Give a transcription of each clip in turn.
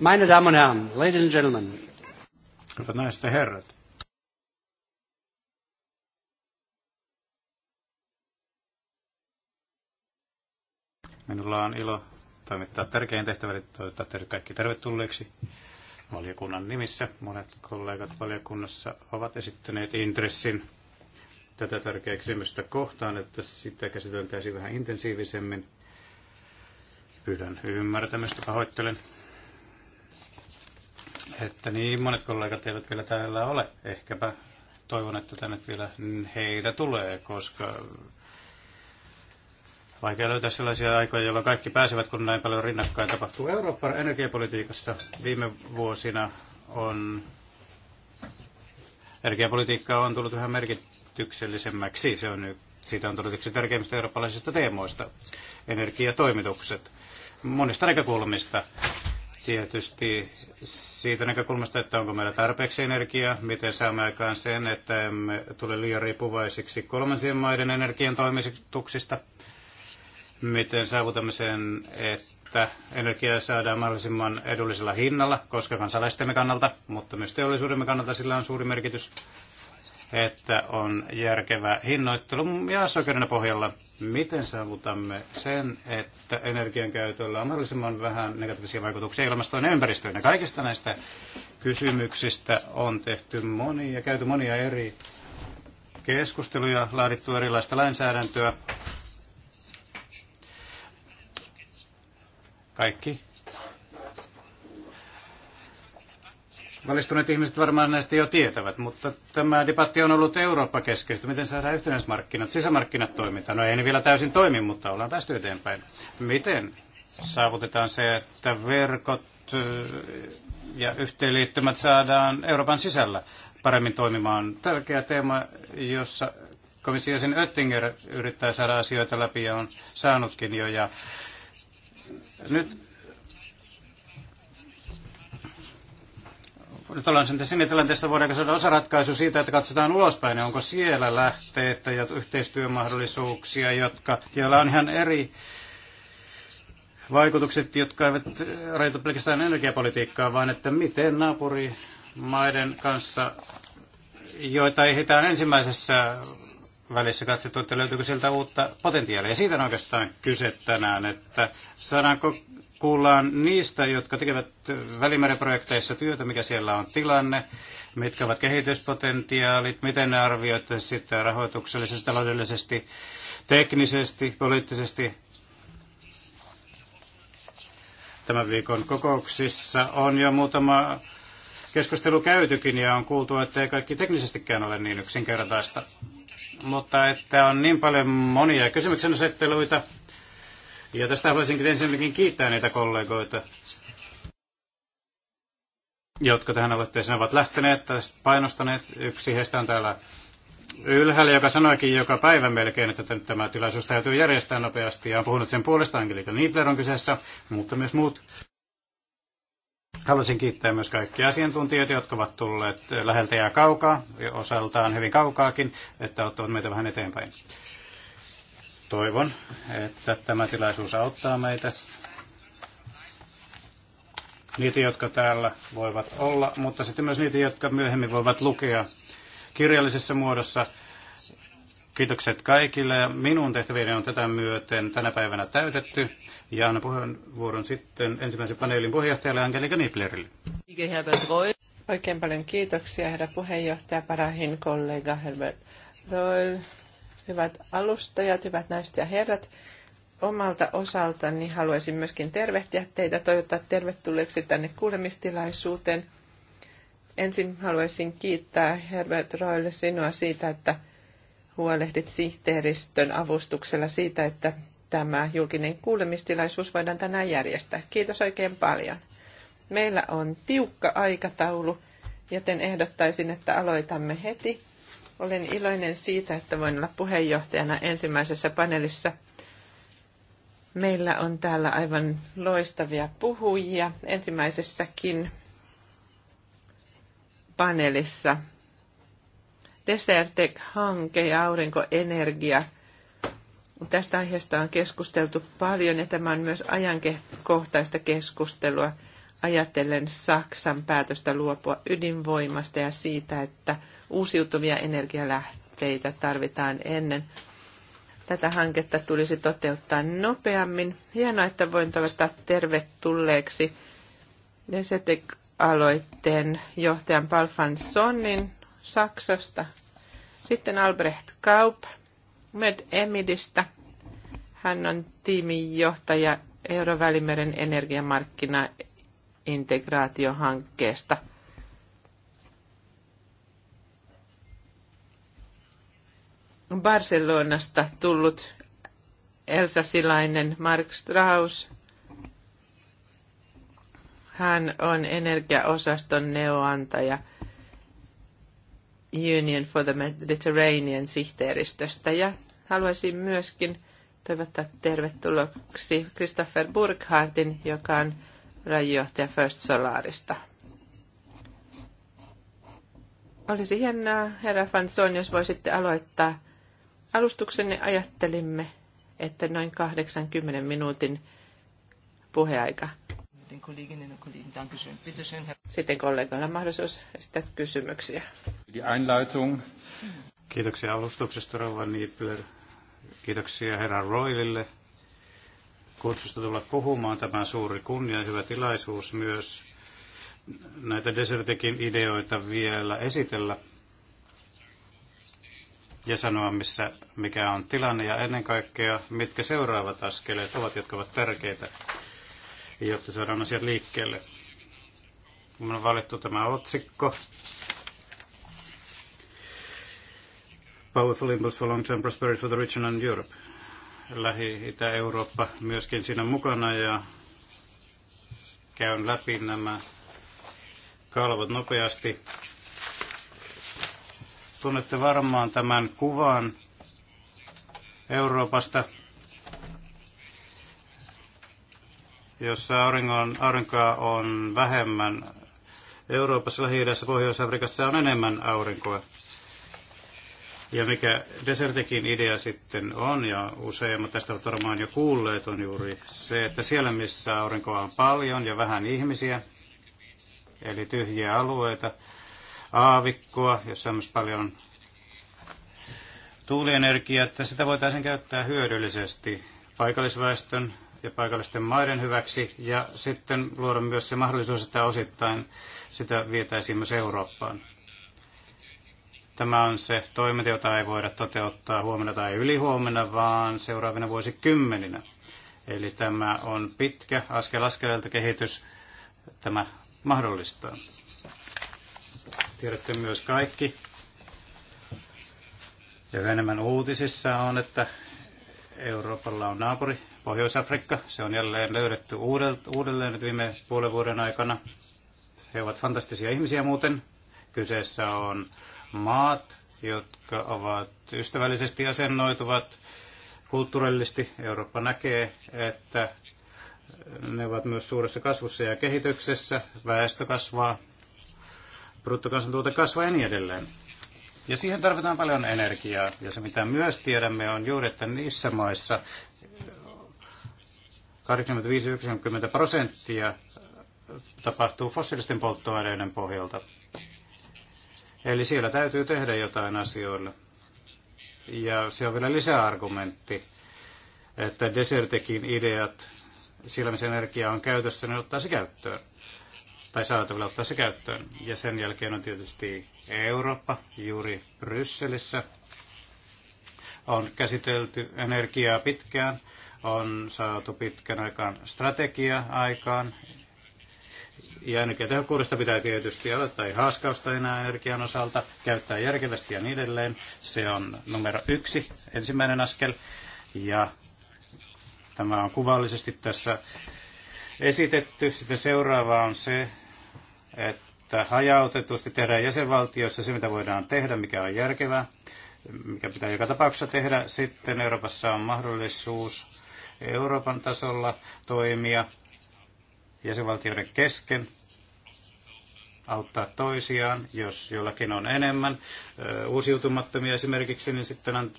Meine Damen und Herren, Ladies and Gentlemen. Hyvät naiset ja herrat. Minulla on ilo toimittaa tärkein tehtävä, eli toivottaa teidät kaikki tervetulleeksi valiokunnan nimissä. Monet kollegat valiokunnassa ovat esittäneet intressin tätä tärkeää kysymystä kohtaan, että sitä käsiteltäisiin vähän intensiivisemmin. Pyydän ymmärtämystä, pahoittelen että niin monet kollegat eivät vielä täällä ole. Ehkäpä toivon, että tänne vielä heitä tulee, koska vaikea löytää sellaisia aikoja, jolloin kaikki pääsevät, kun näin paljon rinnakkain tapahtuu. Euroopan energiapolitiikassa viime vuosina on energiapolitiikka on tullut yhä merkityksellisemmäksi. Se on, siitä on tullut yksi tärkeimmistä eurooppalaisista teemoista, energiatoimitukset monista näkökulmista tietysti siitä näkökulmasta, että onko meillä tarpeeksi energiaa, miten saamme aikaan sen, että emme tule liian riippuvaisiksi kolmansien maiden energian toimituksista, miten saavutamme sen, että energiaa saadaan mahdollisimman edullisella hinnalla, koska kansalaistemme kannalta, mutta myös teollisuudemme kannalta sillä on suuri merkitys, että on järkevä hinnoittelu ja sokerina pohjalla miten saavutamme sen, että energian käytöllä on mahdollisimman vähän negatiivisia vaikutuksia ilmastoon ja ympäristöön. Ja kaikista näistä kysymyksistä on tehty monia, käyty monia eri keskusteluja, laadittu erilaista lainsäädäntöä. Kaikki Valistuneet ihmiset varmaan näistä jo tietävät, mutta tämä debatti on ollut Eurooppa-keskeistä. Miten saadaan yhtenäismarkkinat, sisämarkkinat toimintaan? No ei ne vielä täysin toimi, mutta ollaan päästy eteenpäin. Miten saavutetaan se, että verkot eh, ja yhteenliittymät saadaan Euroopan sisällä paremmin toimimaan? Tärkeä teema, jossa komission sen Oettinger yrittää saada asioita läpi ja on saanutkin jo. Ja nyt sinne sinitilanteesta voidaanko saada osaratkaisu siitä, että katsotaan ulospäin, onko siellä lähteitä ja yhteistyömahdollisuuksia, jotka, joilla on ihan eri vaikutukset, jotka eivät rajoita pelkästään energiapolitiikkaa, vaan että miten naapurimaiden kanssa, joita ei hitään ensimmäisessä välissä katsottu, että löytyykö sieltä uutta potentiaalia. Siitä on oikeastaan kyse tänään, että saadaanko kuullaan niistä, jotka tekevät Välimeren projekteissa työtä, mikä siellä on tilanne, mitkä ovat kehityspotentiaalit, miten ne arvioitte sitä rahoituksellisesti, taloudellisesti, teknisesti, poliittisesti. Tämän viikon kokouksissa on jo muutama keskustelu käytykin ja on kuultu, että ei kaikki teknisestikään ole niin yksinkertaista. Mutta että on niin paljon monia kysymyksen asetteluita, ja tästä haluaisinkin ensinnäkin kiittää niitä kollegoita, jotka tähän aloitteeseen ovat lähteneet tai painostaneet. Yksi heistä on täällä ylhäällä, joka sanoikin joka päivä melkein, että nyt tämä tilaisuus täytyy järjestää nopeasti. Ja on puhunut sen puolesta, Angelika Niebler on kyseessä, mutta myös muut. Haluaisin kiittää myös kaikkia asiantuntijoita, jotka ovat tulleet läheltä ja kaukaa, osaltaan hyvin kaukaakin, että ottavat meitä vähän eteenpäin. Toivon, että tämä tilaisuus auttaa meitä. Niitä, jotka täällä voivat olla, mutta sitten myös niitä, jotka myöhemmin voivat lukea kirjallisessa muodossa. Kiitokset kaikille ja minun tehtäviini on tätä myöten tänä päivänä täytetty. Ja annan puheenvuoron sitten ensimmäisen paneelin puheenjohtajalle Angelika Niblerille. Oikein paljon kiitoksia herra puheenjohtaja Parahin kollega Herbert Roil, hyvät alustajat, hyvät naiset ja herrat. Omalta osaltani haluaisin myöskin tervehtiä teitä, toivottaa tervetulleeksi tänne kuulemistilaisuuteen. Ensin haluaisin kiittää Herbert Roille sinua siitä, että huolehdit sihteeristön avustuksella siitä, että tämä julkinen kuulemistilaisuus voidaan tänään järjestää. Kiitos oikein paljon. Meillä on tiukka aikataulu, joten ehdottaisin, että aloitamme heti olen iloinen siitä, että voin olla puheenjohtajana ensimmäisessä paneelissa. Meillä on täällä aivan loistavia puhujia ensimmäisessäkin paneelissa. Desertec-hanke ja aurinkoenergia. Tästä aiheesta on keskusteltu paljon ja tämä on myös ajankohtaista keskustelua ajatellen Saksan päätöstä luopua ydinvoimasta ja siitä, että – uusiutuvia energialähteitä tarvitaan ennen. Tätä hanketta tulisi toteuttaa nopeammin. Hienoa, että voin toivottaa tervetulleeksi Desetek-aloitteen johtajan Palfan Sonnin Saksasta. Sitten Albrecht Kaup Med Emidistä. Hän on johtaja Eurovälimeren energiamarkkina integraatiohankkeesta. Barcelonasta tullut elsasilainen Mark Strauss. Hän on energiaosaston neoantaja Union for the Mediterranean sihteeristöstä. Ja haluaisin myöskin toivottaa tervetulleeksi Christopher Burkhartin, joka on rajojohtaja First Solarista. Olisi hienoa, herra Fanson, jos voisitte aloittaa Alustuksenne ajattelimme, että noin 80 minuutin puheaika. No Sitten kollegoilla on mahdollisuus esittää kysymyksiä. Kiitoksia alustuksesta, Rova Niipler. Kiitoksia herra Roilille kutsusta tulla puhumaan. Tämä suuri kunnia ja hyvä tilaisuus myös näitä Desertekin ideoita vielä esitellä ja sanoa, missä, mikä on tilanne ja ennen kaikkea, mitkä seuraavat askeleet ovat, jotka ovat tärkeitä, jotta saadaan asiat liikkeelle. Minulla on valittu tämä otsikko. Powerful Impulse for Long-Term Prosperity for the Region and Europe. Lähi-Itä-Eurooppa myöskin siinä mukana ja käyn läpi nämä kalvot nopeasti. Tunnette varmaan tämän kuvan Euroopasta, jossa auringon, aurinkoa on vähemmän. Euroopassa, lähi Pohjois-Afrikassa on enemmän aurinkoa. Ja mikä Desertekin idea sitten on, ja useimmat tästä ovat varmaan jo kuulleet, on juuri se, että siellä missä aurinkoa on paljon ja vähän ihmisiä, eli tyhjiä alueita, aavikkoa, jossa on myös paljon tuulienergiaa, että sitä voitaisiin käyttää hyödyllisesti paikallisväestön ja paikallisten maiden hyväksi ja sitten luoda myös se mahdollisuus, että osittain sitä vietäisiin myös Eurooppaan. Tämä on se toiminta, jota ei voida toteuttaa huomenna tai ylihuomenna, vaan seuraavina vuosikymmeninä. Eli tämä on pitkä askel askeleelta kehitys. Tämä mahdollistaa. Tiedätte myös kaikki, ja enemmän uutisissa on, että Euroopalla on naapuri, Pohjois-Afrikka. Se on jälleen löydetty uudelleen nyt viime puolen vuoden aikana. He ovat fantastisia ihmisiä muuten. Kyseessä on maat, jotka ovat ystävällisesti asennoituvat kulttuurellisesti. Eurooppa näkee, että ne ovat myös suuressa kasvussa ja kehityksessä. Väestö kasvaa, bruttokansantuote kasvaa ja niin edelleen. Ja siihen tarvitaan paljon energiaa. Ja se mitä myös tiedämme on juuri, että niissä maissa 85-90 prosenttia tapahtuu fossiilisten polttoaineiden pohjalta. Eli siellä täytyy tehdä jotain asioille. Ja se on vielä lisäargumentti, että Desertekin ideat, sillä missä energia on käytössä, niin ottaa se käyttöön tai saatavilla ottaa se käyttöön. Ja sen jälkeen on tietysti Eurooppa juuri Brysselissä. On käsitelty energiaa pitkään, on saatu pitkän aikaan strategia aikaan. Ja energiatehokkuudesta pitää tietysti aloittaa ei haaskausta enää energian osalta, käyttää järkevästi ja niin edelleen. Se on numero yksi, ensimmäinen askel. Ja tämä on kuvallisesti tässä esitetty. Sitten seuraava on se, että hajautetusti tehdään jäsenvaltiossa se, mitä voidaan tehdä, mikä on järkevää, mikä pitää joka tapauksessa tehdä. Sitten Euroopassa on mahdollisuus Euroopan tasolla toimia jäsenvaltioiden kesken, auttaa toisiaan, jos jollakin on enemmän uusiutumattomia esimerkiksi, niin sitten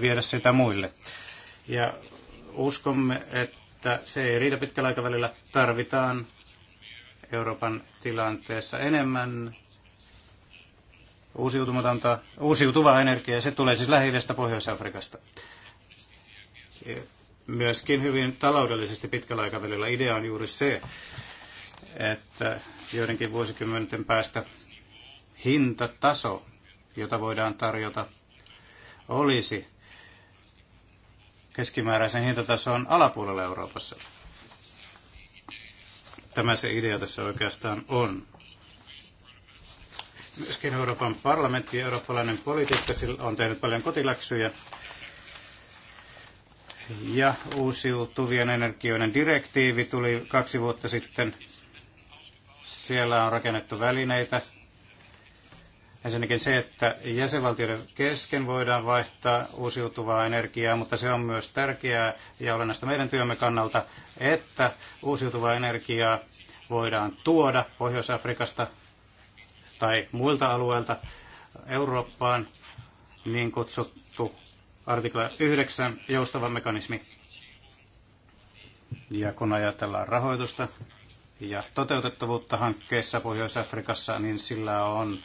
viedä sitä muille. Ja uskomme, että se ei riitä pitkällä aikavälillä. Tarvitaan Euroopan tilanteessa enemmän uusiutumatonta, uusiutuvaa energiaa. Se tulee siis lähi Pohjois-Afrikasta. Myöskin hyvin taloudellisesti pitkällä aikavälillä idea on juuri se, että joidenkin vuosikymmenten päästä hintataso, jota voidaan tarjota, olisi keskimääräisen hintatason alapuolella Euroopassa. Tämä se idea tässä oikeastaan on. Myöskin Euroopan parlamentti ja eurooppalainen politiikka on tehnyt paljon kotiläksyjä. Ja uusiutuvien energioiden direktiivi tuli kaksi vuotta sitten. Siellä on rakennettu välineitä, Ensinnäkin se, että jäsenvaltioiden kesken voidaan vaihtaa uusiutuvaa energiaa, mutta se on myös tärkeää ja olennaista meidän työmme kannalta, että uusiutuvaa energiaa voidaan tuoda Pohjois-Afrikasta tai muilta alueilta Eurooppaan, niin kutsuttu artikla 9 joustava mekanismi. Ja kun ajatellaan rahoitusta ja toteutettavuutta hankkeessa Pohjois-Afrikassa, niin sillä on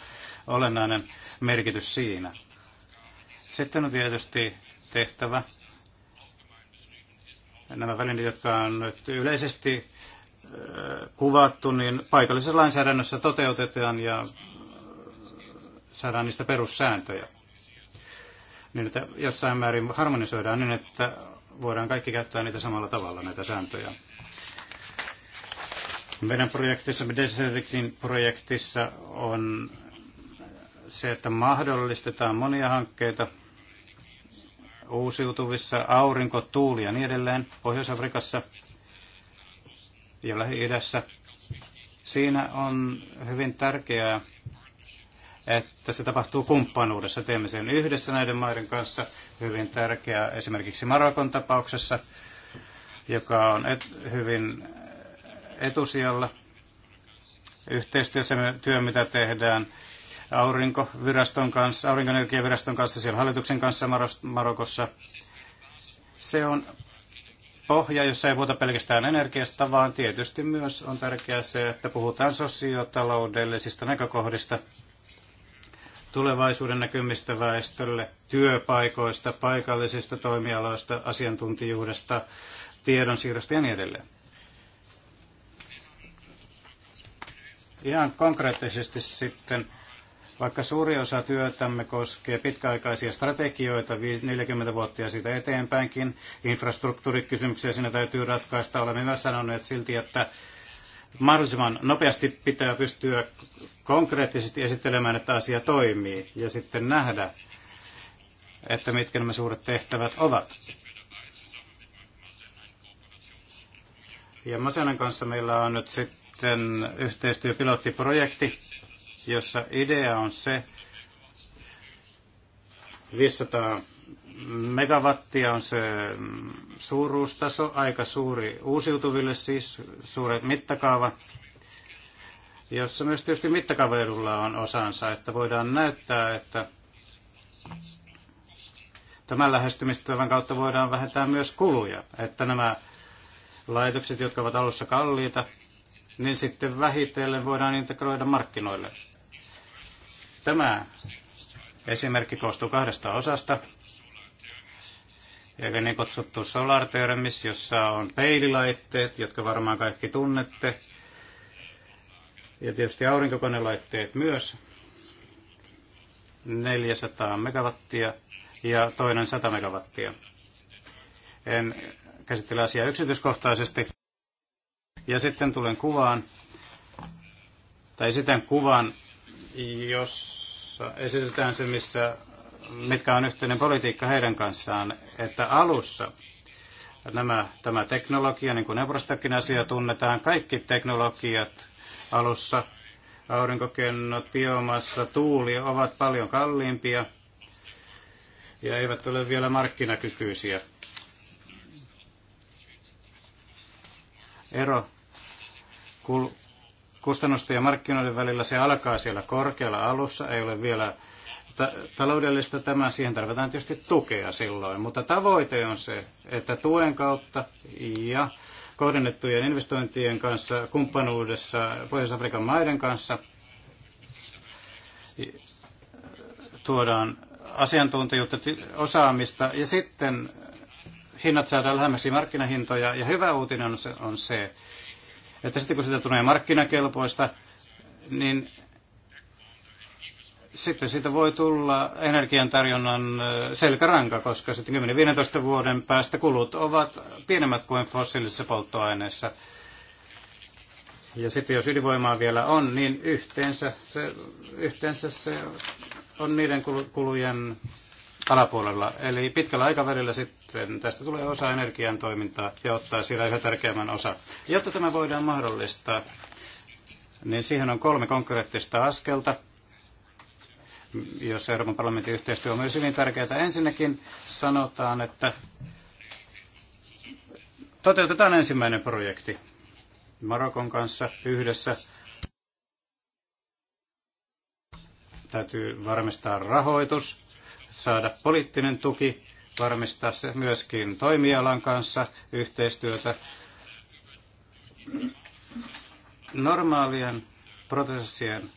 olennainen merkitys siinä. Sitten on tietysti tehtävä nämä välineet, jotka on nyt yleisesti kuvattu, niin paikallisessa lainsäädännössä toteutetaan ja saadaan niistä perussääntöjä. Niin, että jossain määrin harmonisoidaan niin, että voidaan kaikki käyttää niitä samalla tavalla, näitä sääntöjä. Meidän projektissamme, Desertin projektissa, on se, että mahdollistetaan monia hankkeita uusiutuvissa, aurinko, tuuli ja niin edelleen Pohjois-Afrikassa ja Lähi-idässä. Siinä on hyvin tärkeää, että se tapahtuu kumppanuudessa. Teemme sen yhdessä näiden maiden kanssa. Hyvin tärkeää esimerkiksi Marokon tapauksessa, joka on et, hyvin etusijalla. Yhteistyössä työ, mitä tehdään aurinkoviraston kanssa, aurinkoenergiaviraston kanssa, siellä hallituksen kanssa Marokossa. Se on pohja, jossa ei puhuta pelkästään energiasta, vaan tietysti myös on tärkeää se, että puhutaan sosiotaloudellisista näkökohdista, tulevaisuuden näkymistä väestölle, työpaikoista, paikallisista toimialoista, asiantuntijuudesta, tiedonsiirrosta ja niin edelleen. Ihan konkreettisesti sitten vaikka suuri osa työtämme koskee pitkäaikaisia strategioita 40 vuotta ja siitä eteenpäinkin, infrastruktuurikysymyksiä siinä täytyy ratkaista. Olemme myös sanoneet silti, että mahdollisimman nopeasti pitää pystyä konkreettisesti esittelemään, että asia toimii ja sitten nähdä, että mitkä nämä suuret tehtävät ovat. Ja Masenan kanssa meillä on nyt sitten yhteistyöpilottiprojekti, jossa idea on se, 500 megawattia on se suuruustaso, aika suuri uusiutuville siis, suuret mittakaava, jossa myös tietysti mittakaavaedulla on osansa, että voidaan näyttää, että tämän lähestymistavan kautta voidaan vähentää myös kuluja, että nämä laitokset, jotka ovat alussa kalliita, niin sitten vähitellen voidaan integroida markkinoille. Tämä esimerkki koostuu kahdesta osasta. Eli niin kutsuttu Solar Thermis, jossa on peililaitteet, jotka varmaan kaikki tunnette. Ja tietysti aurinkokonelaitteet myös. 400 megawattia ja toinen 100 megawattia. En käsittele asiaa yksityiskohtaisesti. Ja sitten tulen kuvaan, tai sitten kuvan jossa esitetään se, missä, mitkä on yhteinen politiikka heidän kanssaan, että alussa nämä, tämä teknologia, niin kuin Neuvostakin asia tunnetaan, kaikki teknologiat alussa, aurinkokennot, biomassa, tuuli ovat paljon kalliimpia ja eivät ole vielä markkinakykyisiä. Ero kul- kustannusten ja markkinoiden välillä. Se alkaa siellä korkealla alussa, ei ole vielä ta- taloudellista tämä, siihen tarvitaan tietysti tukea silloin, mutta tavoite on se, että tuen kautta ja kohdennettujen investointien kanssa kumppanuudessa Pohjois-Afrikan maiden kanssa tuodaan asiantuntijuutta, osaamista ja sitten hinnat saadaan lähemmäksi markkinahintoja. Ja hyvä uutinen on se, että sitten kun sitä tulee markkinakelpoista, niin sitten siitä voi tulla energiantarjonnan selkäranka, koska sitten 10-15 vuoden päästä kulut ovat pienemmät kuin fossiilisissa polttoaineissa. Ja sitten jos ydinvoimaa vielä on, niin yhteensä se, yhteensä se on niiden kulujen alapuolella. Eli pitkällä aikavälillä sitten sitten tästä tulee osa energian toimintaa ja ottaa siellä yhä tärkeämmän osa. Jotta tämä voidaan mahdollistaa, niin siihen on kolme konkreettista askelta, jos Euroopan parlamentin yhteistyö on myös hyvin tärkeää. Ensinnäkin sanotaan, että toteutetaan ensimmäinen projekti Marokon kanssa yhdessä. Täytyy varmistaa rahoitus, saada poliittinen tuki varmistaa se myöskin toimialan kanssa yhteistyötä. Normaalien prosessien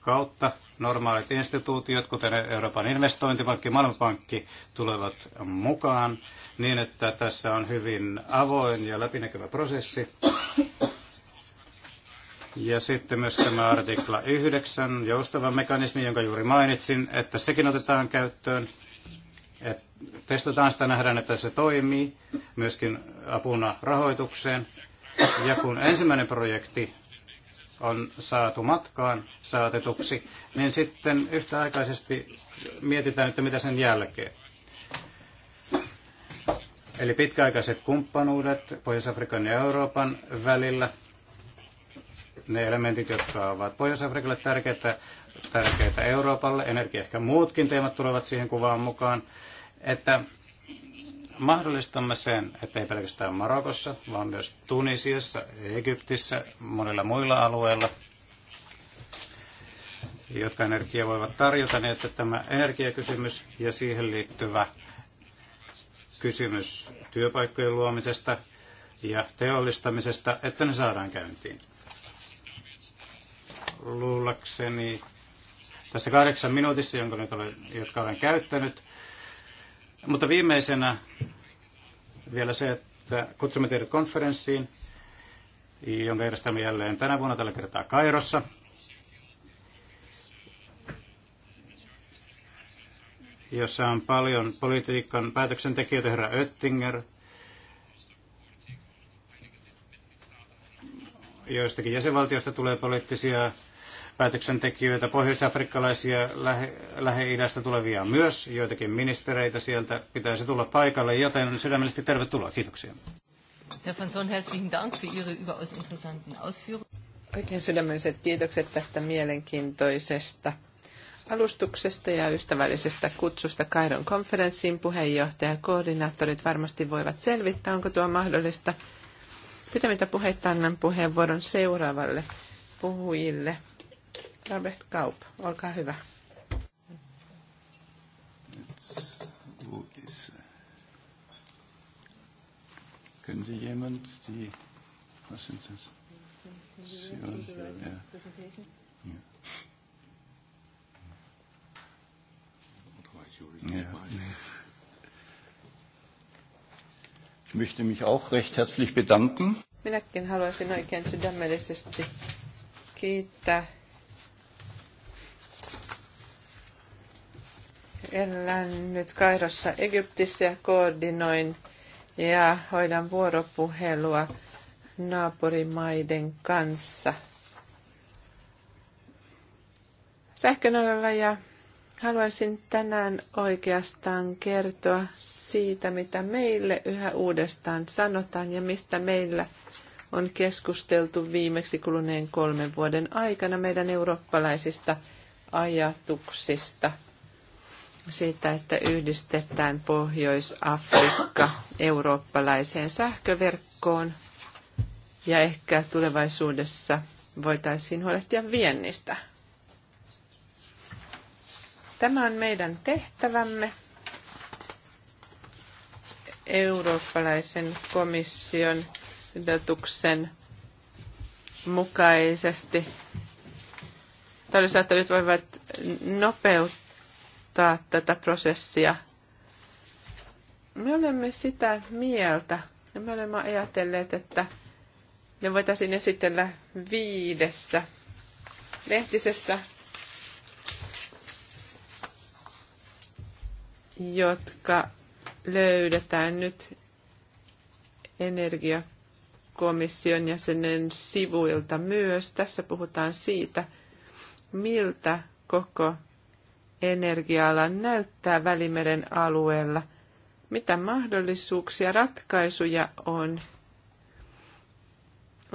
kautta normaalit instituutiot, kuten Euroopan investointipankki, Maailmanpankki, tulevat mukaan niin, että tässä on hyvin avoin ja läpinäkyvä prosessi. Ja sitten myös tämä artikla 9, joustava mekanismi, jonka juuri mainitsin, että sekin otetaan käyttöön et testataan sitä, nähdään, että se toimii myöskin apuna rahoitukseen. Ja kun ensimmäinen projekti on saatu matkaan saatetuksi, niin sitten yhtäaikaisesti mietitään, että mitä sen jälkeen. Eli pitkäaikaiset kumppanuudet Pohjois-Afrikan ja Euroopan välillä, ne elementit, jotka ovat Pohjois-Afrikalle tärkeitä, tärkeitä Euroopalle, energia ehkä muutkin teemat tulevat siihen kuvaan mukaan, että mahdollistamme sen, että ei pelkästään Marokossa, vaan myös Tunisiassa, Egyptissä, monilla muilla alueilla, jotka energia voivat tarjota, niin että tämä energiakysymys ja siihen liittyvä kysymys työpaikkojen luomisesta ja teollistamisesta, että ne saadaan käyntiin. Luulakseni tässä kahdeksan minuutissa, jonka nyt olen, jotka olen käyttänyt. Mutta viimeisenä vielä se, että kutsumme teidät konferenssiin, jonka järjestämme jälleen tänä vuonna tällä kertaa Kairossa. jossa on paljon politiikan päätöksentekijöitä, herra Oettinger, joistakin jäsenvaltioista tulee poliittisia päätöksentekijöitä, pohjoisafrikkalaisia Lähi-idästä tulevia myös, joitakin ministereitä sieltä pitäisi tulla paikalle, joten sydämellisesti tervetuloa. Kiitoksia. Herr Fanson, herzlichen Dank für Ihre überaus interessanten Ausführungen. Oikein sydämelliset kiitokset tästä mielenkiintoisesta alustuksesta ja ystävällisestä kutsusta Kairon konferenssiin. Puheenjohtaja ja koordinaattorit varmasti voivat selvittää, onko tuo mahdollista. Pitämättä puheita annan puheenvuoron seuraavalle puhujille. Robert Kaup, olkaa hyvä. Können Sie jemand die, was sind das? Sion, ja. ja. Ja. Ich möchte mich auch recht herzlich bedanken. Minäkin haluaisin oikein sydämellisesti kiittää elän nyt Kairossa Egyptissä ja koordinoin ja hoidan vuoropuhelua naapurimaiden kanssa sähkön ja haluaisin tänään oikeastaan kertoa siitä, mitä meille yhä uudestaan sanotaan ja mistä meillä on keskusteltu viimeksi kuluneen kolmen vuoden aikana meidän eurooppalaisista ajatuksista – siitä, että yhdistetään Pohjois-Afrikka eurooppalaiseen sähköverkkoon ja ehkä tulevaisuudessa voitaisiin huolehtia viennistä. Tämä on meidän tehtävämme eurooppalaisen komission ehdotuksen mukaisesti. Tällaiset voivat nopeuttaa helpottaa tätä prosessia. Me olemme sitä mieltä, ja me olemme ajatelleet, että ne voitaisiin esitellä viidessä lehtisessä, jotka löydetään nyt energiakomission jäsenen sivuilta myös. Tässä puhutaan siitä, miltä koko energiaa näyttää Välimeren alueella? Mitä mahdollisuuksia, ratkaisuja on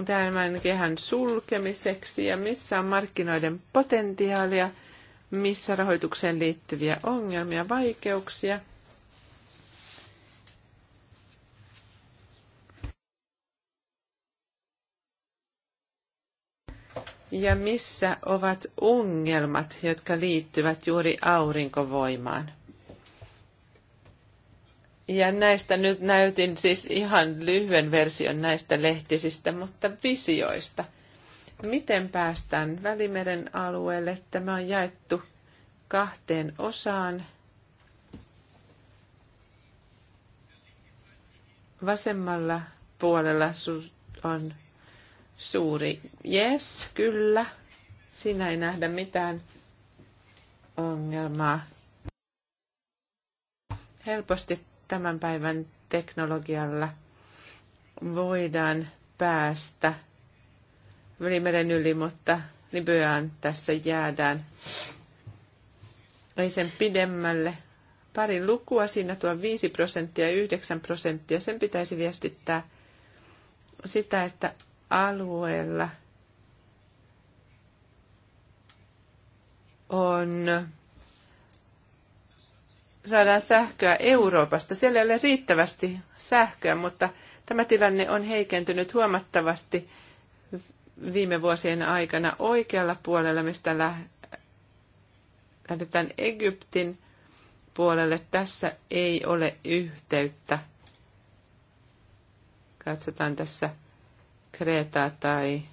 tämän kehän sulkemiseksi ja missä on markkinoiden potentiaalia, missä rahoitukseen liittyviä ongelmia, vaikeuksia – Ja missä ovat ongelmat, jotka liittyvät juuri aurinkovoimaan? Ja näistä nyt näytin siis ihan lyhyen version näistä lehtisistä, mutta visioista. Miten päästään Välimeren alueelle? Tämä on jaettu kahteen osaan. Vasemmalla puolella on suuri yes, kyllä. Siinä ei nähdä mitään ongelmaa. Helposti tämän päivän teknologialla voidaan päästä Välimeren yli, mutta Libyaan tässä jäädään. Ei sen pidemmälle. Pari lukua siinä tuo 5 prosenttia ja 9 prosenttia. Sen pitäisi viestittää sitä, että alueella on saadaan sähköä Euroopasta. Siellä ei ole riittävästi sähköä, mutta tämä tilanne on heikentynyt huomattavasti viime vuosien aikana oikealla puolella, mistä lähdetään Egyptin puolelle. Tässä ei ole yhteyttä. Katsotaan tässä Kreta tai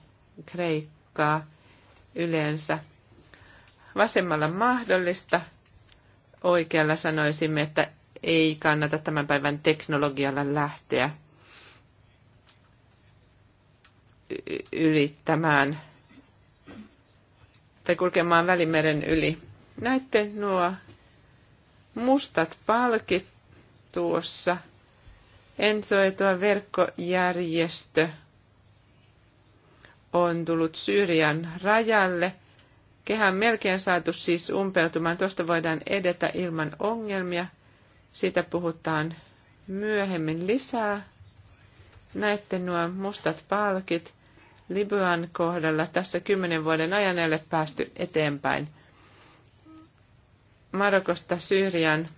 Kreikkaa yleensä. Vasemmalla mahdollista, oikealla sanoisimme, että ei kannata tämän päivän teknologialla lähteä yrittämään tai kulkemaan Välimeren yli. Näette nuo mustat palkit tuossa. Ensoetua verkkojärjestö – on tullut Syyrian rajalle. Kehä on melkein saatu siis umpeutumaan. Tuosta voidaan edetä ilman ongelmia. Siitä puhutaan myöhemmin lisää. Näette nuo mustat palkit. Libyan kohdalla tässä kymmenen vuoden ajan ei ole päästy eteenpäin. Marokosta Syyrian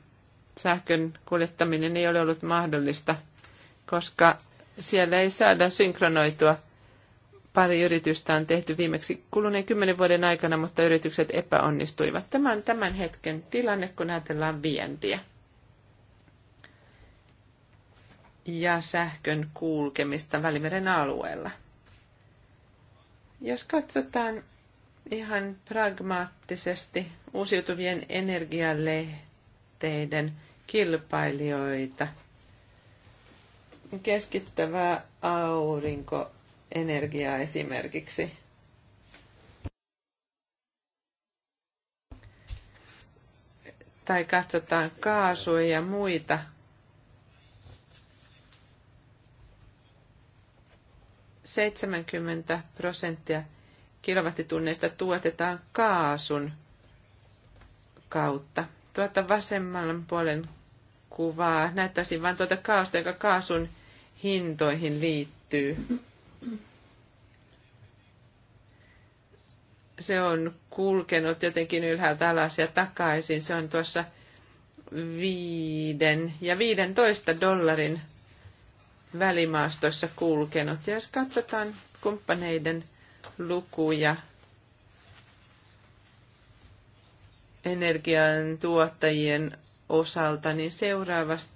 sähkön kuljettaminen ei ole ollut mahdollista, koska siellä ei saada synkronoitua Pari yritystä on tehty viimeksi kuluneen kymmenen vuoden aikana, mutta yritykset epäonnistuivat. Tämä on tämän hetken tilanne, kun ajatellaan vientiä. Ja sähkön kulkemista Välimeren alueella. Jos katsotaan ihan pragmaattisesti uusiutuvien energialehteiden kilpailijoita, keskittävää aurinko energiaa esimerkiksi. Tai katsotaan kaasuja ja muita. Seitsemänkymmentä prosenttia kilowattitunneista tuotetaan kaasun kautta. Tuota vasemman puolen kuvaa näyttäisi vain tuota kaasta, joka kaasun hintoihin liittyy se on kulkenut jotenkin ylhäältä alas ja takaisin. Se on tuossa viiden ja viidentoista dollarin välimaastossa kulkenut. Ja jos katsotaan kumppaneiden lukuja energian tuottajien osalta, niin seuraavasta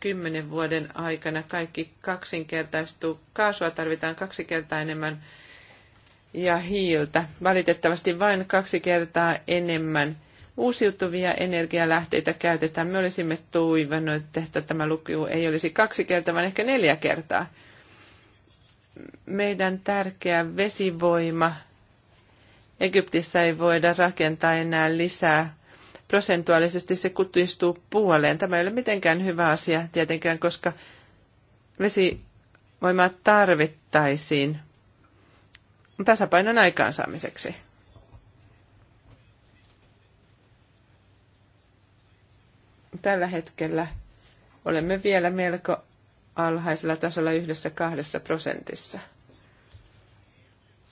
kymmenen vuoden aikana kaikki kaksinkertaistuu. Kaasua tarvitaan kaksi kertaa enemmän ja hiiltä. Valitettavasti vain kaksi kertaa enemmän uusiutuvia energialähteitä käytetään. Me olisimme toivoneet, että tämä luku ei olisi kaksi kertaa, vaan ehkä neljä kertaa. Meidän tärkeä vesivoima. Egyptissä ei voida rakentaa enää lisää prosentuaalisesti se kutistuu puoleen. Tämä ei ole mitenkään hyvä asia tietenkään, koska vesivoimaa tarvittaisiin tasapainon aikaansaamiseksi. Tällä hetkellä olemme vielä melko alhaisella tasolla yhdessä kahdessa prosentissa.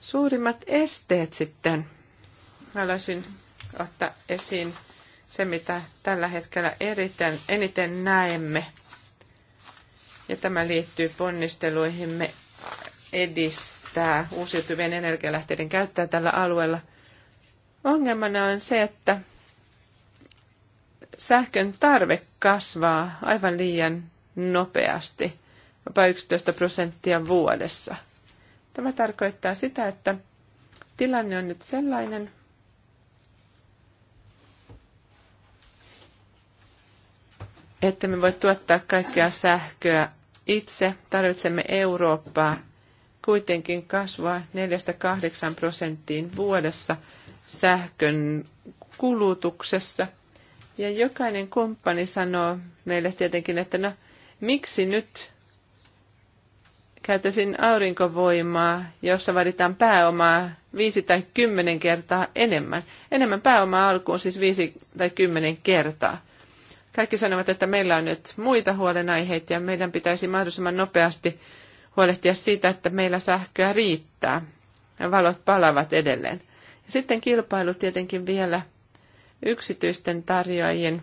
Suurimmat esteet sitten haluaisin ottaa esiin se, mitä tällä hetkellä eriten, eniten näemme. Ja tämä liittyy ponnisteluihimme edistää uusiutuvien energialähteiden käyttöä tällä alueella. Ongelmana on se, että sähkön tarve kasvaa aivan liian nopeasti, jopa 11 prosenttia vuodessa. Tämä tarkoittaa sitä, että tilanne on nyt sellainen, että me voi tuottaa kaikkea sähköä itse. Tarvitsemme Eurooppaa kuitenkin kasvaa 4-8 prosenttiin vuodessa sähkön kulutuksessa. Ja jokainen kumppani sanoo meille tietenkin, että no miksi nyt käytäisin aurinkovoimaa, jossa vaaditaan pääomaa viisi tai kymmenen kertaa enemmän. Enemmän pääomaa alkuun siis viisi tai kymmenen kertaa. Kaikki sanovat, että meillä on nyt muita huolenaiheita ja meidän pitäisi mahdollisimman nopeasti huolehtia siitä, että meillä sähköä riittää ja valot palavat edelleen. Ja sitten kilpailu tietenkin vielä yksityisten tarjoajien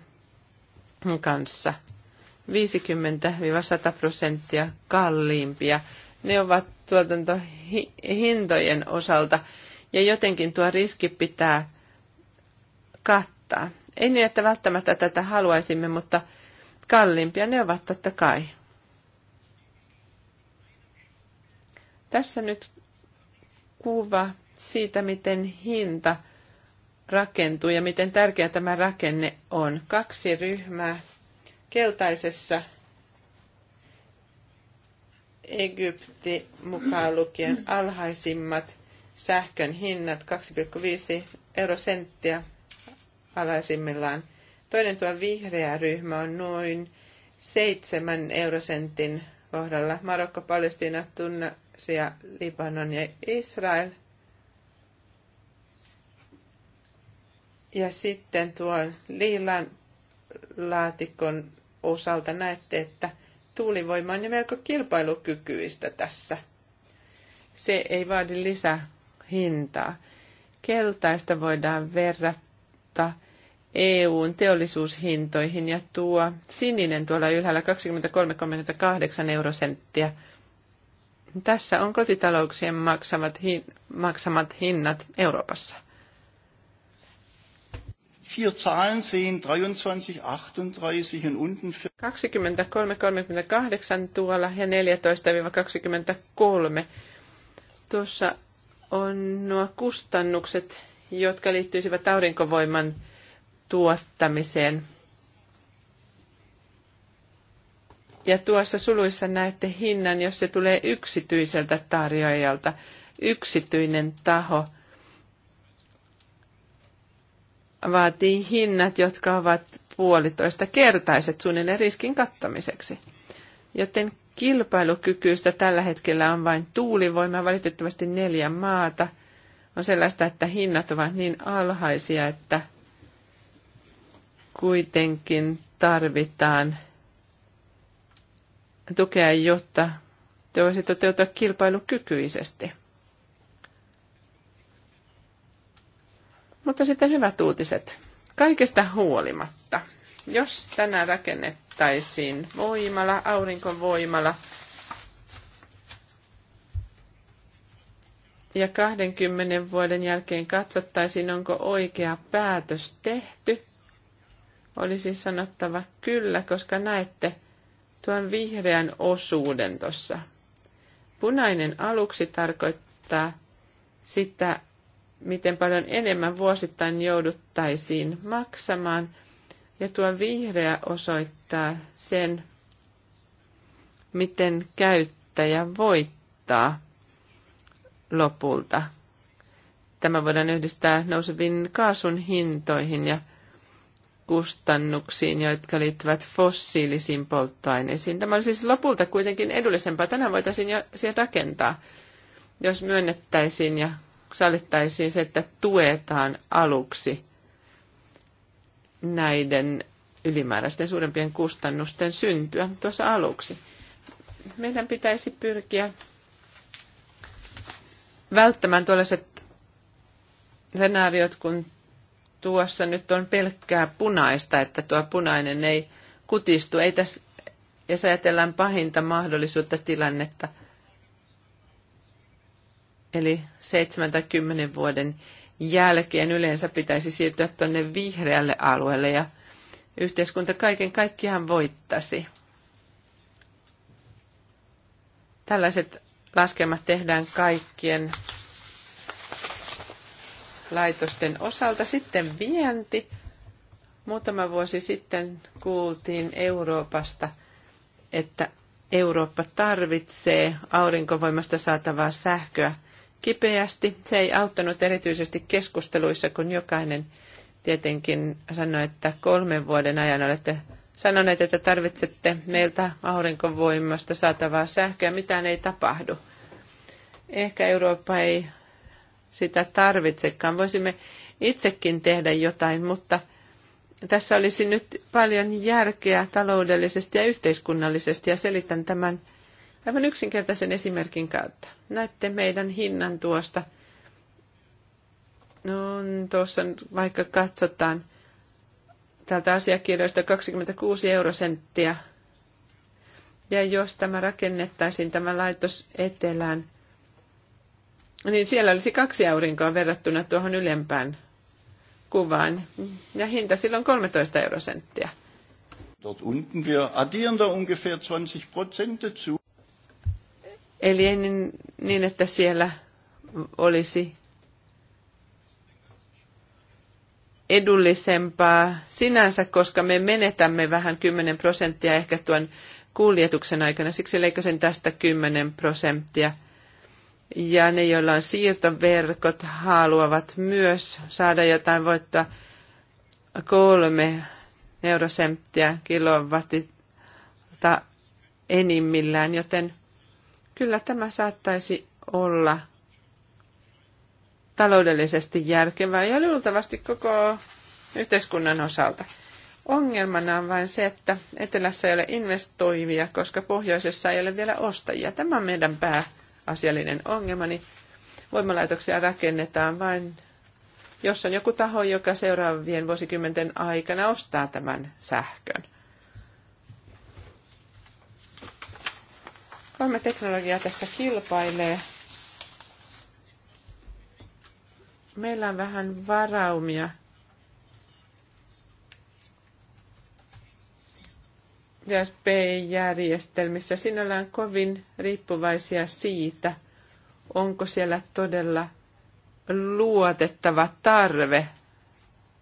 kanssa. 50-100 prosenttia kalliimpia. Ne ovat tuotantohintojen osalta ja jotenkin tuo riski pitää kattaa. Ei niin, että välttämättä tätä haluaisimme, mutta kalliimpia ne ovat totta kai. Tässä nyt kuva siitä, miten hinta rakentuu ja miten tärkeä tämä rakenne on. Kaksi ryhmää keltaisessa Egypti mukaan lukien alhaisimmat sähkön hinnat 2,5 eurosenttiä alaisimmillaan. Toinen tuo vihreä ryhmä on noin seitsemän eurosentin kohdalla. Marokko, Palestiina, Tunnasia, Libanon ja Israel. Ja sitten tuon liilan laatikon osalta näette, että tuulivoima on jo melko kilpailukykyistä tässä. Se ei vaadi lisähintaa. Keltaista voidaan verrata EUn teollisuushintoihin ja tuo sininen tuolla ylhäällä 23,38 eurosenttiä. Tässä on kotitalouksien maksamat, hin, maksamat hinnat Euroopassa. Vier Zahlen sehen 23, 38 und unten. 23, 38 tuolla ja 14-23. Tuossa on nuo kustannukset, jotka liittyisivät aurinkovoiman tuottamiseen. Ja tuossa suluissa näette hinnan, jos se tulee yksityiseltä tarjoajalta. Yksityinen taho vaatii hinnat, jotka ovat puolitoista kertaiset suunnilleen riskin kattamiseksi. Joten kilpailukykyistä tällä hetkellä on vain tuulivoima, valitettavasti neljä maata. On sellaista, että hinnat ovat niin alhaisia, että kuitenkin tarvitaan tukea, jotta te voisitte toteuttaa kilpailukykyisesti. Mutta sitten hyvät uutiset. Kaikesta huolimatta, jos tänään rakennettaisiin voimala, aurinkovoimala, ja 20 vuoden jälkeen katsottaisiin, onko oikea päätös tehty, olisi sanottava kyllä, koska näette tuon vihreän osuuden tuossa. Punainen aluksi tarkoittaa sitä, miten paljon enemmän vuosittain jouduttaisiin maksamaan, ja tuo vihreä osoittaa sen, miten käyttäjä voittaa lopulta. Tämä voidaan yhdistää nouseviin kaasun hintoihin ja kustannuksiin, jotka liittyvät fossiilisiin polttoaineisiin. Tämä on siis lopulta kuitenkin edullisempaa. Tänään voitaisiin jo siihen rakentaa, jos myönnettäisiin ja sallittaisiin se, että tuetaan aluksi näiden ylimääräisten suurempien kustannusten syntyä tuossa aluksi. Meidän pitäisi pyrkiä välttämään tuollaiset skenaariot, kun tuossa nyt on pelkkää punaista, että tuo punainen ei kutistu. Ei tässä, jos ajatellaan pahinta mahdollisuutta tilannetta, eli 70 vuoden jälkeen yleensä pitäisi siirtyä tuonne vihreälle alueelle ja yhteiskunta kaiken kaikkiaan voittasi. Tällaiset laskelmat tehdään kaikkien laitosten osalta. Sitten vienti. Muutama vuosi sitten kuultiin Euroopasta, että Eurooppa tarvitsee aurinkovoimasta saatavaa sähköä kipeästi. Se ei auttanut erityisesti keskusteluissa, kun jokainen tietenkin sanoi, että kolmen vuoden ajan olette sanoneet, että tarvitsette meiltä aurinkovoimasta saatavaa sähköä. Mitään ei tapahdu. Ehkä Eurooppa ei sitä tarvitsekaan. Voisimme itsekin tehdä jotain, mutta tässä olisi nyt paljon järkeä taloudellisesti ja yhteiskunnallisesti ja selitän tämän aivan yksinkertaisen esimerkin kautta. Näette meidän hinnan tuosta. No, tuossa vaikka katsotaan täältä asiakirjoista 26 eurosenttiä. Ja jos tämä rakennettaisiin tämä laitos etelään, niin siellä olisi kaksi aurinkoa verrattuna tuohon ylempään kuvaan. Ja hinta silloin 13 eurosenttiä. Dort unten wir addieren da ungefähr 20 Prozent dazu. Eli niin, niin, että siellä olisi edullisempaa sinänsä, koska me menetämme vähän 10 prosenttia ehkä tuon kuljetuksen aikana. Siksi leikkasin tästä 10 prosenttia – ja ne, joilla on siirtoverkot, haluavat myös saada jotain voittoa kolme eurosenttiä kilowattita enimmillään, joten kyllä tämä saattaisi olla taloudellisesti järkevää ja luultavasti koko yhteiskunnan osalta. Ongelmana on vain se, että etelässä ei ole investoivia, koska pohjoisessa ei ole vielä ostajia. Tämä on meidän pää asiallinen ongelma, niin voimalaitoksia rakennetaan vain, jos on joku taho, joka seuraavien vuosikymmenten aikana ostaa tämän sähkön. Kolme teknologiaa tässä kilpailee. Meillä on vähän varaumia DSP-järjestelmissä sinällään kovin riippuvaisia siitä, onko siellä todella luotettava tarve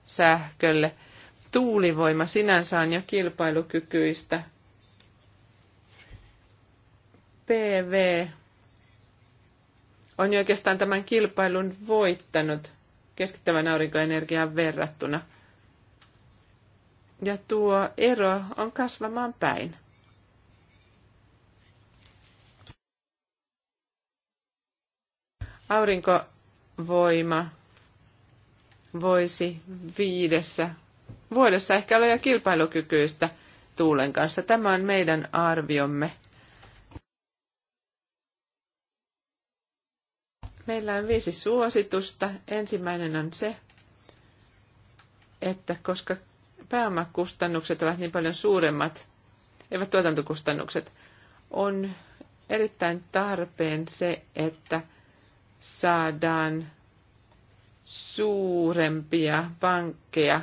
sähkölle. Tuulivoima sinänsä on jo kilpailukykyistä. PV on jo oikeastaan tämän kilpailun voittanut keskittävän aurinkoenergian verrattuna – ja tuo ero on kasvamaan päin. Aurinkovoima voisi viidessä vuodessa ehkä olla jo kilpailukykyistä tuulen kanssa. Tämä on meidän arviomme. Meillä on viisi suositusta. Ensimmäinen on se, että koska pääomakustannukset ovat niin paljon suuremmat, eivät tuotantokustannukset, on erittäin tarpeen se, että saadaan suurempia pankkeja.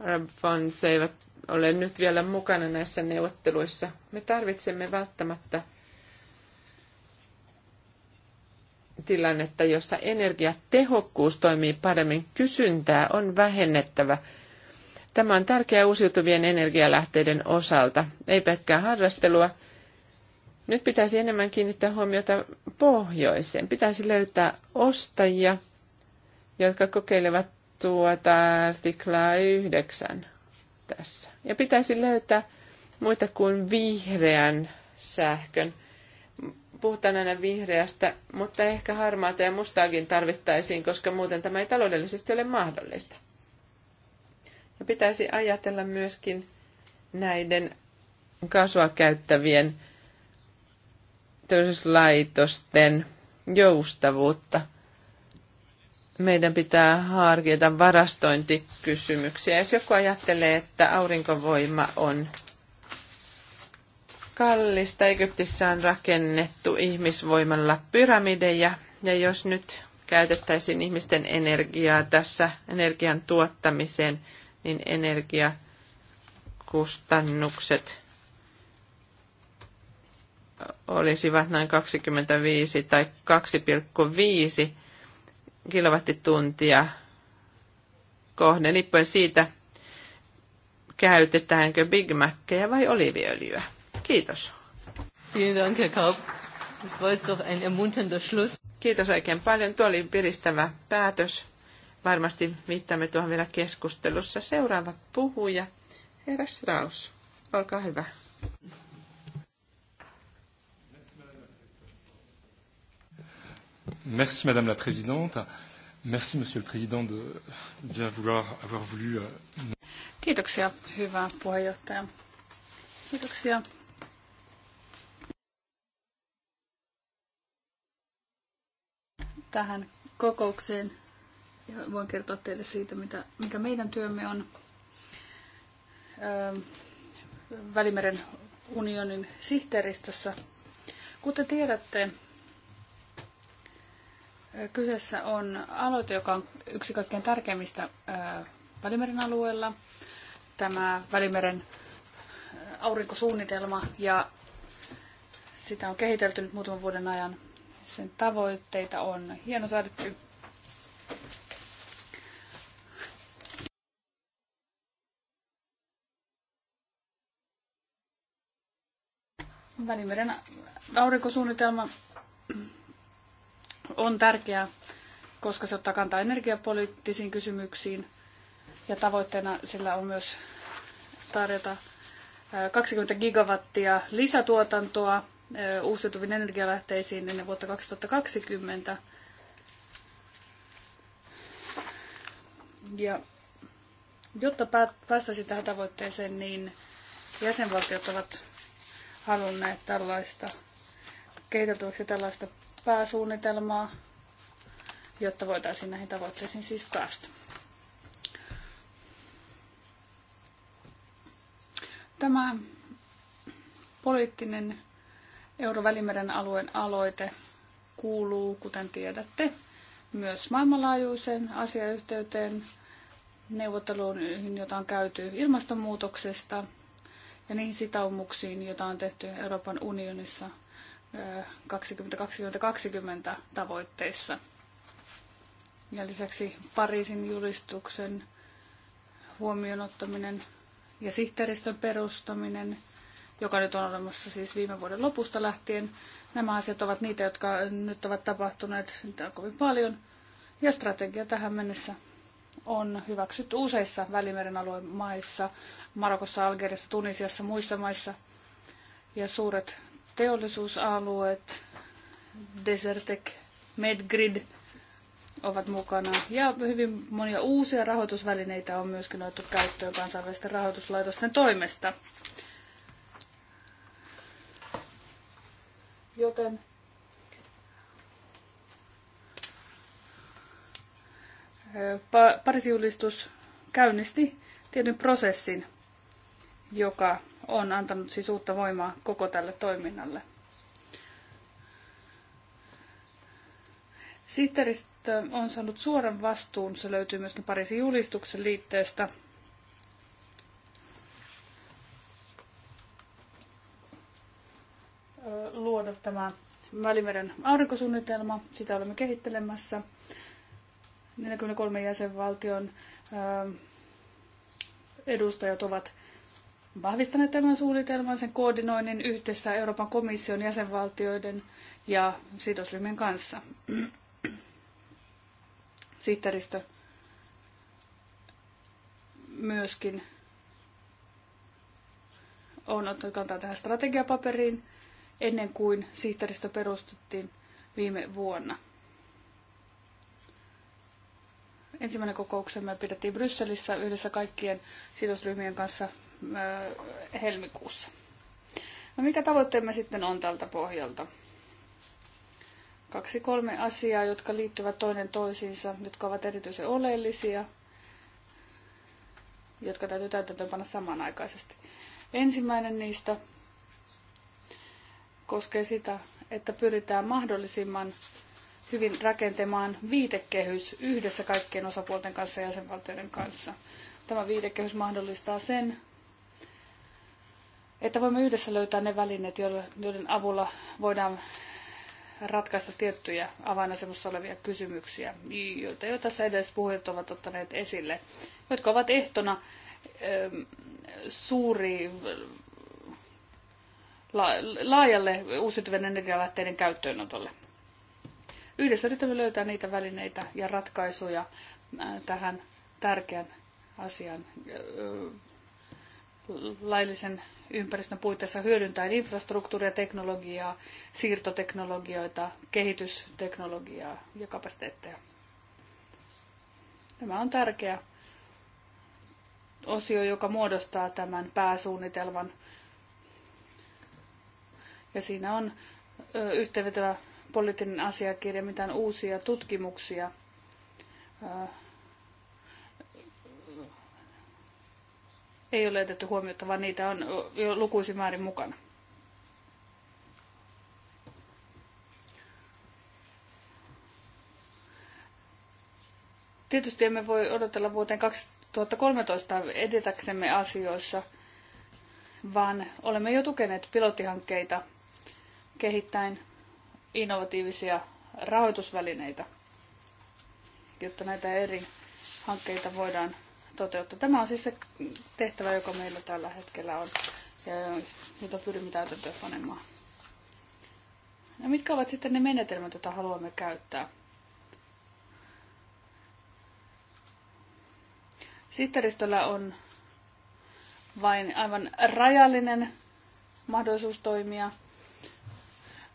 Arab Funds eivät ole nyt vielä mukana näissä neuvotteluissa. Me tarvitsemme välttämättä tilannetta, jossa energiatehokkuus toimii paremmin. Kysyntää on vähennettävä Tämä on tärkeää uusiutuvien energialähteiden osalta, ei pelkkää harrastelua. Nyt pitäisi enemmän kiinnittää huomiota pohjoiseen. Pitäisi löytää ostajia, jotka kokeilevat tuota artiklaa yhdeksän tässä. Ja pitäisi löytää muita kuin vihreän sähkön. Puhutaan aina vihreästä, mutta ehkä harmaata ja mustaakin tarvittaisiin, koska muuten tämä ei taloudellisesti ole mahdollista. Ja pitäisi ajatella myöskin näiden kasvua käyttävien laitosten joustavuutta. Meidän pitää harkita varastointikysymyksiä. Jos joku ajattelee, että aurinkovoima on kallista, Egyptissä on rakennettu ihmisvoimalla pyramideja, ja jos nyt käytettäisiin ihmisten energiaa tässä energian tuottamiseen, niin energiakustannukset olisivat noin 25 tai 2,5 kilowattituntia kohden, riippuen siitä, käytetäänkö Big Mackeja vai oliiviöljyä. Kiitos. Kiitos oikein paljon. Tuo oli piristävä päätös varmasti viittaamme tuohon vielä keskustelussa. Seuraava puhuja, herra Strauss, olkaa hyvä. Merci Madame la Présidente. Merci Monsieur le Président de bien vouloir avoir voulu. Euh, Kiitoksia, hyvä puheenjohtaja. Kiitoksia tähän kokoukseen ja voin kertoa teille siitä, mitä, mikä meidän työmme on. Öö, Välimeren unionin sihteeristössä. Kuten tiedätte, kyseessä on aloite, joka on yksi kaikkein tärkeimmistä öö, Välimeren alueella. Tämä Välimeren öö, aurinkosuunnitelma ja sitä on kehitelty nyt muutaman vuoden ajan. Sen tavoitteita on hienosäädetty Välimeren aurinkosuunnitelma on tärkeä, koska se ottaa kantaa energiapoliittisiin kysymyksiin ja tavoitteena sillä on myös tarjota 20 gigawattia lisätuotantoa uusiutuviin energialähteisiin ennen vuotta 2020. Ja jotta päästäisiin tähän tavoitteeseen, niin jäsenvaltiot ovat halunneet tällaista, kehiteltäväksi tällaista pääsuunnitelmaa, jotta voitaisiin näihin tavoitteisiin siis päästä. Tämä poliittinen Eurovälimeren alueen aloite kuuluu, kuten tiedätte, myös maailmanlaajuiseen asiayhteyteen neuvotteluun, jota on käyty ilmastonmuutoksesta – ja niihin sitoumuksiin, joita on tehty Euroopan unionissa 2020-2020 tavoitteissa. Ja lisäksi Pariisin julistuksen huomioon ottaminen ja sihteeristön perustaminen, joka nyt on olemassa siis viime vuoden lopusta lähtien. Nämä asiat ovat niitä, jotka nyt ovat tapahtuneet, nyt on kovin paljon. Ja strategia tähän mennessä on hyväksytty useissa Välimeren alueen maissa Marokossa, Algeriassa, Tunisiassa, muissa maissa. Ja suuret teollisuusalueet, Desertec, Medgrid ovat mukana. Ja hyvin monia uusia rahoitusvälineitä on myöskin otettu käyttöön kansainvälisten rahoituslaitosten toimesta. Joten Pariisin julistus käynnisti tietyn prosessin joka on antanut siis uutta voimaa koko tälle toiminnalle. Sihteeristö on saanut suoran vastuun, se löytyy myöskin Pariisin julistuksen liitteestä. Luoda tämä Välimeren aurinkosuunnitelma, sitä olemme kehittelemässä. 43 jäsenvaltion ähm, edustajat ovat vahvistaneet tämän suunnitelman, sen koordinoinnin yhdessä Euroopan komission jäsenvaltioiden ja sidosryhmien kanssa. Sihteeristö myöskin on ottanut kantaa tähän strategiapaperiin ennen kuin sihteeristö perustettiin viime vuonna. Ensimmäinen kokouksemme pidettiin Brysselissä yhdessä kaikkien sidosryhmien kanssa helmikuussa. No mikä tavoitteemme sitten on tältä pohjalta? Kaksi kolme asiaa, jotka liittyvät toinen toisiinsa, jotka ovat erityisen oleellisia, jotka täytyy täytäntöönpanna samanaikaisesti. Ensimmäinen niistä koskee sitä, että pyritään mahdollisimman hyvin rakentamaan viitekehys yhdessä kaikkien osapuolten kanssa ja jäsenvaltioiden kanssa. Tämä viitekehys mahdollistaa sen, että voimme yhdessä löytää ne välineet, joiden avulla voidaan ratkaista tiettyjä avainasemassa olevia kysymyksiä, joita jo tässä edes puhujat ovat ottaneet esille, jotka ovat ehtona ehm, suuri laajalle uusiutuvien energialähteiden käyttöönotolle. Yhdessä yritämme löytää niitä välineitä ja ratkaisuja tähän tärkeän asian laillisen ympäristön puitteissa hyödyntäen infrastruktuuria, teknologiaa, siirtoteknologioita, kehitysteknologiaa ja kapasiteetteja. Tämä on tärkeä osio, joka muodostaa tämän pääsuunnitelman. Ja siinä on yhteenvetävä poliittinen asiakirja, mitään uusia tutkimuksia ei ole otettu huomiota, vaan niitä on jo lukuisin määrin mukana. Tietysti emme voi odotella vuoteen 2013 edetäksemme asioissa, vaan olemme jo tukeneet pilottihankkeita kehittäen innovatiivisia rahoitusvälineitä, jotta näitä eri hankkeita voidaan toteuttaa. Tämä on siis se tehtävä, joka meillä tällä hetkellä on ja jota pyrimme täytäntöön panemaan. Ja mitkä ovat sitten ne menetelmät, joita haluamme käyttää? Sitteristöllä on vain aivan rajallinen mahdollisuus toimia,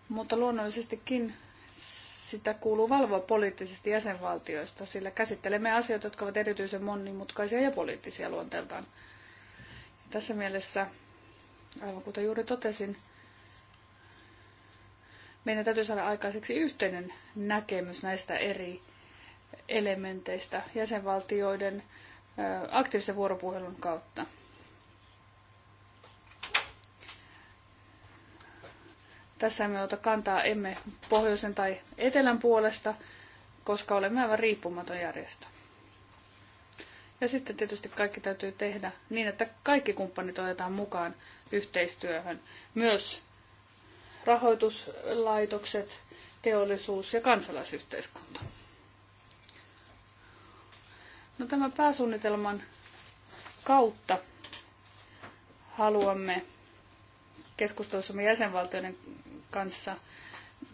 mutta luonnollisestikin sitä kuuluu valvoa poliittisesti jäsenvaltioista, sillä käsittelemme asioita, jotka ovat erityisen monimutkaisia ja poliittisia luonteeltaan. Tässä mielessä, aivan kuten juuri totesin, meidän täytyy saada aikaiseksi yhteinen näkemys näistä eri elementeistä jäsenvaltioiden aktiivisen vuoropuhelun kautta. Tässä emme ota kantaa emme pohjoisen tai etelän puolesta, koska olemme aivan riippumaton järjestö. Ja sitten tietysti kaikki täytyy tehdä niin, että kaikki kumppanit otetaan mukaan yhteistyöhön. Myös rahoituslaitokset, teollisuus ja kansalaisyhteiskunta. No, tämän pääsuunnitelman kautta haluamme keskustelussamme jäsenvaltioiden kanssa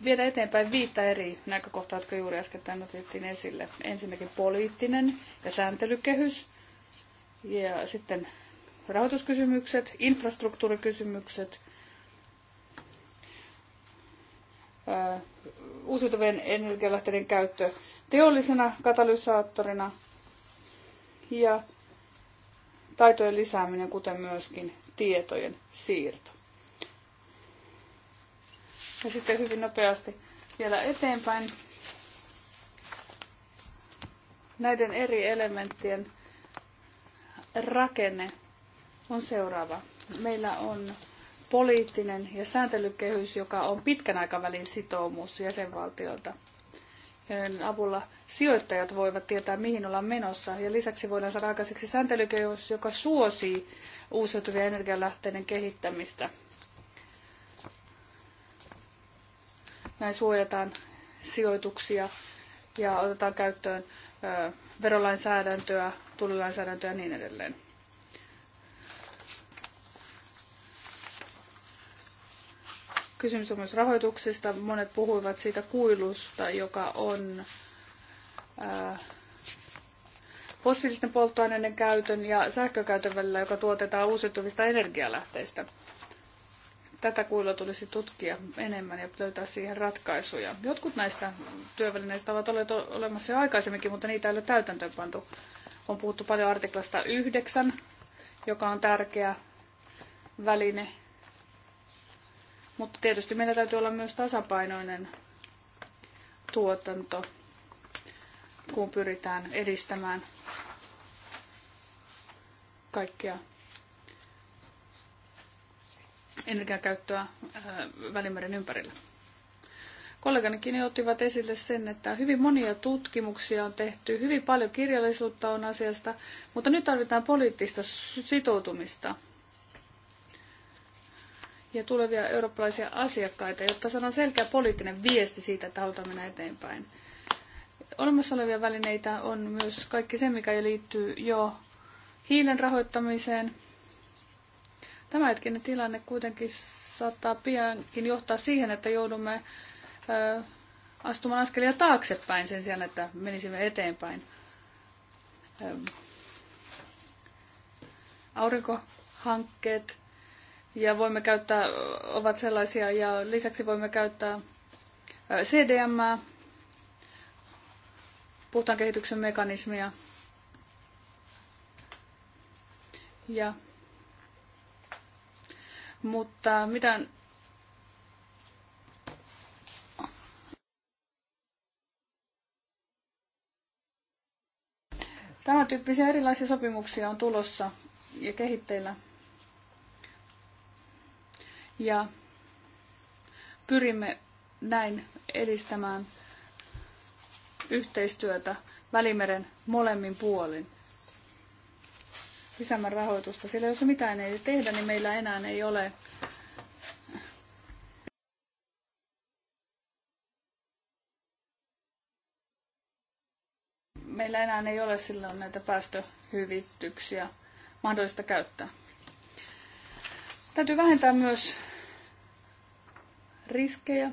viedä eteenpäin viittä eri näkökohtaa, jotka juuri äsken otettiin esille. Ensinnäkin poliittinen ja sääntelykehys, ja sitten rahoituskysymykset, infrastruktuurikysymykset, uusiutuvien energialähteiden käyttö teollisena katalysaattorina ja taitojen lisääminen, kuten myöskin tietojen siirto. Ja sitten hyvin nopeasti vielä eteenpäin. Näiden eri elementtien rakenne on seuraava. Meillä on poliittinen ja sääntelykehys, joka on pitkän aikavälin sitoumus jäsenvaltiolta, sen avulla sijoittajat voivat tietää, mihin ollaan menossa. Ja lisäksi voidaan saada aikaiseksi sääntelykehys, joka suosii uusiutuvien energialähteiden kehittämistä – Näin suojataan sijoituksia ja otetaan käyttöön verolainsäädäntöä, tullilainsäädäntöä ja niin edelleen. Kysymys on myös rahoituksesta. Monet puhuivat siitä kuilusta, joka on fossiilisten polttoaineiden käytön ja sähkökäytön välillä, joka tuotetaan uusiutuvista energialähteistä tätä kuilua tulisi tutkia enemmän ja löytää siihen ratkaisuja. Jotkut näistä työvälineistä ovat olleet olemassa jo aikaisemminkin, mutta niitä ei ole täytäntöön pantu. On puhuttu paljon artiklasta 9, joka on tärkeä väline. Mutta tietysti meillä täytyy olla myös tasapainoinen tuotanto, kun pyritään edistämään kaikkia energiakäyttöä äh, Välimeren ympärillä. Kolleganikin ottivat esille sen, että hyvin monia tutkimuksia on tehty, hyvin paljon kirjallisuutta on asiasta, mutta nyt tarvitaan poliittista sitoutumista ja tulevia eurooppalaisia asiakkaita, jotta saadaan selkeä poliittinen viesti siitä, että halutaan mennä eteenpäin. Olemassa olevia välineitä on myös kaikki se, mikä liittyy jo hiilen rahoittamiseen, Tämänhetkinen tilanne kuitenkin saattaa piankin johtaa siihen, että joudumme ö, astumaan askelia taaksepäin sen sijaan, että menisimme eteenpäin. Ö, aurinkohankkeet ja voimme käyttää, ovat sellaisia ja lisäksi voimme käyttää CDM, puhtaan kehityksen mekanismia. Ja mutta mitä... Tämän tyyppisiä erilaisia sopimuksia on tulossa ja kehitteillä. Ja pyrimme näin edistämään yhteistyötä Välimeren molemmin puolin lisäämään rahoitusta, sillä jos mitään ei tehdä, niin meillä enää ei ole meillä enää ei ole silloin näitä päästöhyvityksiä mahdollista käyttää. Täytyy vähentää myös riskejä,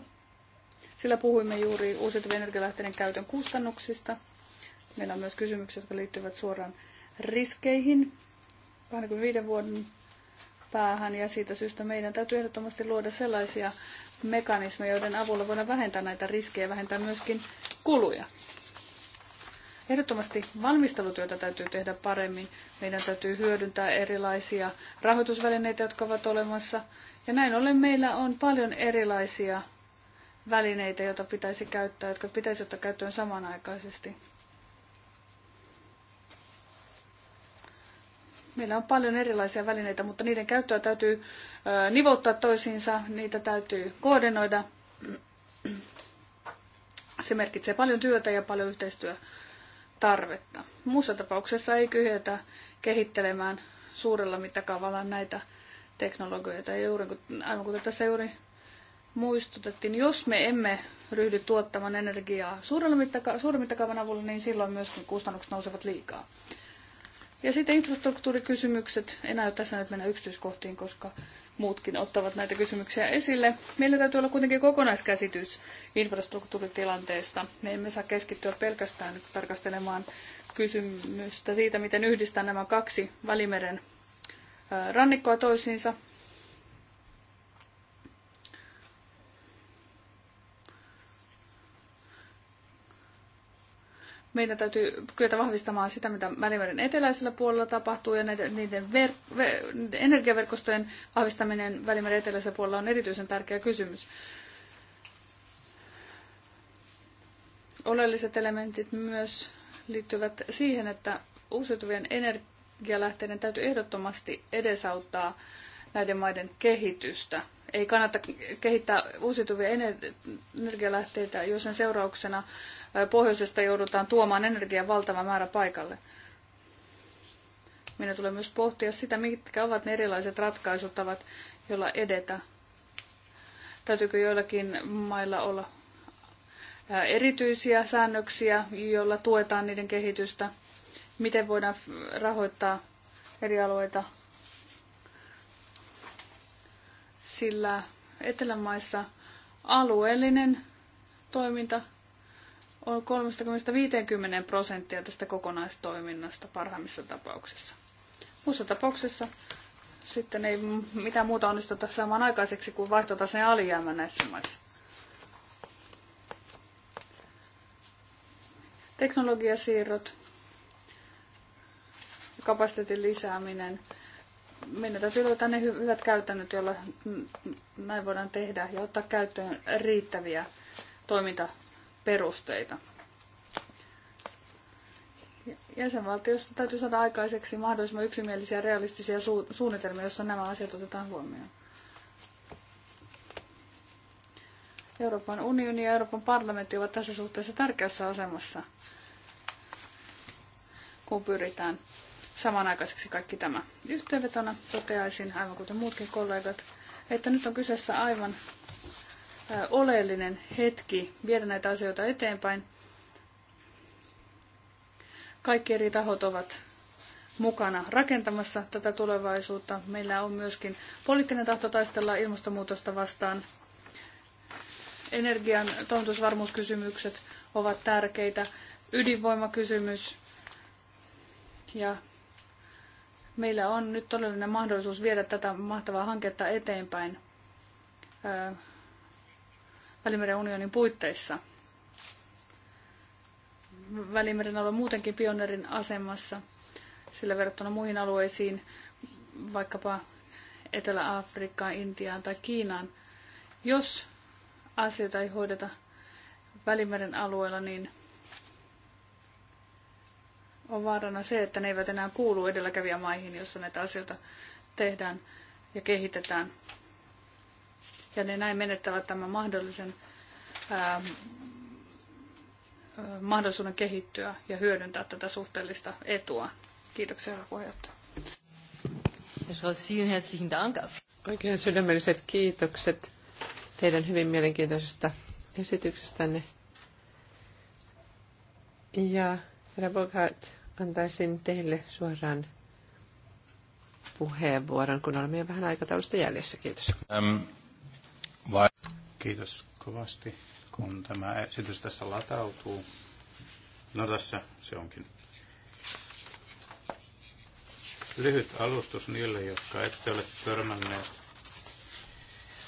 sillä puhuimme juuri uusiutuvien energialähteiden käytön kustannuksista. Meillä on myös kysymyksiä, jotka liittyvät suoraan riskeihin 25 vuoden päähän ja siitä syystä meidän täytyy ehdottomasti luoda sellaisia mekanismeja, joiden avulla voidaan vähentää näitä riskejä ja vähentää myöskin kuluja. Ehdottomasti valmistelutyötä täytyy tehdä paremmin. Meidän täytyy hyödyntää erilaisia rahoitusvälineitä, jotka ovat olemassa. Ja näin ollen meillä on paljon erilaisia välineitä, joita pitäisi käyttää, jotka pitäisi ottaa käyttöön samanaikaisesti. Meillä on paljon erilaisia välineitä, mutta niiden käyttöä täytyy nivouttaa toisiinsa, niitä täytyy koordinoida. Se merkitsee paljon työtä ja paljon yhteistyötarvetta. Muussa tapauksessa ei kyhjetä kehittelemään suurella mittakaavalla näitä teknologioita. Juuri, aivan kuten tässä juuri muistutettiin, jos me emme ryhdy tuottamaan energiaa suurella mittaka- suuren mittakaavan avulla, niin silloin myöskin kustannukset nousevat liikaa. Ja sitten infrastruktuurikysymykset. En aio tässä nyt mennä yksityiskohtiin, koska muutkin ottavat näitä kysymyksiä esille. Meillä täytyy olla kuitenkin kokonaiskäsitys infrastruktuuritilanteesta. Me emme saa keskittyä pelkästään nyt tarkastelemaan kysymystä siitä, miten yhdistää nämä kaksi Välimeren rannikkoa toisiinsa, meidän täytyy kyetä vahvistamaan sitä, mitä Välimeren eteläisellä puolella tapahtuu, ja näiden, niiden ver, ver, energiaverkostojen vahvistaminen Välimeren eteläisellä puolella on erityisen tärkeä kysymys. Oleelliset elementit myös liittyvät siihen, että uusiutuvien energialähteiden täytyy ehdottomasti edesauttaa näiden maiden kehitystä. Ei kannata kehittää uusiutuvia energialähteitä, jos sen seurauksena pohjoisesta joudutaan tuomaan energiaa valtava määrä paikalle. Minä tulee myös pohtia sitä, mitkä ovat ne erilaiset ratkaisutavat, joilla edetä. Täytyykö joillakin mailla olla erityisiä säännöksiä, joilla tuetaan niiden kehitystä? Miten voidaan rahoittaa eri alueita? Sillä etelämaissa alueellinen toiminta on 30-50 prosenttia tästä kokonaistoiminnasta parhaimmissa tapauksissa. Muussa tapauksessa sitten ei mitään muuta onnistuta saamaan aikaiseksi kuin vaihtotaseen alijäämä näissä maissa. Teknologiasiirrot, kapasiteetin lisääminen. Meidän täytyy löytää ne hyvät käytännöt, joilla näin voidaan tehdä ja ottaa käyttöön riittäviä toiminta perusteita. Jäsenvaltiossa täytyy saada aikaiseksi mahdollisimman yksimielisiä ja realistisia su- suunnitelmia, joissa nämä asiat otetaan huomioon. Euroopan unioni ja Euroopan parlamentti ovat tässä suhteessa tärkeässä asemassa, kun pyritään samanaikaiseksi kaikki tämä. Yhteenvetona toteaisin, aivan kuten muutkin kollegat, että nyt on kyseessä aivan oleellinen hetki viedä näitä asioita eteenpäin. Kaikki eri tahot ovat mukana rakentamassa tätä tulevaisuutta. Meillä on myöskin poliittinen tahto taistella ilmastonmuutosta vastaan. Energian toimitusvarmuuskysymykset ovat tärkeitä. Ydinvoimakysymys. Ja meillä on nyt todellinen mahdollisuus viedä tätä mahtavaa hanketta eteenpäin Välimeren unionin puitteissa. Välimeren alue muutenkin pioneerin asemassa, sillä verrattuna muihin alueisiin, vaikkapa Etelä-Afrikkaan, Intiaan tai Kiinaan, jos asioita ei hoideta Välimeren alueella, niin on vaarana se, että ne eivät enää kuulu edelläkävijämaihin, jossa näitä asioita tehdään ja kehitetään ja ne näin menettävät tämän mahdollisen ää, ähm, äh, mahdollisuuden kehittyä ja hyödyntää tätä suhteellista etua. Kiitoksia, herra puheenjohtaja. Oikein sydämelliset kiitokset teidän hyvin mielenkiintoisesta esityksestänne. Ja herra Bogart, antaisin teille suoraan puheenvuoron, kun olemme jo vähän aikataulusta jäljessä. Kiitos. Um. Kiitos kovasti, kun tämä esitys tässä latautuu. No tässä se onkin. Lyhyt alustus niille, jotka ette ole törmänneet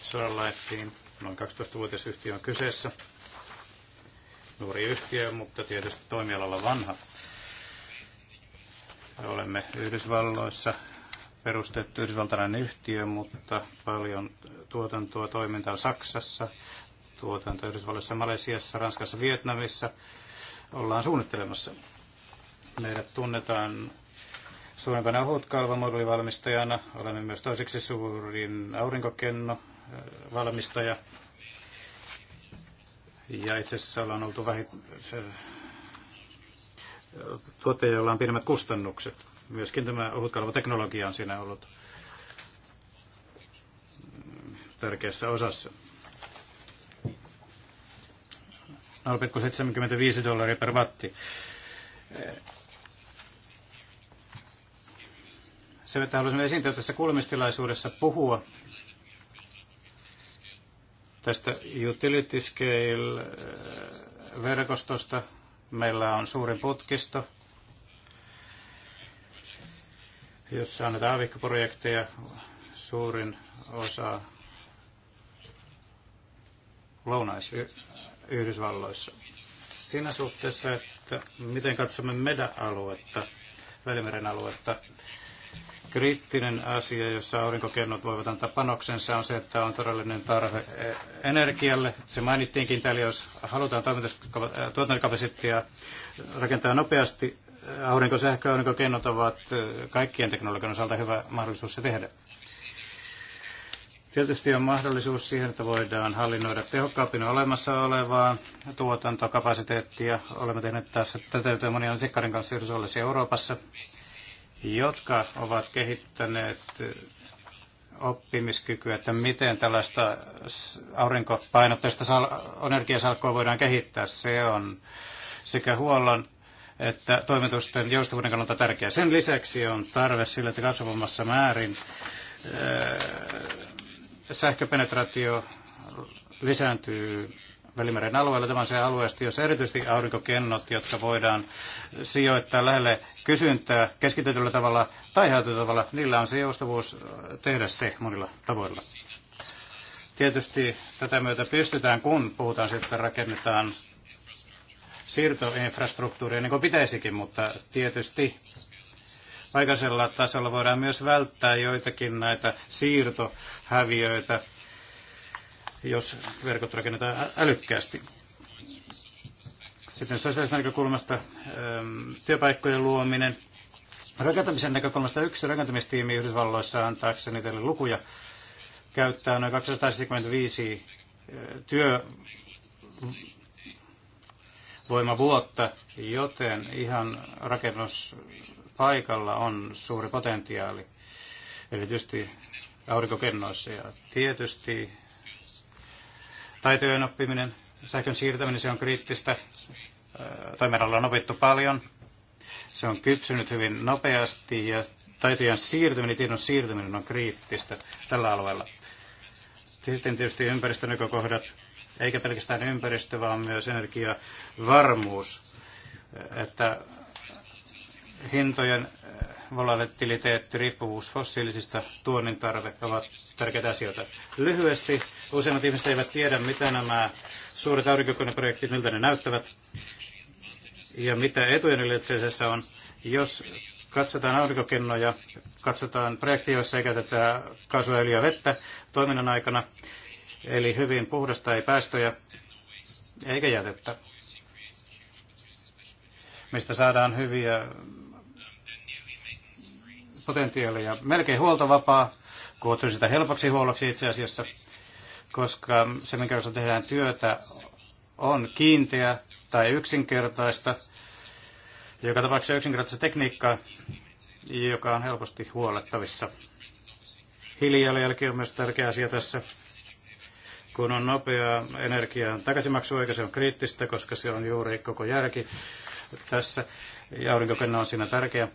Solarlightiin. Noin 12-vuotias yhtiö on kyseessä. Nuori yhtiö, mutta tietysti toimialalla vanha. Olemme Yhdysvalloissa perustettu yhdysvaltalainen yhtiö, mutta paljon tuotantoa, toimintaa Saksassa, tuotanto Yhdysvalloissa, Malesiassa, Ranskassa, Vietnamissa ollaan suunnittelemassa. Meidät tunnetaan suurempana ohutkalvamodulivalmistajana, olemme myös toiseksi suurin aurinkokenno äh, valmistaja. Ja itse asiassa ollaan oltu vähi... Äh, tuottaja, jolla on pienemmät kustannukset Myöskin tämä ohutkalvoteknologia on siinä ollut tärkeässä osassa. 0,75 dollaria per watti. Se, että haluaisin esiintyä tässä kuulemistilaisuudessa puhua tästä utility scale eh, verkostosta. Meillä on suurin putkisto, jossa on näitä aavikkoprojekteja Suurin osa Lounais-Yhdysvalloissa. Siinä suhteessa, että miten katsomme MEDA-aluetta, Välimeren aluetta, kriittinen asia, jossa aurinkokennot voivat antaa panoksensa, on se, että on todellinen tarve energialle. Se mainittiinkin täällä, jos halutaan tuotantokapasiteettia rakentaa nopeasti, aurinkosähkö ja aurinkokennot ovat kaikkien teknologian osalta hyvä mahdollisuus se tehdä. Tietysti on mahdollisuus siihen, että voidaan hallinnoida tehokkaampi olemassa olevaa tuotantokapasiteettia. Olemme tehneet tässä tätä monia sekkarin kanssa Yhdysvalloissa Euroopassa, jotka ovat kehittäneet oppimiskykyä, että miten tällaista aurinkopainotteista energiasalkkoa voidaan kehittää. Se on sekä huollon että toimitusten joustavuuden kannalta tärkeää. Sen lisäksi on tarve sille, että kasvavammassa määrin äh, sähköpenetraatio lisääntyy Välimeren alueella. Tämä on se alueesta, jossa erityisesti aurinkokennot, jotka voidaan sijoittaa lähelle kysyntää keskitetyllä tavalla tai hajautetulla tavalla, niillä on se joustavuus äh, tehdä se monilla tavoilla. Tietysti tätä myötä pystytään, kun puhutaan sitten rakennetaan siirtoinfrastruktuuria niin kuin pitäisikin, mutta tietysti paikallisella tasolla voidaan myös välttää joitakin näitä siirtohäviöitä, jos verkot rakennetaan älykkäästi. Sitten sosiaalisesta näkökulmasta ähm, työpaikkojen luominen. Rakentamisen näkökulmasta yksi rakentamistiimi Yhdysvalloissa antaakseni teille lukuja käyttää noin 275 äh, työ voimavuotta, joten ihan rakennuspaikalla on suuri potentiaali, erityisesti aurinkokennoissa. Ja tietysti taitojen oppiminen, sähkön siirtäminen, se on kriittistä. Toimialalla on opittu paljon. Se on kypsynyt hyvin nopeasti ja taitojen siirtyminen, tiedon siirtyminen on kriittistä tällä alueella. Sitten tietysti ympäristönäkökohdat, eikä pelkästään ympäristö, vaan myös energiavarmuus, että hintojen volatiliteetti, riippuvuus fossiilisista, tuonnin tarve ovat tärkeitä asioita. Lyhyesti, useimmat ihmiset eivät tiedä, mitä nämä suuret aurinkokoneprojektit, miltä ne näyttävät ja mitä etujen niille on. Jos katsotaan aurinkokennoja, katsotaan projekteja, joissa ei käytetä kaasua, öljyä, vettä toiminnan aikana, Eli hyvin puhdasta ei päästöjä eikä jätettä, mistä saadaan hyviä potentiaaleja. Melkein huoltovapaa, kutsun sitä helpoksi huolloksi itse asiassa, koska se, minkä kanssa tehdään työtä, on kiinteä tai yksinkertaista, joka tapauksessa yksinkertaista tekniikkaa, joka on helposti huolettavissa. Hiilijalanjälki on myös tärkeä asia tässä kun on nopeaa energian takaisinmaksuaika, se on kriittistä, koska se on juuri koko järki tässä, ja aurinkokenno on siinä tärkeä.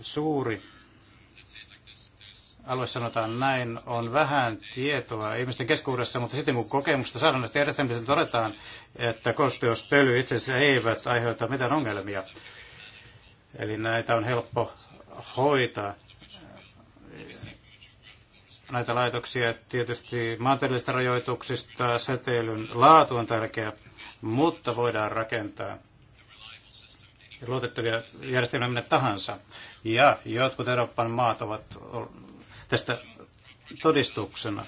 Suuri alue, sanotaan näin, on vähän tietoa ihmisten keskuudessa, mutta sitten kun kokemusta saadaan näistä järjestelmistä, niin todetaan, että kosteuspöly itse asiassa eivät aiheuta mitään ongelmia. Eli näitä on helppo hoitaa näitä laitoksia. Tietysti maantieteellisistä rajoituksista säteilyn laatu on tärkeä, mutta voidaan rakentaa luotettavia järjestelmiä minne tahansa. Ja jotkut Euroopan maat ovat tästä todistuksena.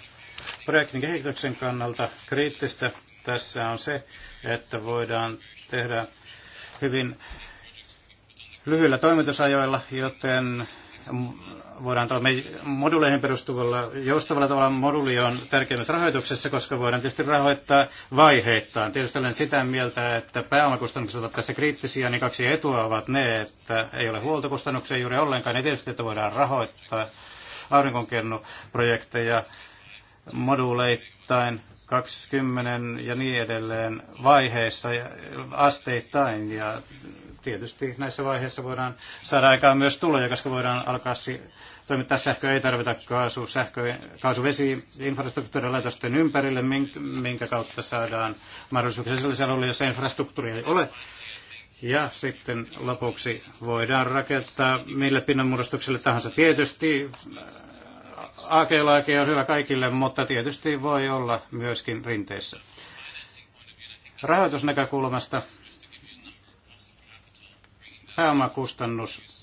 Projektin kehityksen kannalta kriittistä tässä on se, että voidaan tehdä hyvin lyhyillä toimitusajoilla, joten voidaan toimia moduleihin perustuvalla joustavalla tavalla. Moduli on tärkeä myös rahoituksessa, koska voidaan tietysti rahoittaa vaiheittain. Tietysti olen sitä mieltä, että pääomakustannukset ovat tässä kriittisiä, niin kaksi etua ovat ne, että ei ole huoltokustannuksia juuri ollenkaan, niin tietysti, että voidaan rahoittaa aurinkonkennuprojekteja moduleittain 20 ja niin edelleen vaiheessa ja asteittain ja tietysti näissä vaiheissa voidaan saada aikaan myös tuloja, koska voidaan alkaa toimittaa sähköä, ei tarvita kaasu, sähkö, kaasuvesi laitosten ympärille, minkä kautta saadaan mahdollisuuksia sellaisella alueella, jossa infrastruktuuria ei ole. Ja sitten lopuksi voidaan rakentaa mille pinnanmuodostukselle tahansa. Tietysti AG-laake on hyvä kaikille, mutta tietysti voi olla myöskin rinteissä. Rahoitusnäkökulmasta pääomakustannus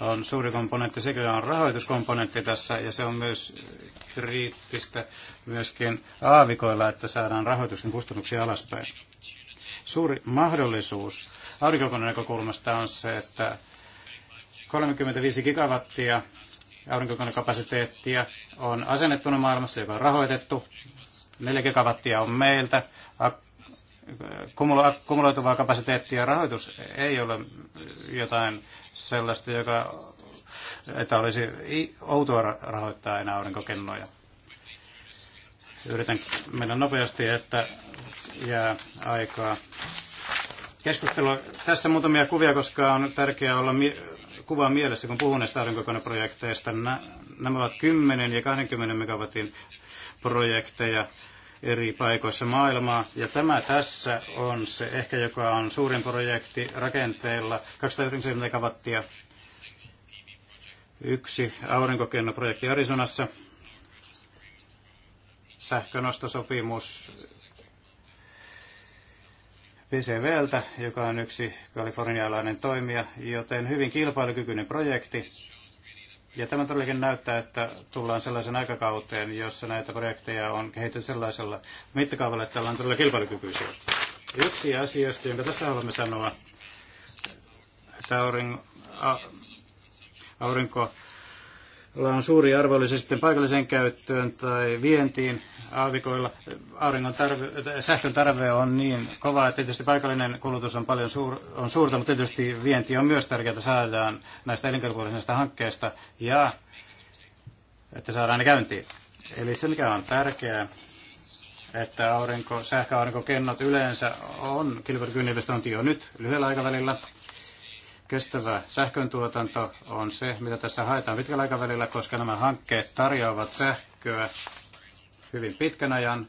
on suuri komponentti, sekä on rahoituskomponentti tässä, ja se on myös kriittistä myöskin aavikoilla, että saadaan rahoituksen kustannuksia alaspäin. Suuri mahdollisuus aurinkokunnan näkökulmasta on se, että 35 gigawattia aurinkokonekapasiteettia on asennettuna maailmassa, joka on rahoitettu. 4 gigawattia on meiltä. kumuloituvaa kapasiteettia rahoitus ei ole jotain sellaista, joka, että olisi outoa rahoittaa enää aurinkokennoja. Yritän mennä nopeasti, että jää aikaa keskustelu Tässä muutamia kuvia, koska on tärkeää olla kuva mielessä, kun puhun näistä aurinkokoneprojekteista. Nämä ovat 10 ja 20 megawatin projekteja eri paikoissa maailmaa. Ja tämä tässä on se ehkä, joka on suurin projekti rakenteella, 290 megawattia. Yksi aurinkokennoprojekti Arizonassa, sähkönostosopimus PCVltä, joka on yksi kalifornialainen toimija, joten hyvin kilpailukykyinen projekti. Ja tämä todellakin näyttää, että tullaan sellaisen aikakauteen, jossa näitä projekteja on kehitetty sellaisella mittakaavalla, että ollaan todella kilpailukykyisiä. Yksi asioista, jonka tässä haluamme sanoa, että aurinko, a, aurinko on suuri arvo, oli se sitten paikalliseen käyttöön tai vientiin, aavikoilla auringon tarve, sähkön tarve on niin kova, että tietysti paikallinen kulutus on paljon suur, on suurta, mutta tietysti vienti on myös tärkeää, että saadaan näistä elinkelpoisista hankkeista ja että saadaan ne käyntiin. Eli se, mikä on tärkeää, että aurinko, sähköaurinkokennot yleensä on kilpailukykyinvestointi jo nyt lyhyellä aikavälillä. Kestävä sähköntuotanto on se, mitä tässä haetaan pitkällä aikavälillä, koska nämä hankkeet tarjoavat sähköä hyvin pitkän ajan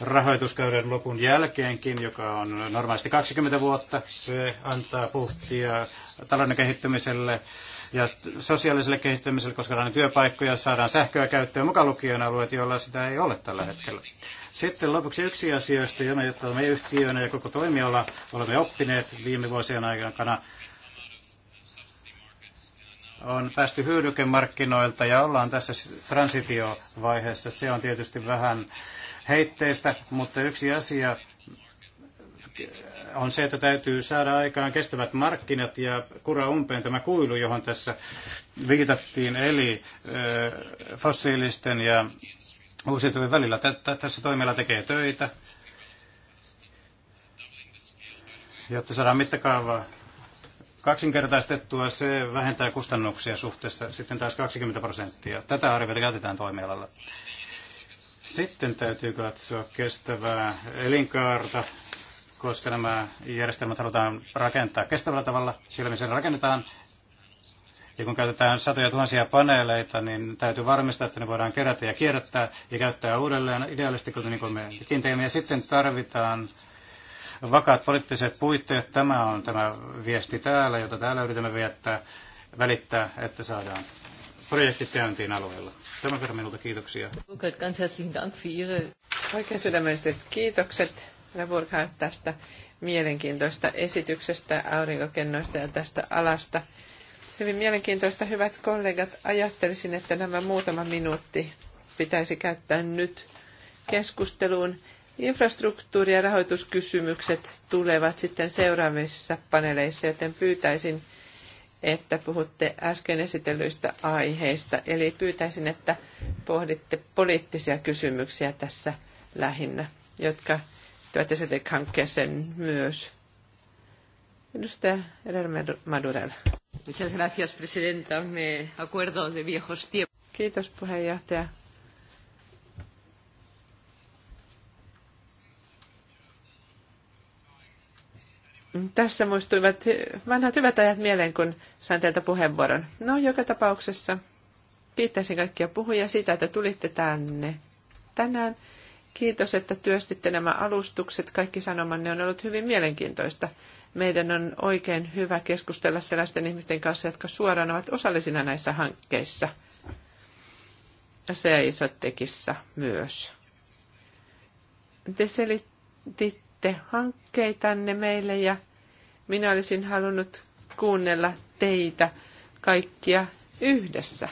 rahoituskauden lopun jälkeenkin, joka on normaalisti 20 vuotta. Se antaa puhtia talouden kehittymiselle ja sosiaaliselle kehittymiselle, koska saadaan työpaikkoja, saadaan sähköä käyttöön mukaan lukien alueet, joilla sitä ei ole tällä hetkellä. Sitten lopuksi yksi asioista, jota me yhtiönä ja koko toimiala olemme oppineet viime vuosien aikana, on päästy hyödykemarkkinoilta ja ollaan tässä transitiovaiheessa. Se on tietysti vähän heitteistä, mutta yksi asia on se, että täytyy saada aikaan kestävät markkinat ja kura umpeen tämä kuilu, johon tässä viitattiin, eli fossiilisten ja uusiutuvien välillä. Tässä toimiala tekee töitä, jotta saadaan mittakaavaa kaksinkertaistettua se vähentää kustannuksia suhteessa sitten taas 20 prosenttia. Tätä arviota käytetään toimialalla. Sitten täytyy katsoa kestävää elinkaarta, koska nämä järjestelmät halutaan rakentaa kestävällä tavalla. Sillä missä rakennetaan, ja kun käytetään satoja tuhansia paneeleita, niin täytyy varmistaa, että ne voidaan kerätä ja kierrättää ja käyttää uudelleen ideaalisesti, niin kuin me kiinteämme. Ja sitten tarvitaan vakaat poliittiset puitteet. Tämä on tämä viesti täällä, jota täällä yritämme viettää, välittää, että saadaan projekti käyntiin alueella. Tämän verran minulta kiitoksia. Oikein sydämelliset kiitokset Reburghan tästä mielenkiintoista esityksestä aurinkokennoista ja tästä alasta. Hyvin mielenkiintoista, hyvät kollegat. Ajattelisin, että nämä muutama minuutti pitäisi käyttää nyt keskusteluun. Infrastruktuuri- ja rahoituskysymykset tulevat sitten seuraavissa paneeleissa, joten pyytäisin, että puhutte äsken esitellyistä aiheista. Eli pyytäisin, että pohditte poliittisia kysymyksiä tässä lähinnä, jotka tuotte sitten hankkeeseen myös. Edustaja Eder Madurel. Muchas gracias, presidenta. Me acuerdo de viejos tiempos. Kiitos puheenjohtaja Tässä muistuivat vanhat hyvät ajat mieleen, kun sain teiltä puheenvuoron. No, joka tapauksessa kiittäisin kaikkia puhujia siitä, että tulitte tänne tänään. Kiitos, että työstitte nämä alustukset. Kaikki sanomanne on ollut hyvin mielenkiintoista. Meidän on oikein hyvä keskustella sellaisten ihmisten kanssa, jotka suoraan ovat osallisina näissä hankkeissa. Se tekissä myös. Te selititte hankkeitanne meille ja minä olisin halunnut kuunnella teitä kaikkia yhdessä.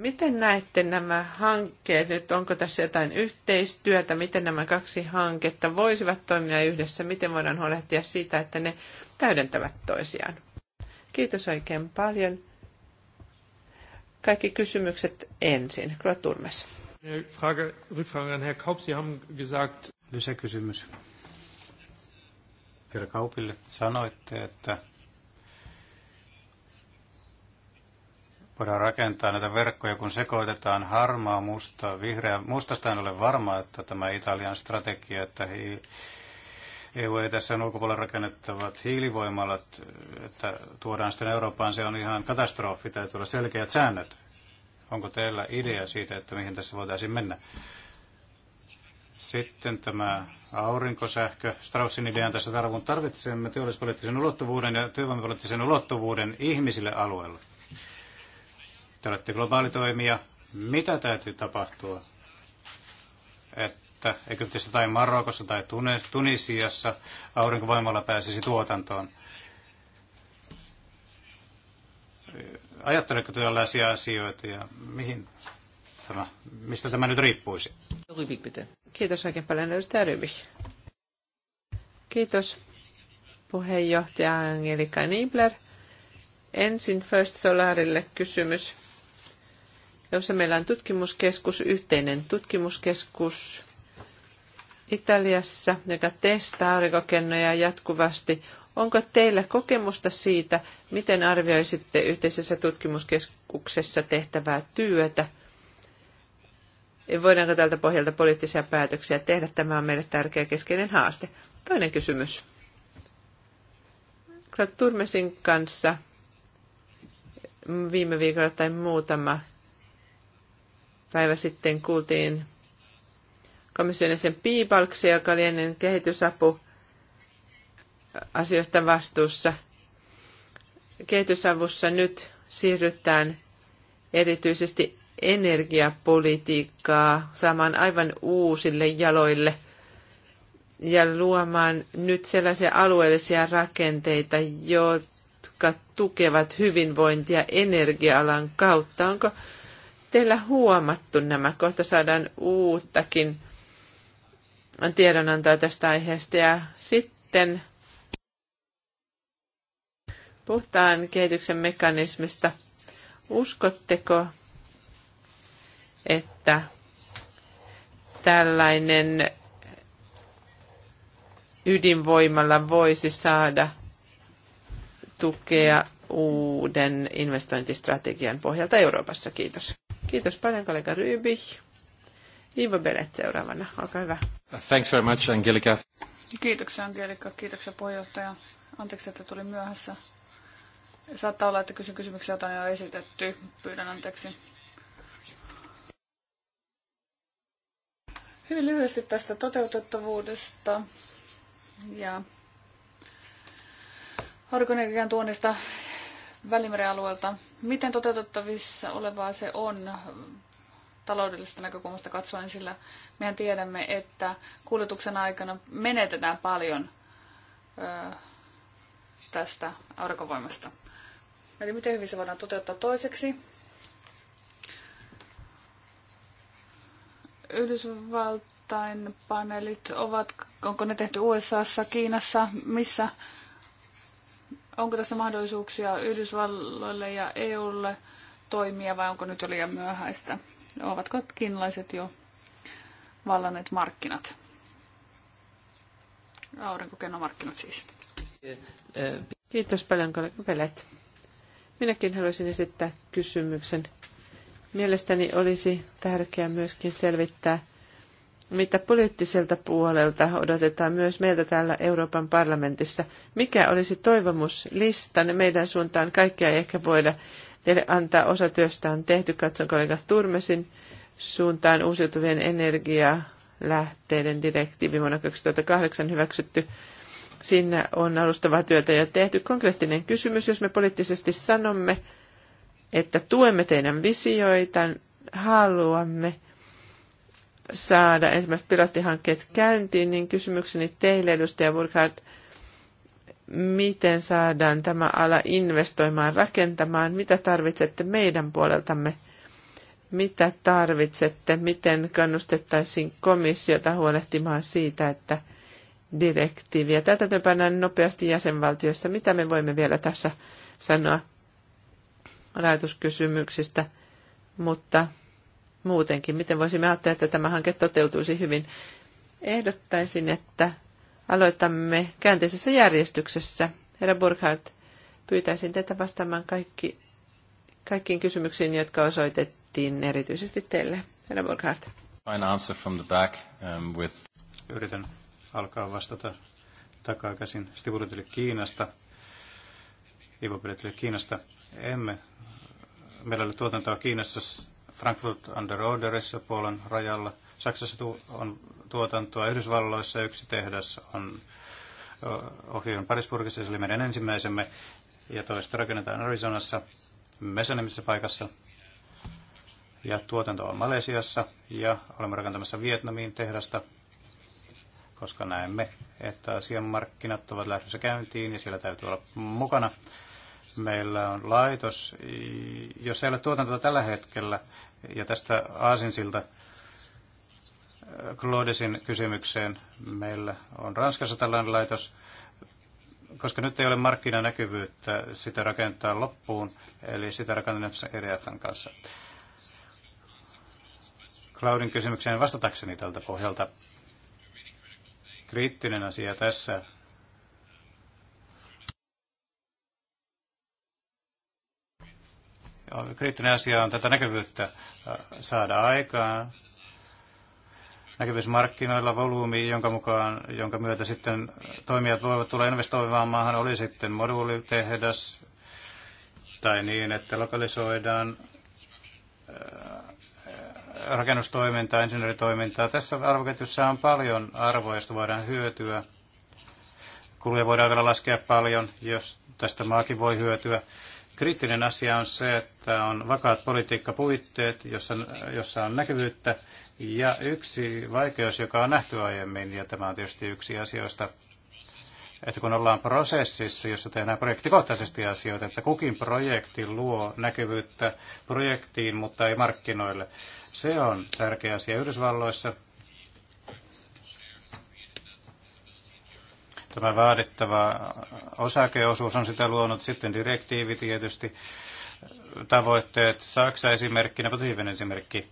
Miten näette nämä hankkeet nyt? Onko tässä jotain yhteistyötä? Miten nämä kaksi hanketta voisivat toimia yhdessä? Miten voidaan huolehtia siitä, että ne täydentävät toisiaan? Kiitos oikein paljon. Kaikki kysymykset ensin. Kyllä Turmes. Frage, Rückfrage an Herr Kaup. Sie haben gesagt... Lisäkysymys. Herra Kaupille sanoitte, että voidaan rakentaa näitä verkkoja, kun sekoitetaan harmaa, mustaa, vihreä. Mustasta en ole varma, että tämä Italian strategia, että hi- EU ei tässä on ulkopuolella rakennettavat hiilivoimalat, että tuodaan sitten Eurooppaan, se on ihan katastrofi, täytyy olla selkeät säännöt. Onko teillä idea siitä, että mihin tässä voitaisiin mennä? Sitten tämä aurinkosähkö. Straussin idean tässä tarvun tarvitsemme teollispoliittisen ulottuvuuden ja työvoimapoliittisen ulottuvuuden ihmisille alueella. Te olette globaali toimija. Mitä täytyy tapahtua, että Egyptissä tai Marokossa tai Tunisiassa aurinkovoimalla pääsisi tuotantoon? ajatteleeko tällaisia asioita ja mihin tämä, mistä tämä nyt riippuisi? Kiitos oikein paljon, edustaja Rybik. Kiitos puheenjohtaja Angelika Niebler. Ensin First Solarille kysymys, jossa meillä on tutkimuskeskus, yhteinen tutkimuskeskus Italiassa, joka testaa aurinkokennoja jatkuvasti Onko teillä kokemusta siitä, miten arvioisitte yhteisessä tutkimuskeskuksessa tehtävää työtä? Voidaanko tältä pohjalta poliittisia päätöksiä tehdä? Tämä on meille tärkeä keskeinen haaste. Toinen kysymys. Claude Turmesin kanssa viime viikolla tai muutama päivä sitten kuultiin komission sen piipalksi, joka oli ennen kehitysapu asioista vastuussa. Kehitysavussa nyt siirrytään erityisesti energiapolitiikkaa saamaan aivan uusille jaloille ja luomaan nyt sellaisia alueellisia rakenteita, jotka tukevat hyvinvointia energia-alan kautta. Onko teillä huomattu nämä? Kohta saadaan uuttakin tiedonantoa tästä aiheesta ja sitten puhtaan kehityksen mekanismista. Uskotteko, että tällainen ydinvoimalla voisi saada tukea uuden investointistrategian pohjalta Euroopassa. Kiitos. Kiitos paljon kollega Ryby. Ivo Belet seuraavana, olkaa hyvä. Thanks very much, Angelika. Kiitoksia Angelika, kiitoksia puheenjohtaja. Anteeksi, että tuli myöhässä. Saattaa olla, että kysyn kysymyksiä, joita on jo esitetty. Pyydän anteeksi. Hyvin lyhyesti tästä toteutettavuudesta ja organikian tuonnista Välimeren alueelta. Miten toteutettavissa olevaa se on taloudellisesta näkökulmasta katsoen, sillä mehän tiedämme, että kuljetuksen aikana menetetään paljon ö, tästä aurinkovoimasta. Eli miten hyvin se voidaan toteuttaa toiseksi. Yhdysvaltain paneelit ovat, onko ne tehty USAssa, Kiinassa, missä? Onko tässä mahdollisuuksia Yhdysvalloille ja EUlle toimia vai onko nyt jo liian myöhäistä? Ovatko kiinalaiset jo vallanneet markkinat? Aurinkokennomarkkinat siis. Kiitos paljon, Pelet. Minäkin haluaisin esittää kysymyksen. Mielestäni olisi tärkeää myöskin selvittää, mitä poliittiselta puolelta odotetaan myös meiltä täällä Euroopan parlamentissa. Mikä olisi toivomuslista meidän suuntaan? Kaikkea ei ehkä voida teille antaa. Osa työstä on tehty, katson kollega Turmesin suuntaan uusiutuvien energialähteiden direktiivi vuonna 2008 hyväksytty Siinä on alustavaa työtä jo tehty. Konkreettinen kysymys, jos me poliittisesti sanomme, että tuemme teidän visioita, haluamme saada ensimmäiset pilottihankkeet käyntiin, niin kysymykseni teille, edustaja Burkhardt, miten saadaan tämä ala investoimaan, rakentamaan, mitä tarvitsette meidän puoleltamme, mitä tarvitsette, miten kannustettaisiin komissiota huolehtimaan siitä, että direktiiviä. Tätä työpannaan nopeasti jäsenvaltioissa. Mitä me voimme vielä tässä sanoa rajoituskysymyksistä? mutta muutenkin, miten voisimme ajatella, että tämä hanke toteutuisi hyvin. Ehdottaisin, että aloitamme käänteisessä järjestyksessä. Herra Burkhardt, pyytäisin teitä vastaamaan kaikki, kaikkiin kysymyksiin, jotka osoitettiin erityisesti teille. Herra Burkhardt. Um, Yritän alkaa vastata takaisin Stivuritille Kiinasta, Ivo Bretille Kiinasta. Emme. Meillä oli tuotantoa Kiinassa Frankfurt under Orderissa Puolan rajalla. Saksassa tu- on tuotantoa Yhdysvalloissa yksi tehdas on ohjelman Parisburgissa, se oli meidän ensimmäisemme, ja toista rakennetaan Arizonassa, Mesonimissä paikassa, ja tuotanto on Malesiassa, ja olemme rakentamassa Vietnamiin tehdasta, koska näemme, että asian markkinat ovat lähdössä käyntiin ja siellä täytyy olla mukana. Meillä on laitos, jos ei ole tuotantoa tällä hetkellä, ja tästä Aasinsilta Claudesin kysymykseen, meillä on Ranskassa tällainen laitos, koska nyt ei ole markkinanäkyvyyttä sitä rakentaa loppuun, eli sitä rakennetaan EDFn kanssa. Claudin kysymykseen vastatakseni tältä pohjalta kriittinen asia tässä kriittinen asia on tätä näkyvyyttä äh, saada aikaan. Näkyvyysmarkkinoilla markkinoilla, volyymi, jonka, mukaan, jonka myötä sitten toimijat voivat tulla investoimaan maahan, oli sitten moduulitehdas tai niin, että lokalisoidaan äh, rakennustoimintaa, insinööritoimintaa. Tässä arvoketjussa on paljon arvoa, josta voidaan hyötyä. Kuluja voidaan vielä laskea paljon, jos tästä maakin voi hyötyä. Kriittinen asia on se, että on vakaat politiikkapuitteet, jossa, jossa on näkyvyyttä. Ja yksi vaikeus, joka on nähty aiemmin, ja tämä on tietysti yksi asioista, että kun ollaan prosessissa, jossa tehdään projektikohtaisesti asioita, että kukin projekti luo näkyvyyttä projektiin, mutta ei markkinoille. Se on tärkeä asia Yhdysvalloissa. Tämä vaadittava osakeosuus on sitä luonut sitten direktiivi tietysti, tavoitteet. Saksa esimerkkinä, positiivinen esimerkki.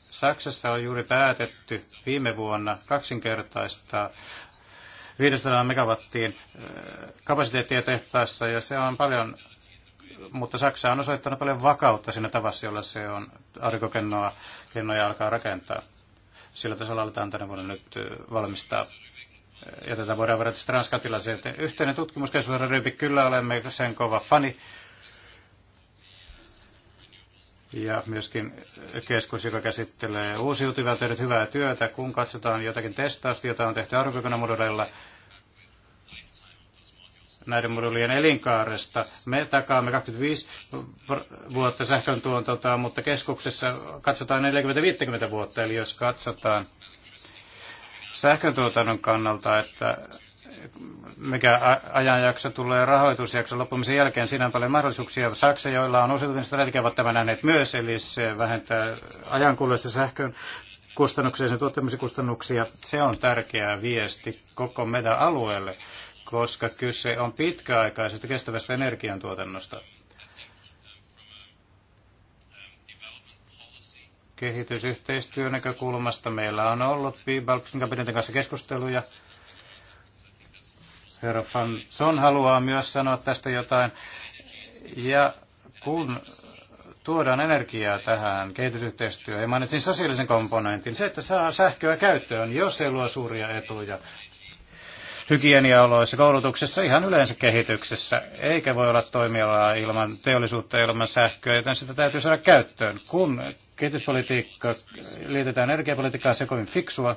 Saksassa on juuri päätetty viime vuonna kaksinkertaistaa 500 megawattiin kapasiteettia tehtaassa ja se on paljon, mutta Saksa on osoittanut paljon vakautta siinä tavassa, jolla se on aurinkokennoa kennoja alkaa rakentaa. Sillä tasolla aletaan tänä vuonna nyt valmistaa ja tätä voidaan verrata sitten ranskatilaiseen. Yhteinen tutkimuskeskus Ryby, kyllä olemme sen kova fani ja myöskin keskus, joka käsittelee uusiutuvia, on tehnyt hyvää työtä. Kun katsotaan jotakin testausta, jota on tehty arvioikonamoduleilla näiden modulien elinkaaresta, me takaamme 25 vuotta sähkön tuontota, mutta keskuksessa katsotaan 40-50 vuotta. Eli jos katsotaan sähköntuotannon kannalta, että mikä ajanjakso tulee rahoitusjakson loppumisen jälkeen. Siinä on paljon mahdollisuuksia. Saksa, joilla on uusiutuvien strategia, ovat tämän nähneet myös, eli se vähentää ajankuluessa sähkön kustannuksia ja sen tuottamisen kustannuksia. Se on tärkeä viesti koko meidän alueelle, koska kyse on pitkäaikaisesta kestävästä energiantuotannosta. Kehitysyhteistyön näkökulmasta meillä on ollut Pibalkin kabinetin kanssa keskusteluja Herra Van Son haluaa myös sanoa tästä jotain. Ja kun tuodaan energiaa tähän kehitysyhteistyöhön, ja mainitsin sosiaalisen komponentin, se, että saa sähköä käyttöön, niin jos se luo suuria etuja hygieniaoloissa, koulutuksessa, ihan yleensä kehityksessä, eikä voi olla toimialaa ilman teollisuutta, ilman sähköä, joten sitä täytyy saada käyttöön. Kun kehityspolitiikka liitetään energiapolitiikkaan, se on kovin fiksua,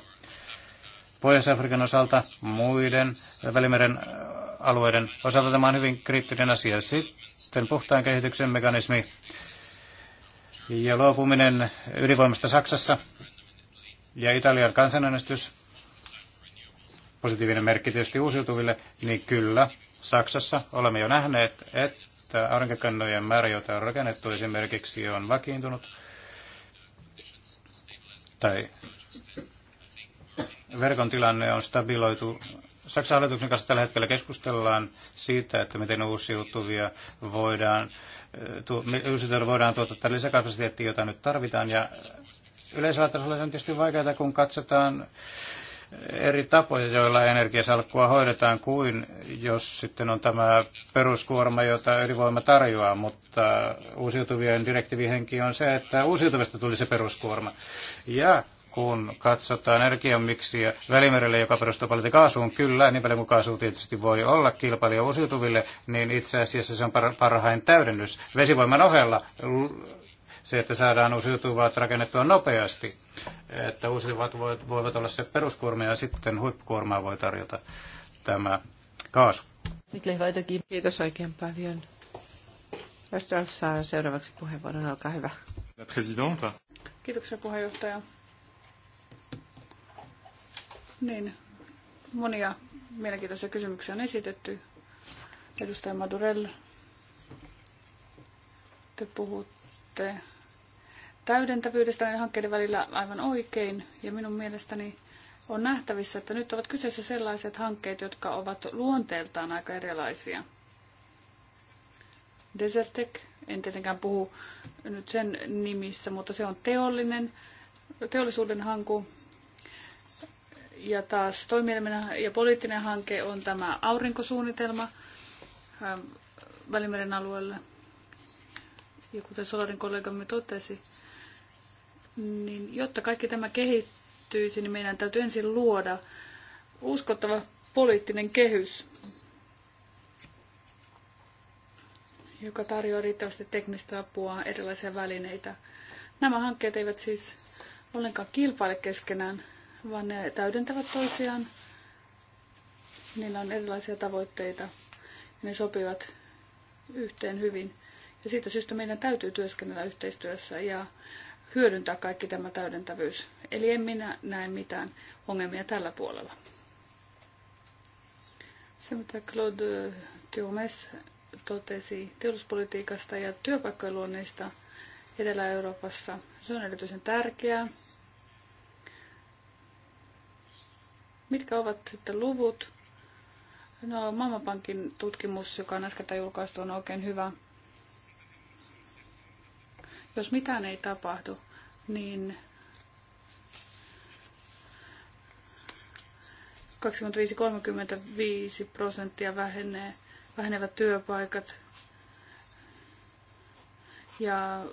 Pohjois-Afrikan osalta, muiden Välimeren äh, alueiden osalta tämä on hyvin kriittinen asia. Sitten puhtaan kehityksen mekanismi ja luopuminen ydinvoimasta Saksassa ja Italian kansanäänestys, positiivinen merkki tietysti uusiutuville, niin kyllä Saksassa olemme jo nähneet, että aurinkokannojen määrä, jota on rakennettu esimerkiksi, on vakiintunut tai verkon tilanne on stabiloitu. Saksan hallituksen kanssa tällä hetkellä keskustellaan siitä, että miten uusiutuvia voidaan, eh, tu, uusiutuvia voidaan tuottaa lisäkapasiteettia, jota nyt tarvitaan. Ja yleisellä tasolla se on tietysti vaikeaa, kun katsotaan eri tapoja, joilla energiasalkkua hoidetaan, kuin jos sitten on tämä peruskuorma, jota ydinvoima tarjoaa, mutta uusiutuvien direktiivihenki on se, että uusiutuvista tuli se peruskuorma. Ja kun katsotaan energiamiksiä välimerelle, joka perustuu paljon kaasuun, kyllä, niin paljon kuin kaasu tietysti voi olla kilpailija uusiutuville, niin itse asiassa se on parhain täydennys vesivoiman ohella se, että saadaan uusiutuvat rakennettua nopeasti, että uusiutuvat voivat olla se peruskuorma ja sitten huippukuormaa voi tarjota tämä kaasu. Kiitos oikein paljon. Vastaus saa seuraavaksi puheenvuoron, olkaa hyvä. Kiitoksia puheenjohtaja. Niin, monia mielenkiintoisia kysymyksiä on esitetty. Edustaja Madurell, te puhutte täydentävyydestä näiden hankkeiden välillä aivan oikein, ja minun mielestäni on nähtävissä, että nyt ovat kyseessä sellaiset hankkeet, jotka ovat luonteeltaan aika erilaisia. Desertec, en tietenkään puhu nyt sen nimissä, mutta se on teollinen, teollisuuden hanku, ja taas toimielimenä ja poliittinen hanke on tämä aurinkosuunnitelma ähm, Välimeren alueelle. Ja kuten Solarin kollegamme totesi, niin jotta kaikki tämä kehittyisi, niin meidän täytyy ensin luoda uskottava poliittinen kehys, joka tarjoaa riittävästi teknistä apua, erilaisia välineitä. Nämä hankkeet eivät siis ollenkaan kilpaile keskenään, vaan ne täydentävät toisiaan. Niillä on erilaisia tavoitteita ja ne sopivat yhteen hyvin. Ja siitä syystä meidän täytyy työskennellä yhteistyössä ja hyödyntää kaikki tämä täydentävyys. Eli en minä näe mitään ongelmia tällä puolella. Se, mitä Claude Thiomes totesi teollisuuspolitiikasta ja työpaikkojen luonneista Etelä-Euroopassa, se on erityisen tärkeää. Mitkä ovat sitten luvut? No, Maailmanpankin tutkimus, joka on äsken julkaistu, on oikein hyvä. Jos mitään ei tapahdu, niin 25-35 prosenttia vähenee, vähenevät työpaikat. Ja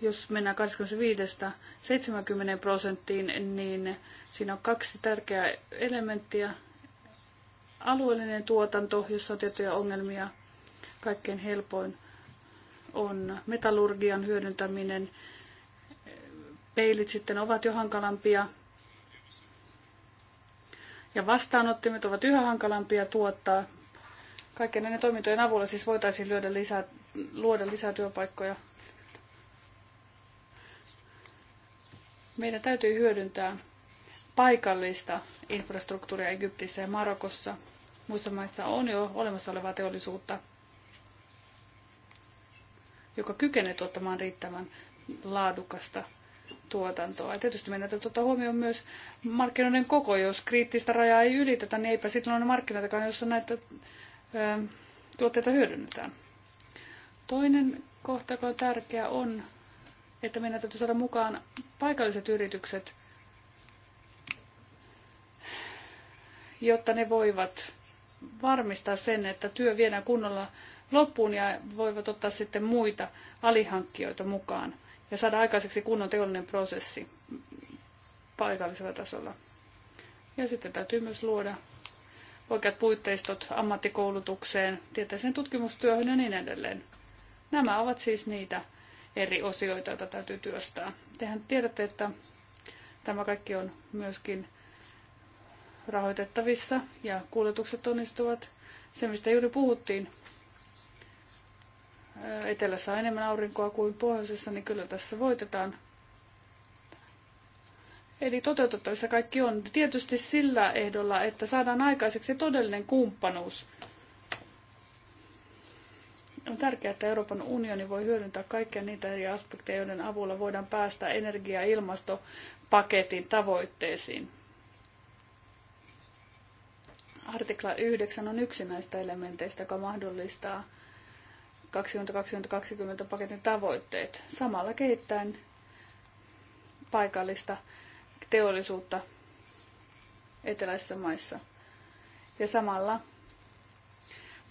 jos mennään 25 70 prosenttiin, niin siinä on kaksi tärkeää elementtiä. Alueellinen tuotanto, jossa on tiettyjä ongelmia, kaikkein helpoin on metallurgian hyödyntäminen. Peilit sitten ovat jo hankalampia ja vastaanottimet ovat yhä hankalampia tuottaa. Kaikkien näiden toimintojen avulla siis voitaisiin lyödä lisää, luoda lisää työpaikkoja. Meidän täytyy hyödyntää paikallista infrastruktuuria Egyptissä ja Marokossa. Muissa maissa on jo olemassa olevaa teollisuutta, joka kykenee tuottamaan riittävän laadukasta tuotantoa. Ja tietysti meidän täytyy ottaa huomioon myös markkinoiden koko. Jos kriittistä rajaa ei ylitetä, niin eipä sitten ole markkinoitakaan, jossa näitä ö, tuotteita hyödynnetään. Toinen kohta, joka on tärkeä, on että meidän täytyy saada mukaan paikalliset yritykset, jotta ne voivat varmistaa sen, että työ viedään kunnolla loppuun ja voivat ottaa sitten muita alihankkijoita mukaan ja saada aikaiseksi kunnon teollinen prosessi paikallisella tasolla. Ja sitten täytyy myös luoda oikeat puitteistot ammattikoulutukseen, tieteeseen tutkimustyöhön ja niin edelleen. Nämä ovat siis niitä eri osioita, joita täytyy työstää. Tehän tiedätte, että tämä kaikki on myöskin rahoitettavissa ja kuljetukset onnistuvat. Se, mistä juuri puhuttiin, etelässä on enemmän aurinkoa kuin pohjoisessa, niin kyllä tässä voitetaan. Eli toteutettavissa kaikki on tietysti sillä ehdolla, että saadaan aikaiseksi todellinen kumppanuus on tärkeää, että Euroopan unioni voi hyödyntää kaikkia niitä eri aspekteja, joiden avulla voidaan päästä energia- ja ilmastopaketin tavoitteisiin. Artikla 9 on yksi näistä elementeistä, joka mahdollistaa 2020-2020 paketin tavoitteet, samalla kehittäen paikallista teollisuutta eteläisissä maissa. Ja samalla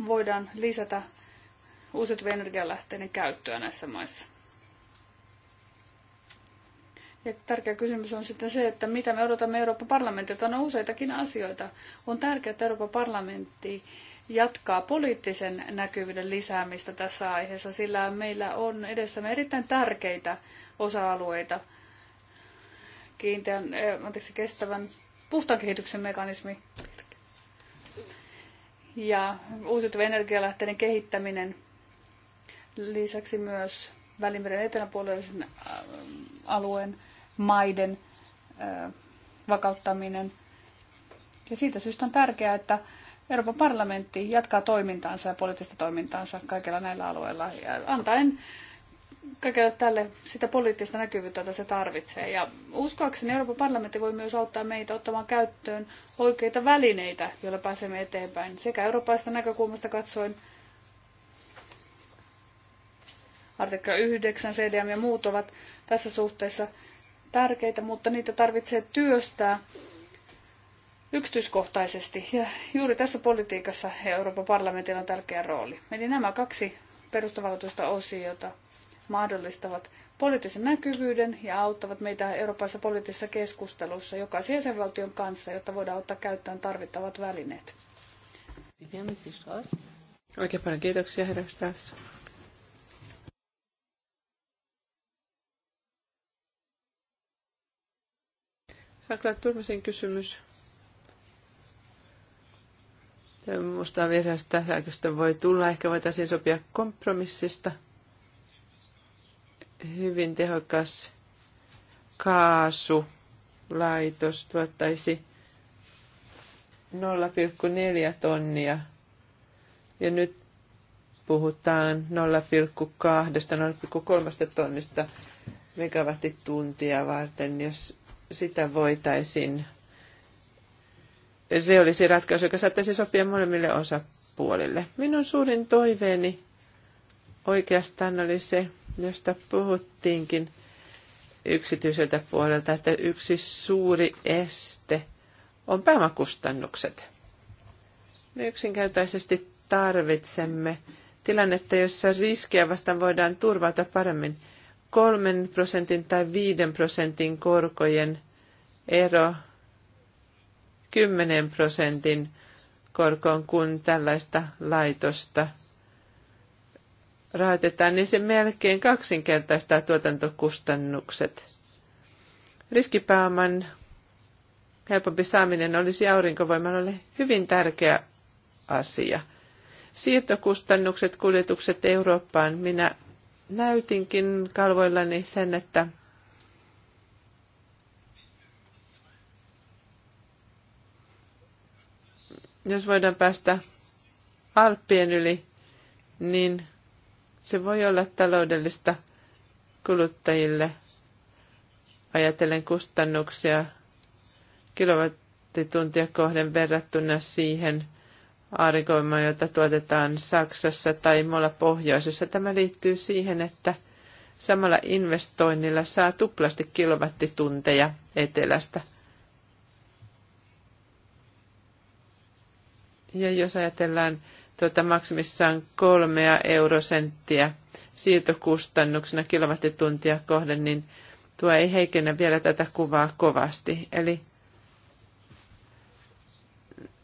voidaan lisätä uusiutuvien energialähteiden käyttöä näissä maissa. Ja tärkeä kysymys on sitten se, että mitä me odotamme Euroopan parlamentilta. No useitakin asioita. On tärkeää, että Euroopan parlamentti jatkaa poliittisen näkyvyyden lisäämistä tässä aiheessa, sillä meillä on edessämme erittäin tärkeitä osa-alueita. Kiinteän, eh, anteeksi, kestävän puhtaan kehityksen mekanismi ja uusiutuvien energialähteiden kehittäminen Lisäksi myös Välimeren eteläpuolisen äh, alueen maiden äh, vakauttaminen. Ja siitä syystä on tärkeää, että Euroopan parlamentti jatkaa toimintaansa ja poliittista toimintaansa kaikilla näillä alueilla ja antaen kaikille tälle sitä poliittista näkyvyyttä, jota se tarvitsee. Ja uskoakseni Euroopan parlamentti voi myös auttaa meitä ottamaan käyttöön oikeita välineitä, joilla pääsemme eteenpäin sekä eurooppalaisesta näkökulmasta katsoen artikla 9, CDM ja muut ovat tässä suhteessa tärkeitä, mutta niitä tarvitsee työstää yksityiskohtaisesti. Ja juuri tässä politiikassa Euroopan parlamentilla on tärkeä rooli. Eli nämä kaksi perustavalloitusta osiota mahdollistavat poliittisen näkyvyyden ja auttavat meitä eurooppalaisessa poliittisessa keskustelussa jokaisen jäsenvaltion kanssa, jotta voidaan ottaa käyttöön tarvittavat välineet. Oikein paljon kiitoksia, herra Stas. Hakla turmisen kysymys. Musta virheestä sähköstä voi tulla. Ehkä voitaisiin sopia kompromissista. Hyvin tehokas kaasulaitos tuottaisi 0,4 tonnia. Ja nyt puhutaan 0,2-0,3 tonnista megawattituntia varten, jos sitä voitaisiin, se olisi ratkaisu, joka saattaisi sopia molemmille osapuolille. Minun suurin toiveeni oikeastaan oli se, josta puhuttiinkin yksityiseltä puolelta, että yksi suuri este on pääomakustannukset. Me yksinkertaisesti tarvitsemme tilannetta, jossa riskiä vastaan voidaan turvata paremmin – kolmen prosentin tai viiden prosentin korkojen ero kymmenen prosentin korkoon, kun tällaista laitosta rahoitetaan, niin se melkein kaksinkertaistaa tuotantokustannukset. Riskipääoman helpompi saaminen olisi aurinkovoimalle hyvin tärkeä asia. Siirtokustannukset, kuljetukset Eurooppaan, minä näytinkin kalvoillani sen, että jos voidaan päästä Alppien yli, niin se voi olla taloudellista kuluttajille ajatellen kustannuksia kilowattituntia kohden verrattuna siihen – aarikoimaa, jota tuotetaan Saksassa tai muualla pohjoisessa. Tämä liittyy siihen, että samalla investoinnilla saa tuplasti kilowattitunteja etelästä. Ja jos ajatellaan tuota maksimissaan kolmea eurosenttiä siirtokustannuksena kilowattituntia kohden, niin tuo ei heikennä vielä tätä kuvaa kovasti. Eli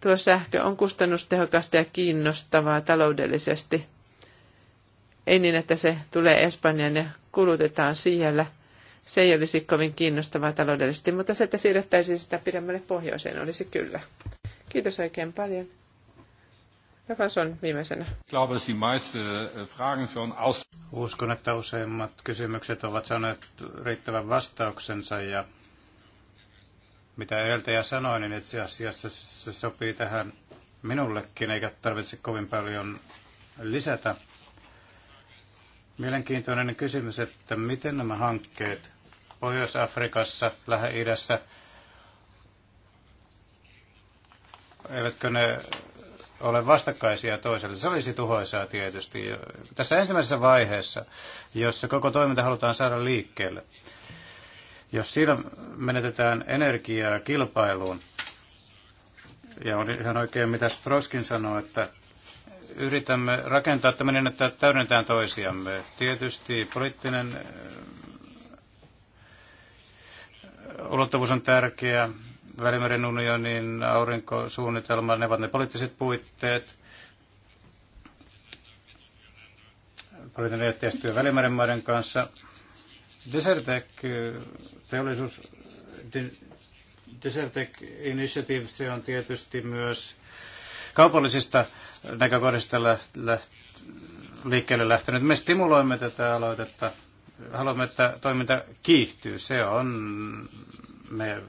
tuo sähkö on kustannustehokasta ja kiinnostavaa taloudellisesti. Ei niin, että se tulee Espanjaan ja kulutetaan siellä. Se ei olisi kovin kiinnostavaa taloudellisesti, mutta se, että siirrettäisiin sitä pidemmälle pohjoiseen, olisi kyllä. Kiitos oikein paljon. Rafason viimeisenä. Äh, Uskon, että useimmat kysymykset ovat saaneet riittävän vastauksensa ja mitä edeltäjä sanoi, niin itse asiassa se sopii tähän minullekin, eikä tarvitse kovin paljon lisätä. Mielenkiintoinen kysymys, että miten nämä hankkeet Pohjois-Afrikassa, Lähi-idässä, eivätkö ne ole vastakkaisia toiselle. Se olisi tuhoisaa tietysti. Tässä ensimmäisessä vaiheessa, jossa koko toiminta halutaan saada liikkeelle, jos siinä menetetään energiaa kilpailuun, ja on ihan oikein mitä Stroskin sanoi, että yritämme rakentaa tämmöinen, niin, että täydennetään toisiamme. Tietysti poliittinen äh, ulottuvuus on tärkeä, Välimeren unionin aurinkosuunnitelma, ne ovat ne poliittiset puitteet. Poliittinen yhteistyö Välimeren maiden kanssa Desertec, teollisuus, Desertec Initiative, se on tietysti myös kaupallisista näkökohdista läht, liikkeelle lähtenyt. Me stimuloimme tätä aloitetta. Haluamme, että toiminta kiihtyy. Se on, me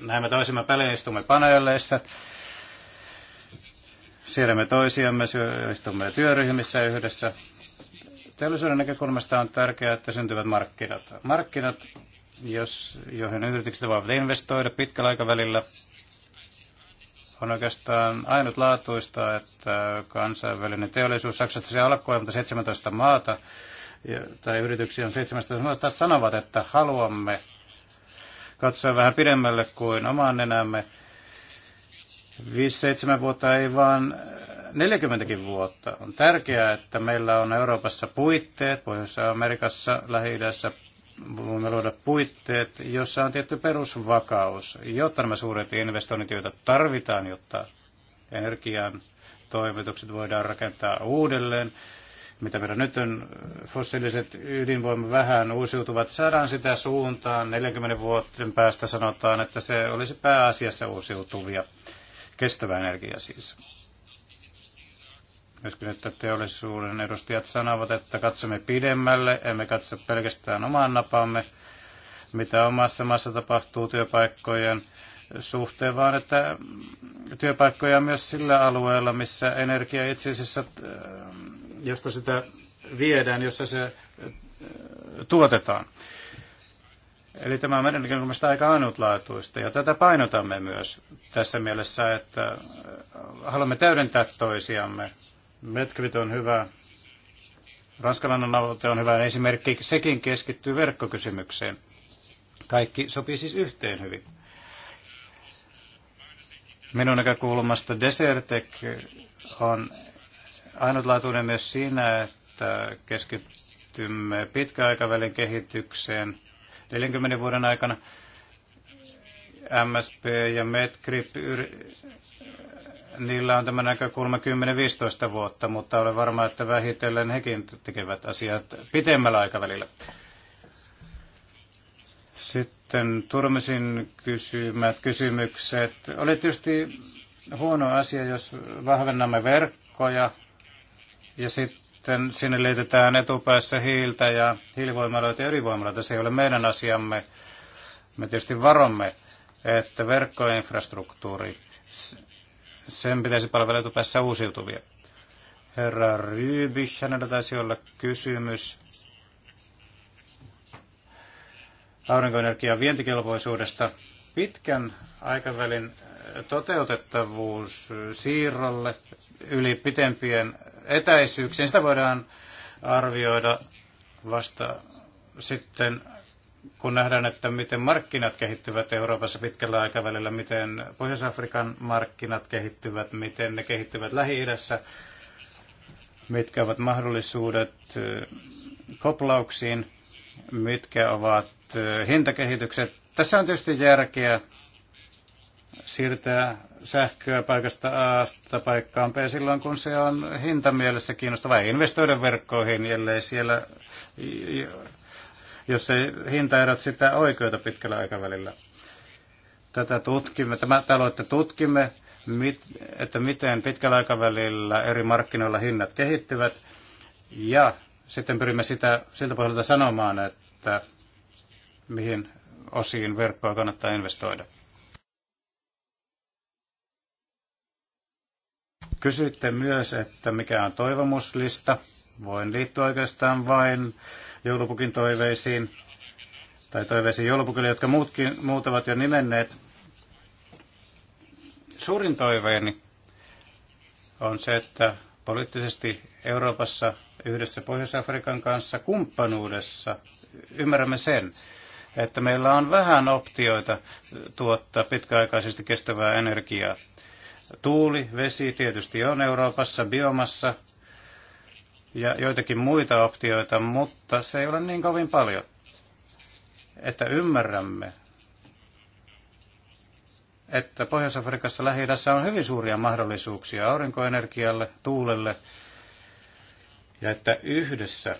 näemme toisemme päälle, istumme paneeleissa, siedämme toisiamme, istumme työryhmissä yhdessä. Teollisuuden näkökulmasta on tärkeää, että syntyvät markkinat. Markkinat, jos, joihin yritykset voivat investoida pitkällä aikavälillä, on oikeastaan ainutlaatuista, että kansainvälinen teollisuus, Saksasta se alkoi, mutta 17 maata tai yrityksiä on 17 maata, sanovat, että haluamme katsoa vähän pidemmälle kuin omaan nenämme. 5-7 vuotta ei vaan 40 vuotta. On tärkeää, että meillä on Euroopassa puitteet, Pohjois-Amerikassa, Lähi-idässä voimme luoda puitteet, jossa on tietty perusvakaus, jotta nämä suuret investoinnit, joita tarvitaan, jotta energian toimitukset voidaan rakentaa uudelleen, mitä meillä nyt on fossiiliset ydinvoima vähän uusiutuvat, saadaan sitä suuntaan. 40 vuoden päästä sanotaan, että se olisi pääasiassa uusiutuvia, kestävää energiaa siis myöskin, että teollisuuden edustajat sanovat, että katsomme pidemmälle, emme katso pelkästään omaan napamme, mitä omassa maassa tapahtuu työpaikkojen suhteen, vaan että työpaikkoja on myös sillä alueella, missä energia itse asiassa, äh, josta sitä viedään, jossa se äh, tuotetaan. Eli tämä on meidän näkökulmasta aika ainutlaatuista, ja tätä painotamme myös tässä mielessä, että äh, haluamme täydentää toisiamme Medkvit on hyvä. Ranskalainen aloite on hyvä esimerkki. Sekin keskittyy verkkokysymykseen. Kaikki sopii siis yhteen hyvin. Minun näkökulmasta Desertec on ainutlaatuinen myös siinä, että keskittymme pitkäaikavälin kehitykseen 40 vuoden aikana. MSP ja MedGrip niillä on tämä näkökulma 10-15 vuotta, mutta olen varma, että vähitellen hekin tekevät asiat pitemmällä aikavälillä. Sitten Turmesin kysymät kysymykset. Oli tietysti huono asia, jos vahvennamme verkkoja ja sitten sinne liitetään etupäässä hiiltä ja hiilivoimaloita ja ydinvoimaloita. Se ei ole meidän asiamme. Me tietysti varomme, että verkkoinfrastruktuuri sen pitäisi palvella etupäässä uusiutuvia. Herra Ryby, hänellä taisi olla kysymys aurinkoenergian vientikelpoisuudesta. Pitkän aikavälin eh, toteutettavuus eh, siirrolle yli pitempien etäisyyksien, sitä voidaan arvioida vasta sitten kun nähdään, että miten markkinat kehittyvät Euroopassa pitkällä aikavälillä, miten Pohjois-Afrikan markkinat kehittyvät, miten ne kehittyvät Lähi-idässä, mitkä ovat mahdollisuudet eh, koplauksiin, mitkä ovat eh, hintakehitykset. Tässä on tietysti järkeä siirtää sähköä paikasta A paikkaan B silloin, kun se on hintamielessä kiinnostavaa. Ei investoida verkkoihin, ellei siellä jos ei hintaerot sitä oikeuta pitkällä aikavälillä. Tätä tutkimme, tämä taloutta tutkimme, mit, että miten pitkällä aikavälillä eri markkinoilla hinnat kehittyvät. Ja sitten pyrimme sitä, siltä pohjalta sanomaan, että mihin osiin verkkoa kannattaa investoida. Kysyitte myös, että mikä on toivomuslista. Voin liittyä oikeastaan vain joulupukin toiveisiin tai toiveisiin joulupukille, jotka muutkin, muut ovat jo nimenneet. Suurin toiveeni on se, että poliittisesti Euroopassa yhdessä Pohjois-Afrikan kanssa kumppanuudessa ymmärrämme sen, että meillä on vähän optioita tuottaa pitkäaikaisesti kestävää energiaa. Tuuli, vesi tietysti on Euroopassa, biomassa, ja joitakin muita optioita, mutta se ei ole niin kovin paljon, että ymmärrämme, että Pohjois-Afrikassa lähi on hyvin suuria mahdollisuuksia aurinkoenergialle, tuulelle, ja että yhdessä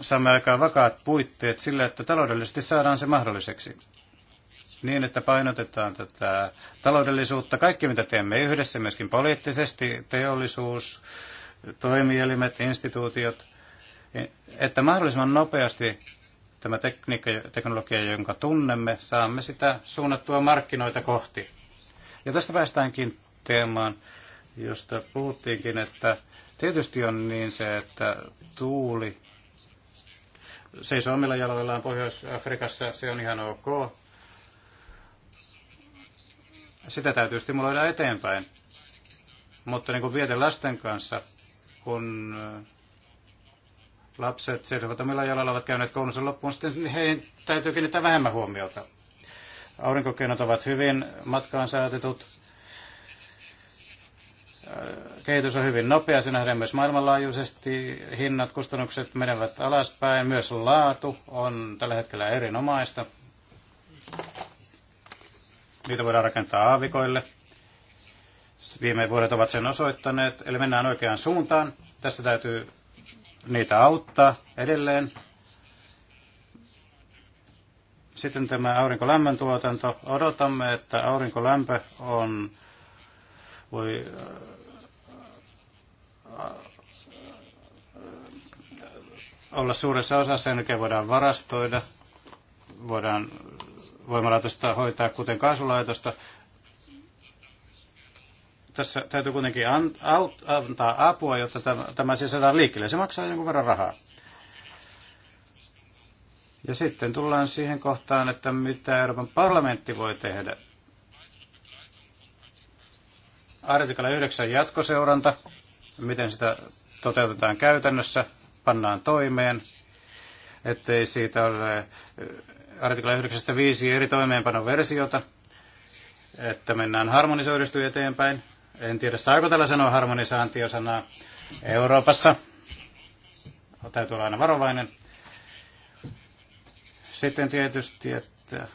saamme aikaan vakaat puitteet sille, että taloudellisesti saadaan se mahdolliseksi niin, että painotetaan tätä taloudellisuutta. Kaikki, mitä teemme yhdessä, myöskin poliittisesti, teollisuus, toimielimet, instituutiot, että mahdollisimman nopeasti tämä tekniikka, teknologia, jonka tunnemme, saamme sitä suunnattua markkinoita kohti. Ja tästä päästäänkin teemaan, josta puhuttiinkin, että tietysti on niin se, että tuuli seisoo omilla jaloillaan Pohjois-Afrikassa, se on ihan ok, sitä täytyy stimuloida eteenpäin. Mutta niin kuin vieten lasten kanssa, kun äh, lapset seisovat omilla jalalla ovat käyneet koulunsa loppuun, sitten heihin täytyy kiinnittää vähemmän huomiota. Aurinkokeinot ovat hyvin matkaan saatetut. Äh, kehitys on hyvin nopea, se nähdään myös maailmanlaajuisesti. Hinnat, kustannukset menevät alaspäin, myös laatu on tällä hetkellä erinomaista. Niitä voidaan rakentaa aavikoille. Viime vuodet ovat sen osoittaneet, eli mennään oikeaan suuntaan. Tässä täytyy niitä auttaa edelleen. Sitten tämä aurinkolämmön tuotanto. Odotamme, että aurinkolämpö on, voi olla suuressa osassa, energia voidaan varastoida, voidaan voimalaitosta hoitaa kuten kaasulaitosta. Tässä täytyy kuitenkin antaa apua, jotta tämä siis saadaan liikkeelle. Se maksaa jonkun verran rahaa. Ja sitten tullaan siihen kohtaan, että mitä Euroopan parlamentti voi tehdä. Artikla 9 jatkoseuranta, miten sitä toteutetaan käytännössä, pannaan toimeen, ettei siitä ole artikla 95 eri toimeenpanon versiota, että mennään harmonisoidusti eteenpäin. En tiedä, saako tällä sanoa harmonisaatiosanaa Euroopassa. Täytyy olla aina varovainen. Sitten tietysti, että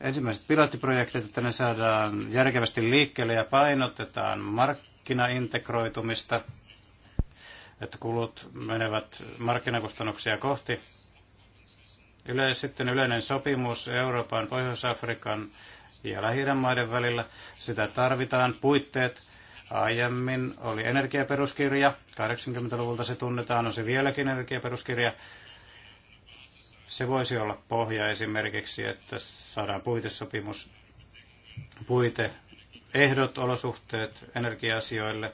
ensimmäiset pilottiprojektit, että ne saadaan järkevästi liikkeelle ja painotetaan markkinaintegroitumista, että kulut menevät markkinakustannuksia kohti. Yle, sitten yleinen sopimus Euroopan, Pohjois-Afrikan ja lähi maiden välillä. Sitä tarvitaan puitteet. Aiemmin oli energiaperuskirja, 80-luvulta se tunnetaan, on se vieläkin energiaperuskirja. Se voisi olla pohja esimerkiksi, että saadaan puitesopimus, puite, ehdot, olosuhteet energiaasioille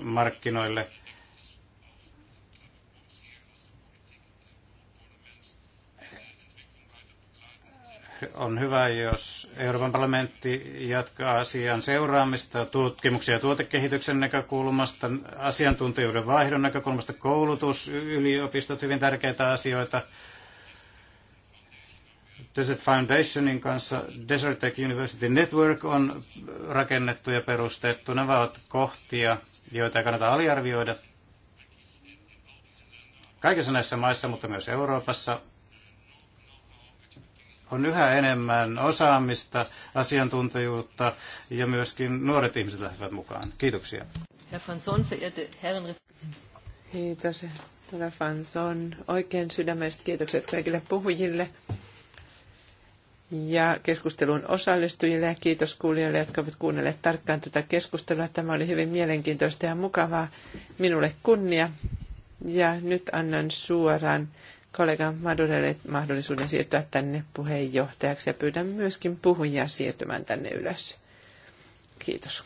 markkinoille – on hyvä, jos Euroopan parlamentti jatkaa asian seuraamista tutkimuksia tuotekehityksen näkökulmasta, asiantuntijuuden vaihdon näkökulmasta, koulutus, yliopistot, hyvin tärkeitä asioita. Desert Foundationin kanssa Desert Tech University Network on rakennettu ja perustettu. Nämä ovat kohtia, joita ei kannata aliarvioida. Kaikissa näissä maissa, mutta myös Euroopassa, on yhä enemmän osaamista, asiantuntijuutta ja myöskin nuoret ihmiset lähtevät mukaan. Kiitoksia. Kiitos, herra Fanson. Oikein sydämestä kiitokset kaikille puhujille ja keskustelun osallistujille ja kiitos kuulijoille, jotka ovat kuunnelleet tarkkaan tätä keskustelua. Tämä oli hyvin mielenkiintoista ja mukavaa. Minulle kunnia. Ja nyt annan suoraan kollega Madurelle mahdollisuuden siirtyä tänne puheenjohtajaksi ja pyydän myöskin puhujia siirtymään tänne ylös. Kiitos.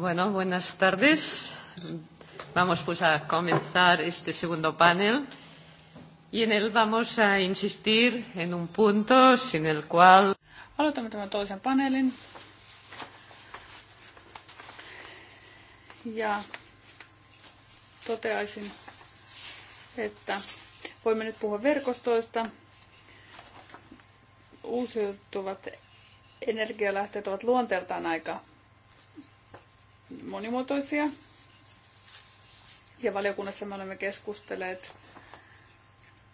Bueno, buenas tardes. Vamos pues a comenzar este segundo panel y en él vamos a insistir en un punto sin el cual... Aloitamme tämän toisen paneelin. Ja toteaisin, että voimme nyt puhua verkostoista. Uusiutuvat energialähteet ovat luonteeltaan aika monimuotoisia. Ja valiokunnassa me olemme keskustelleet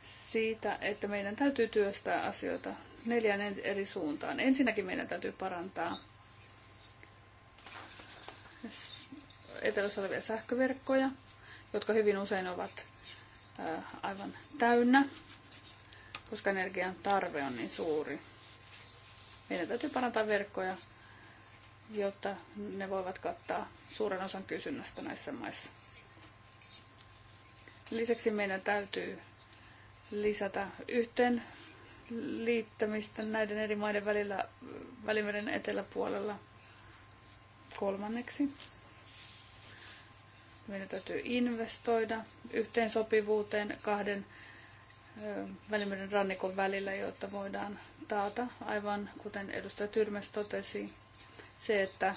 siitä, että meidän täytyy työstää asioita neljän eri suuntaan. Ensinnäkin meidän täytyy parantaa etelässä olevia sähköverkkoja, jotka hyvin usein ovat äh, aivan täynnä, koska energian tarve on niin suuri. Meidän täytyy parantaa verkkoja jotta ne voivat kattaa suuren osan kysynnästä näissä maissa. Lisäksi meidän täytyy lisätä yhteen liittämistä näiden eri maiden välillä Välimeren eteläpuolella kolmanneksi. Meidän täytyy investoida yhteen sopivuuteen kahden Välimeren rannikon välillä, jotta voidaan taata, aivan kuten edustaja Tyrmäs totesi, se, että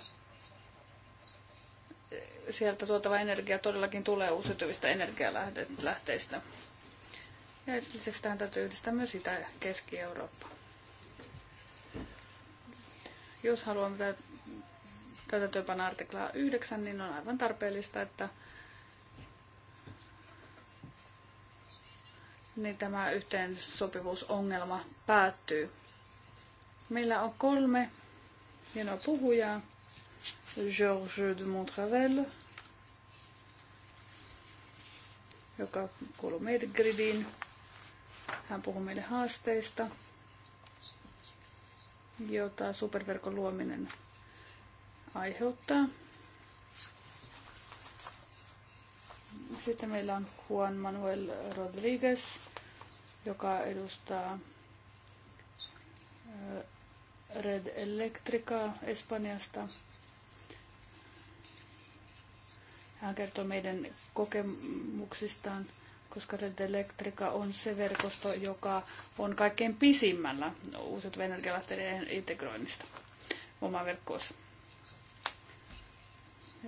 sieltä tuotava energia todellakin tulee uusiutuvista energialähteistä. Ja lisäksi tähän täytyy yhdistää myös sitä keski eurooppa Jos haluamme täytäntöönpana artiklaa 9, niin on aivan tarpeellista, että niin tämä yhteensopivuusongelma päättyy. Meillä on kolme hienoa puhuja Georges de Montravel, joka kuuluu meidän gridiin. Hän puhuu meille haasteista, jota superverkon luominen aiheuttaa. Sitten meillä on Juan Manuel Rodriguez, joka edustaa Red Electrica Espanjasta. Hän kertoo meidän kokemuksistaan, koska Red Electrica on se verkosto, joka on kaikkein pisimmällä uusiutuvien energialähteiden integroinnista oma verkkoonsa.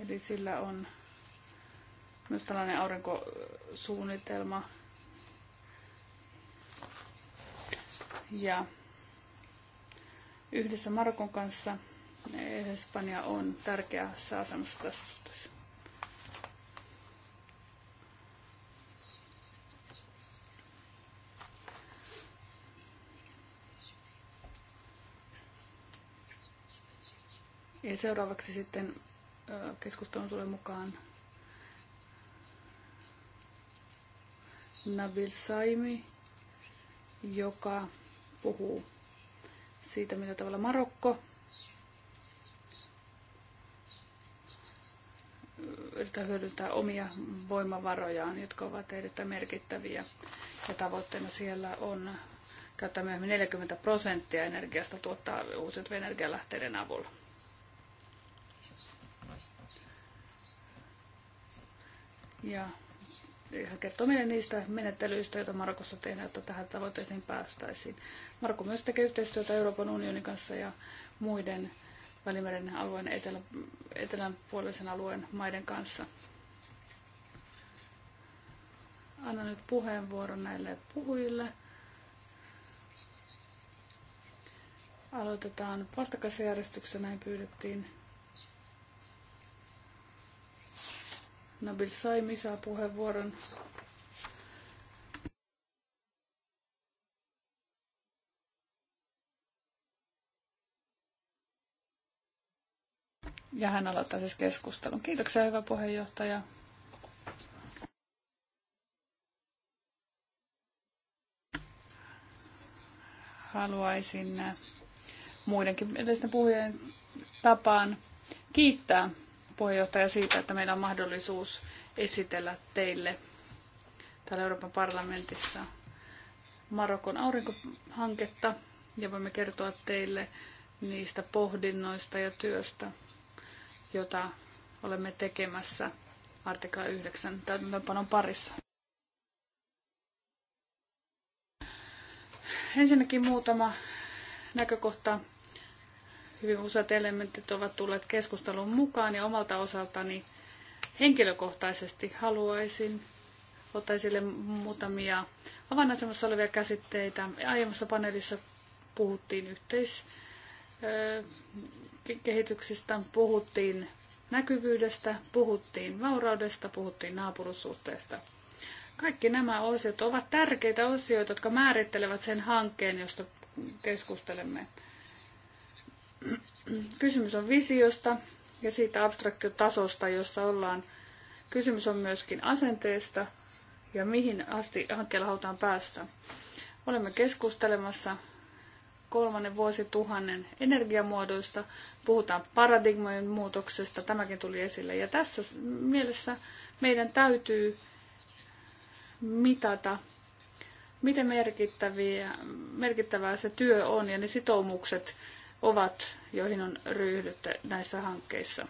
Eli sillä on myös tällainen aurinkosuunnitelma. Ja yhdessä Marokon kanssa. Espanja on tärkeä asemassa tässä suhteessa. Ja seuraavaksi sitten keskustelun tulee mukaan Nabil Saimi, joka puhuu siitä, millä tavalla Marokko yrittää hyödyntää omia voimavarojaan, jotka ovat erittäin merkittäviä. Ja tavoitteena siellä on käyttää myöhemmin 40 prosenttia energiasta tuottaa uusiutuvien energialähteiden avulla. Ja hän kertominen niistä menettelyistä, joita Markossa tehdään, jotta tähän tavoitteeseen päästäisiin. Marko myös tekee yhteistyötä Euroopan unionin kanssa ja muiden Välimeren alueen etelä, etelänpuolisen alueen maiden kanssa. Anna nyt puheenvuoron näille puhujille. Aloitetaan vastakkaisjärjestyksen, näin pyydettiin. Nabil Saimi saa puheenvuoron. Ja hän aloittaa siis keskustelun. Kiitoksia, hyvä puheenjohtaja. Haluaisin muidenkin edellisten puhujien tapaan kiittää puheenjohtaja siitä, että meillä on mahdollisuus esitellä teille täällä Euroopan parlamentissa Marokon aurinkohanketta ja voimme kertoa teille niistä pohdinnoista ja työstä, jota olemme tekemässä artikla 9 täytäntöönpanon parissa. Ensinnäkin muutama näkökohta Hyvin useat elementit ovat tulleet keskustelun mukaan ja omalta osaltani henkilökohtaisesti haluaisin ottaa esille muutamia avainasemassa olevia käsitteitä. Aiemmassa paneelissa puhuttiin yhteiskehityksistä, puhuttiin näkyvyydestä, puhuttiin vauraudesta, puhuttiin naapurussuhteesta. Kaikki nämä osiot ovat tärkeitä osioita, jotka määrittelevät sen hankkeen, josta keskustelemme. Kysymys on visiosta ja siitä abstraktiotasosta, jossa ollaan. Kysymys on myöskin asenteesta ja mihin asti hankkeella halutaan päästä. Olemme keskustelemassa kolmannen vuosituhannen energiamuodoista, puhutaan paradigmojen muutoksesta, tämäkin tuli esille. Ja tässä mielessä meidän täytyy mitata, miten merkittäviä, merkittävää se työ on ja ne sitoumukset, ovat, joihin on ryhdytty näissä hankkeissa.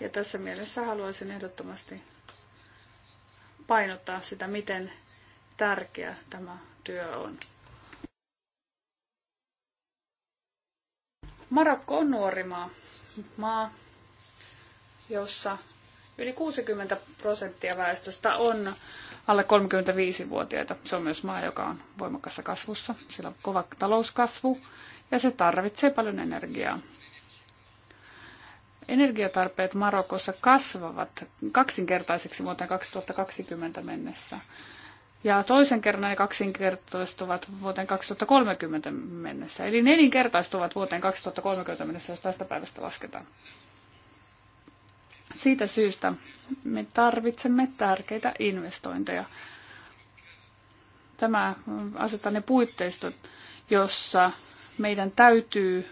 Ja tässä mielessä haluaisin ehdottomasti painottaa sitä, miten tärkeä tämä työ on. Marokko on nuori maa, maa jossa yli 60 prosenttia väestöstä on alle 35-vuotiaita. Se on myös maa, joka on voimakkaassa kasvussa. Sillä on kova talouskasvu ja se tarvitsee paljon energiaa. Energiatarpeet Marokossa kasvavat kaksinkertaiseksi vuoteen 2020 mennessä. Ja toisen kerran ne kaksinkertaistuvat vuoteen 2030 mennessä. Eli nelinkertaistuvat vuoteen 2030 mennessä, jos tästä päivästä lasketaan. Siitä syystä me tarvitsemme tärkeitä investointeja. Tämä asettaa ne puitteistot, jossa meidän täytyy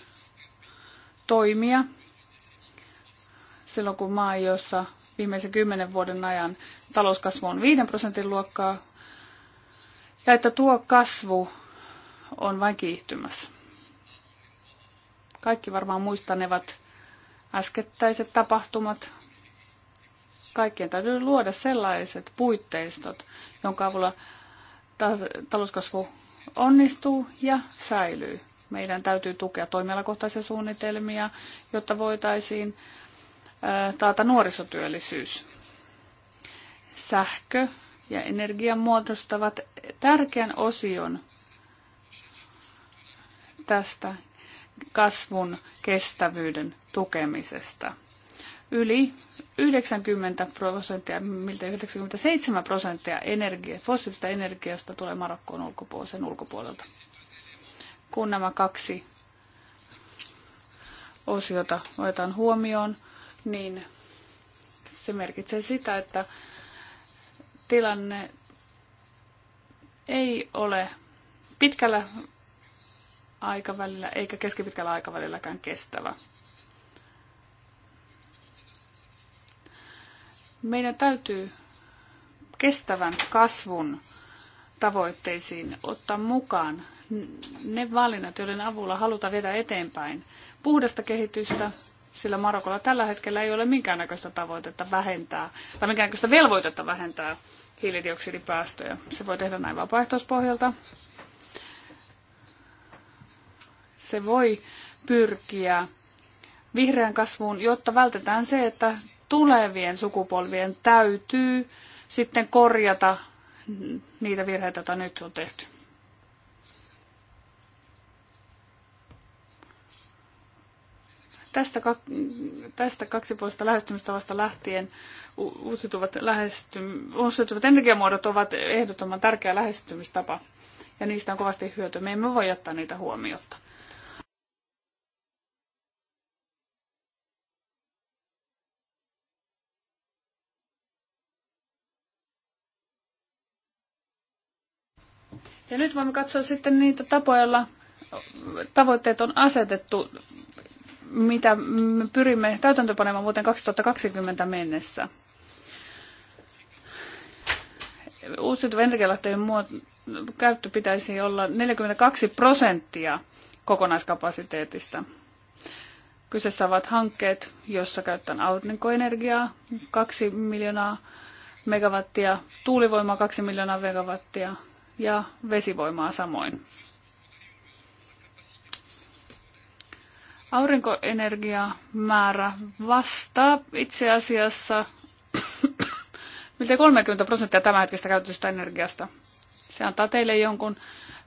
toimia silloin, kun maa, jossa viimeisen kymmenen vuoden ajan talouskasvu on 5 prosentin luokkaa, ja että tuo kasvu on vain kiihtymässä. Kaikki varmaan muistanevat äskettäiset tapahtumat kaikkien täytyy luoda sellaiset puitteistot, jonka avulla talouskasvu onnistuu ja säilyy. Meidän täytyy tukea toimialakohtaisia suunnitelmia, jotta voitaisiin taata nuorisotyöllisyys. Sähkö ja energia muodostavat tärkeän osion tästä kasvun kestävyyden tukemisesta. Yli 90 prosenttia, miltä 97 prosenttia energia, fossiilista energiasta tulee Marokkoon ulkopuolisen ulkopuolelta. Kun nämä kaksi osiota otetaan huomioon, niin se merkitsee sitä, että tilanne ei ole pitkällä aikavälillä eikä keskipitkällä aikavälilläkään kestävä. Meidän täytyy kestävän kasvun tavoitteisiin ottaa mukaan ne valinnat, joiden avulla halutaan viedä eteenpäin puhdasta kehitystä, sillä Marokolla tällä hetkellä ei ole minkäännäköistä tavoitetta vähentää tai minkäännäköistä velvoitetta vähentää hiilidioksidipäästöjä. Se voi tehdä näin vapaaehtoispohjalta. Se voi pyrkiä vihreän kasvuun, jotta vältetään se, että tulevien sukupolvien täytyy sitten korjata niitä virheitä, joita nyt on tehty. Tästä, tästä kaksipuolista lähestymistavasta lähtien uusiutuvat, lähestym, uusiutuvat energiamuodot ovat ehdottoman tärkeä lähestymistapa, ja niistä on kovasti hyötyä. Me emme voi jättää niitä huomiota. Ja nyt voimme katsoa sitten niitä tapoja, joilla tavoitteet on asetettu, mitä me pyrimme täytäntöpanemaan vuoteen 2020 mennessä. Uusiutuvien muot käyttö pitäisi olla 42 prosenttia kokonaiskapasiteetista. Kyseessä ovat hankkeet, joissa käytetään aurinkoenergiaa 2 miljoonaa megawattia, tuulivoimaa 2 miljoonaa megawattia, ja vesivoimaa samoin. Aurinkoenergiamäärä vastaa itse asiassa miltei 30 prosenttia tämänhetkistä käytetystä energiasta. Se antaa teille jonkun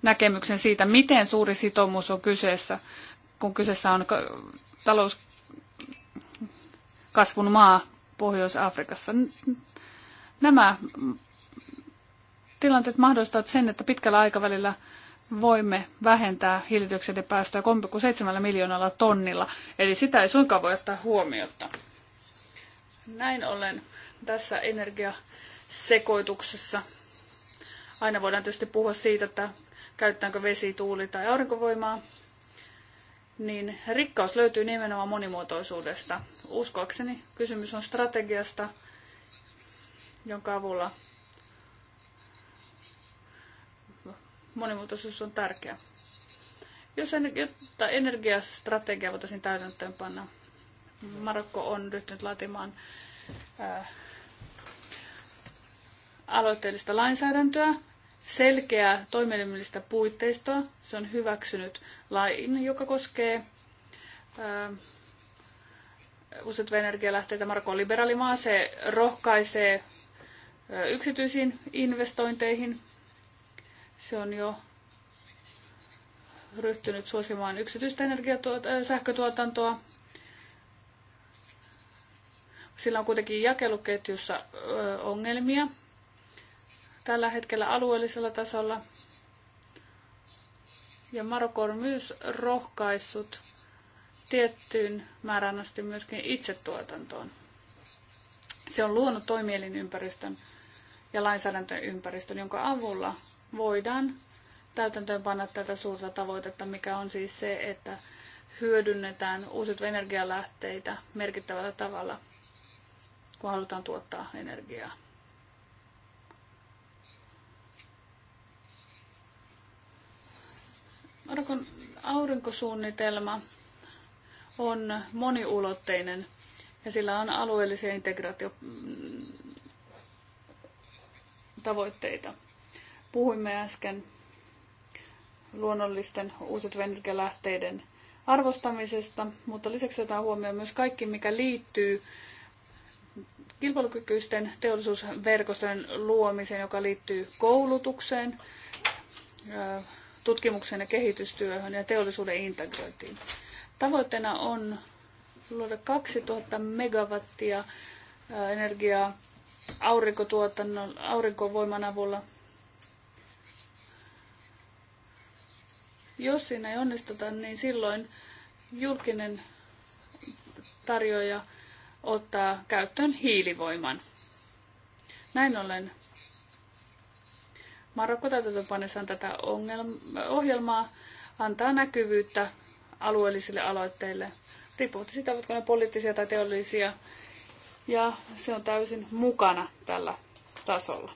näkemyksen siitä, miten suuri sitoumus on kyseessä, kun kyseessä on talouskasvun maa Pohjois-Afrikassa. Nämä tilanteet mahdollistavat sen, että pitkällä aikavälillä voimme vähentää hiilidioksidipäästöjä 3,7 miljoonalla tonnilla. Eli sitä ei suinkaan voi ottaa huomiota. Näin ollen tässä energiasekoituksessa aina voidaan tietysti puhua siitä, että käyttääkö vesi, tuuli tai aurinkovoimaa, niin rikkaus löytyy nimenomaan monimuotoisuudesta. Uskoakseni kysymys on strategiasta, jonka avulla monimuotoisuus on tärkeä. Jos jotta energiastrategia voitaisiin täydentöön panna, Marokko on ryhtynyt laatimaan ää, äh, aloitteellista lainsäädäntöä, selkeää toimielimellistä puitteistoa. Se on hyväksynyt lain, joka koskee useita äh, uusiutuvia energialähteitä. Marokko on liberaalimaa, se rohkaisee ää, äh, yksityisiin investointeihin – se on jo ryhtynyt suosimaan yksityistä äh, sähkötuotantoa. Sillä on kuitenkin jakeluketjussa äh, ongelmia tällä hetkellä alueellisella tasolla. Ja Marokko on myös rohkaissut tiettyyn määrään asti myöskin itsetuotantoon. Se on luonut toimielinympäristön ja lainsäädäntöympäristön, jonka avulla voidaan täytäntöönpanna tätä suurta tavoitetta, mikä on siis se, että hyödynnetään uusiutuvia energialähteitä merkittävällä tavalla, kun halutaan tuottaa energiaa. Orkon aurinkosuunnitelma on moniulotteinen ja sillä on alueellisia integraatiotavoitteita. Puhuimme äsken luonnollisten uusiutuvien energialähteiden arvostamisesta, mutta lisäksi otetaan huomioon myös kaikki, mikä liittyy kilpailukykyisten teollisuusverkostojen luomiseen, joka liittyy koulutukseen, tutkimukseen ja kehitystyöhön ja teollisuuden integrointiin. Tavoitteena on luoda 2000 megawattia energiaa aurinkovoiman avulla Jos siinä ei onnistuta, niin silloin julkinen tarjoaja ottaa käyttöön hiilivoiman. Näin ollen Marokko täytäntöönpanessaan tätä ongelma, ohjelmaa antaa näkyvyyttä alueellisille aloitteille, Riippuu siitä, ovatko ne poliittisia tai teollisia, ja se on täysin mukana tällä tasolla.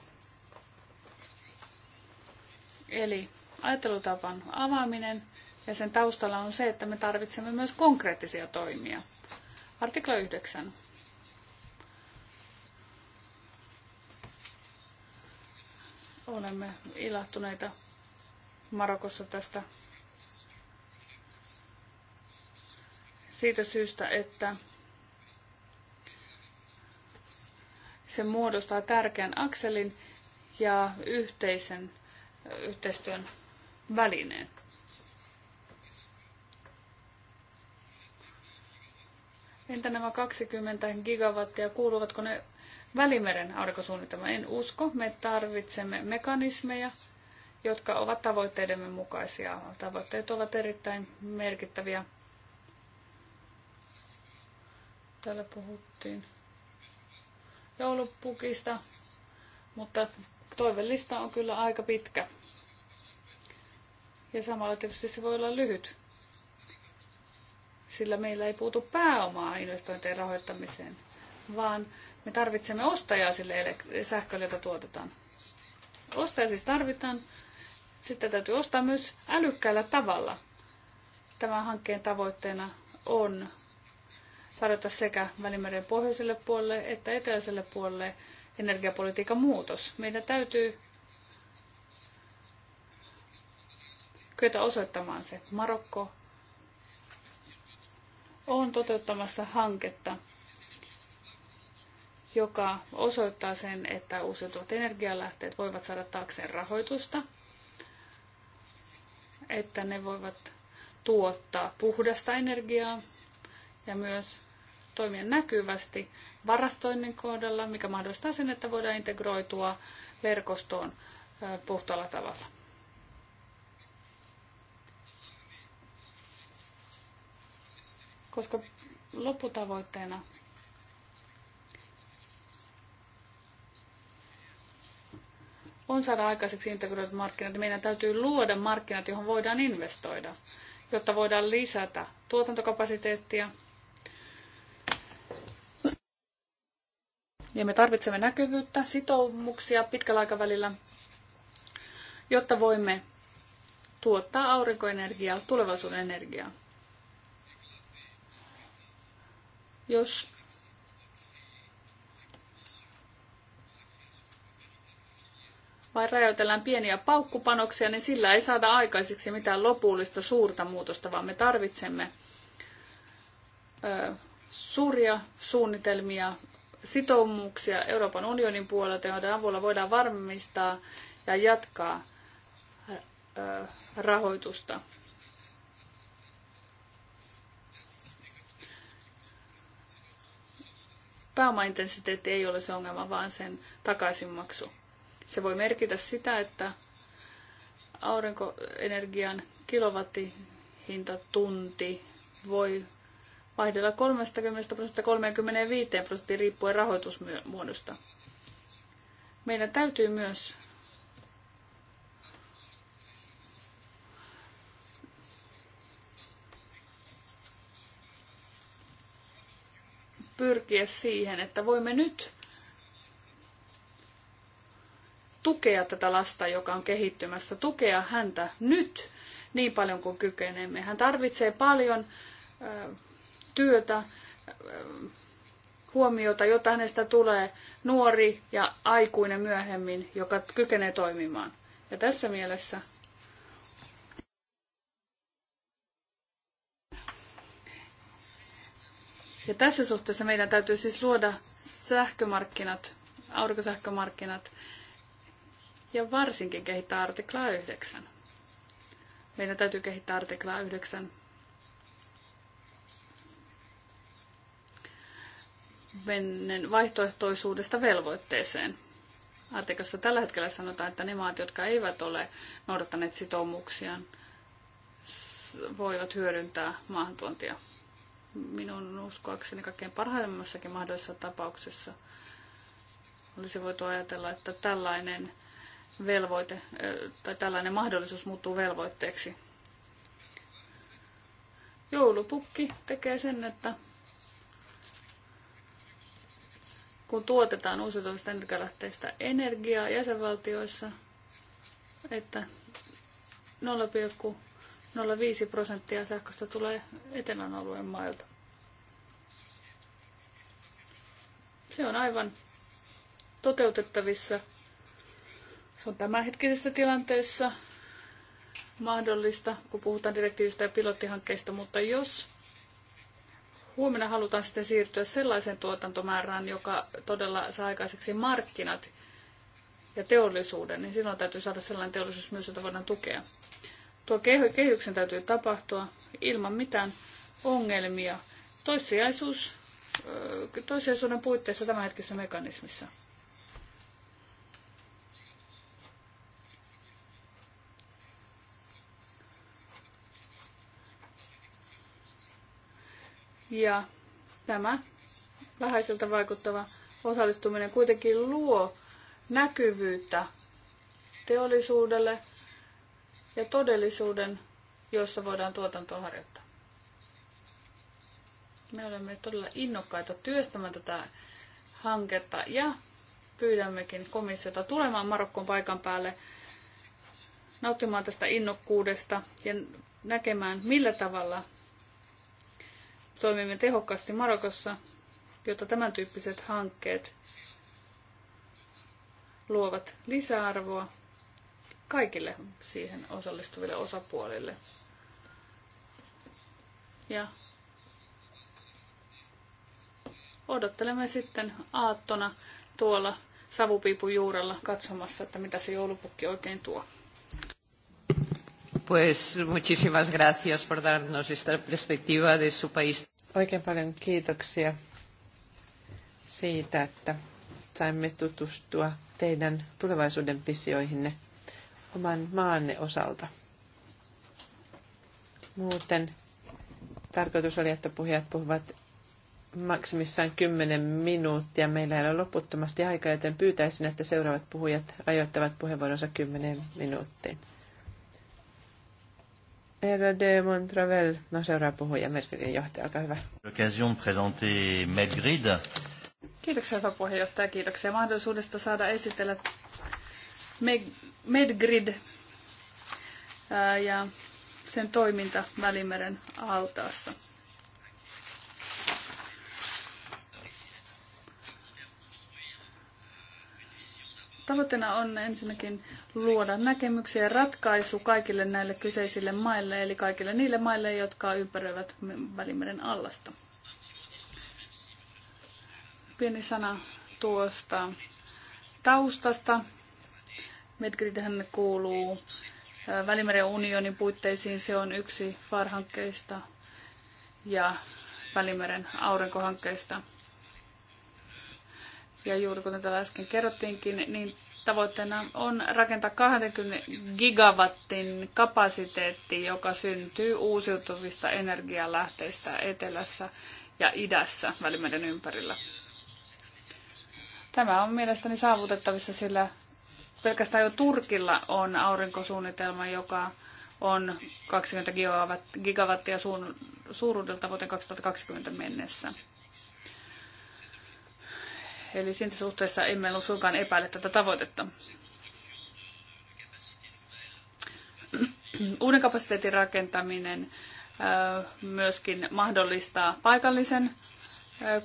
Eli ajattelutavan avaaminen ja sen taustalla on se, että me tarvitsemme myös konkreettisia toimia. Artikla 9. Olemme ilahtuneita Marokossa tästä siitä syystä, että se muodostaa tärkeän akselin ja yhteisen yhteistyön välineen. Entä nämä 20 gigawattia, kuuluvatko ne Välimeren aurinkosuunnitelmaan? En usko. Me tarvitsemme mekanismeja, jotka ovat tavoitteidemme mukaisia. Tavoitteet ovat erittäin merkittäviä. Täällä puhuttiin joulupukista, mutta toivellista on kyllä aika pitkä. Ja samalla tietysti se voi olla lyhyt, sillä meillä ei puutu pääomaa investointien rahoittamiseen, vaan me tarvitsemme ostajaa sille sähkölle, jota tuotetaan. Ostaja siis tarvitaan, sitten täytyy ostaa myös älykkäällä tavalla. Tämän hankkeen tavoitteena on tarjota sekä Välimeren pohjoiselle puolelle että eteläiselle puolelle energiapolitiikan muutos. Meidän täytyy kyetä osoittamaan se. Marokko on toteuttamassa hanketta, joka osoittaa sen, että uusiutuvat energialähteet voivat saada taakseen rahoitusta, että ne voivat tuottaa puhdasta energiaa ja myös toimia näkyvästi varastoinnin kohdalla, mikä mahdollistaa sen, että voidaan integroitua verkostoon puhtaalla tavalla. koska lopputavoitteena on saada aikaiseksi integroidut markkinat, meidän täytyy luoda markkinat, johon voidaan investoida, jotta voidaan lisätä tuotantokapasiteettia. Ja me tarvitsemme näkyvyyttä, sitoumuksia pitkällä aikavälillä, jotta voimme tuottaa aurinkoenergiaa, tulevaisuuden energiaa. Jos vain rajoitellaan pieniä paukkupanoksia, niin sillä ei saada aikaiseksi mitään lopullista suurta muutosta, vaan me tarvitsemme ö, suuria suunnitelmia, sitoumuksia Euroopan unionin puolelta, joiden avulla voidaan varmistaa ja jatkaa rahoitusta. pääomaintensiteetti ei ole se ongelma, vaan sen takaisinmaksu. Se voi merkitä sitä, että aurinkoenergian kilowattihinta tunti voi vaihdella 30 prosenttia 35 prosenttia riippuen rahoitusmuodosta. Meidän täytyy myös pyrkiä siihen, että voimme nyt tukea tätä lasta, joka on kehittymässä, tukea häntä nyt niin paljon kuin kykenemme. Hän tarvitsee paljon ö, työtä, ö, huomiota, jota hänestä tulee nuori ja aikuinen myöhemmin, joka kykenee toimimaan. Ja tässä mielessä Ja tässä suhteessa meidän täytyy siis luoda sähkömarkkinat, aurinkosähkömarkkinat ja varsinkin kehittää artiklaa 9. Meidän täytyy kehittää artiklaa 9 mennen vaihtoehtoisuudesta velvoitteeseen. Artikassa tällä hetkellä sanotaan, että ne maat, jotka eivät ole noudattaneet sitoumuksiaan, voivat hyödyntää maahantuontia minun uskoakseni kaikkein parhaimmassakin mahdollisessa tapauksessa olisi voitu ajatella, että tällainen velvoite tai tällainen mahdollisuus muuttuu velvoitteeksi. Joulupukki tekee sen, että kun tuotetaan uusiutuvista energialähteistä energiaa jäsenvaltioissa, että 0,5 prosenttia sähköstä tulee etelän alueen mailta. Se on aivan toteutettavissa. Se on tämänhetkisessä tilanteessa mahdollista, kun puhutaan direktiivistä ja pilottihankkeista, mutta jos huomenna halutaan sitten siirtyä sellaiseen tuotantomäärään, joka todella saa aikaiseksi markkinat ja teollisuuden, niin silloin täytyy saada sellainen teollisuus myös, jota voidaan tukea. Tuo kehyksen täytyy tapahtua ilman mitään ongelmia toissijaisuus, toissijaisuuden puitteissa tämänhetkisessä mekanismissa. Ja tämä vähäiseltä vaikuttava osallistuminen kuitenkin luo näkyvyyttä teollisuudelle, ja todellisuuden, jossa voidaan tuotantoa harjoittaa. Me olemme todella innokkaita työstämään tätä hanketta ja pyydämmekin komissiota tulemaan Marokkon paikan päälle nauttimaan tästä innokkuudesta ja näkemään, millä tavalla toimimme tehokkaasti Marokossa, jotta tämän tyyppiset hankkeet luovat lisäarvoa kaikille siihen osallistuville osapuolille. Ja odottelemme sitten aattona tuolla savupiipun juurella katsomassa, että mitä se joulupukki oikein tuo. Pues muchísimas gracias por darnos esta perspectiva de su país. Oikein paljon kiitoksia siitä, että saimme tutustua teidän tulevaisuuden visioihinne oman maanne osalta. Muuten tarkoitus oli, että puhujat puhuvat maksimissaan 10 minuuttia. Meillä ei ole loputtomasti aikaa, joten pyytäisin, että seuraavat puhujat rajoittavat puheenvuoronsa 10 minuuttiin. Herra de Montravel, no seuraava puhuja, Medgridin johtaja, olkaa hyvä. L'occasion de présenter Medgrid. Kiitoksia hyvä puheenjohtaja, kiitoksia mahdollisuudesta saada esitellä Medgrid ja sen toiminta Välimeren altaassa. Tavoitteena on ensinnäkin luoda näkemyksiä ja ratkaisu kaikille näille kyseisille maille, eli kaikille niille maille, jotka ympäröivät Välimeren allasta. Pieni sana tuosta taustasta Medgridhän kuuluu Välimeren unionin puitteisiin. Se on yksi FAR-hankkeista ja Välimeren aurinkohankkeista. Ja juuri kuten täällä äsken kerrottiinkin, niin tavoitteena on rakentaa 20 gigawattin kapasiteetti, joka syntyy uusiutuvista energialähteistä etelässä ja idässä Välimeren ympärillä. Tämä on mielestäni saavutettavissa, sillä pelkästään jo Turkilla on aurinkosuunnitelma, joka on 20 gigawattia suuruudelta vuoteen 2020 mennessä. Eli siinä suhteessa emme ole suinkaan epäile tätä tavoitetta. Uuden kapasiteetin rakentaminen myöskin mahdollistaa paikallisen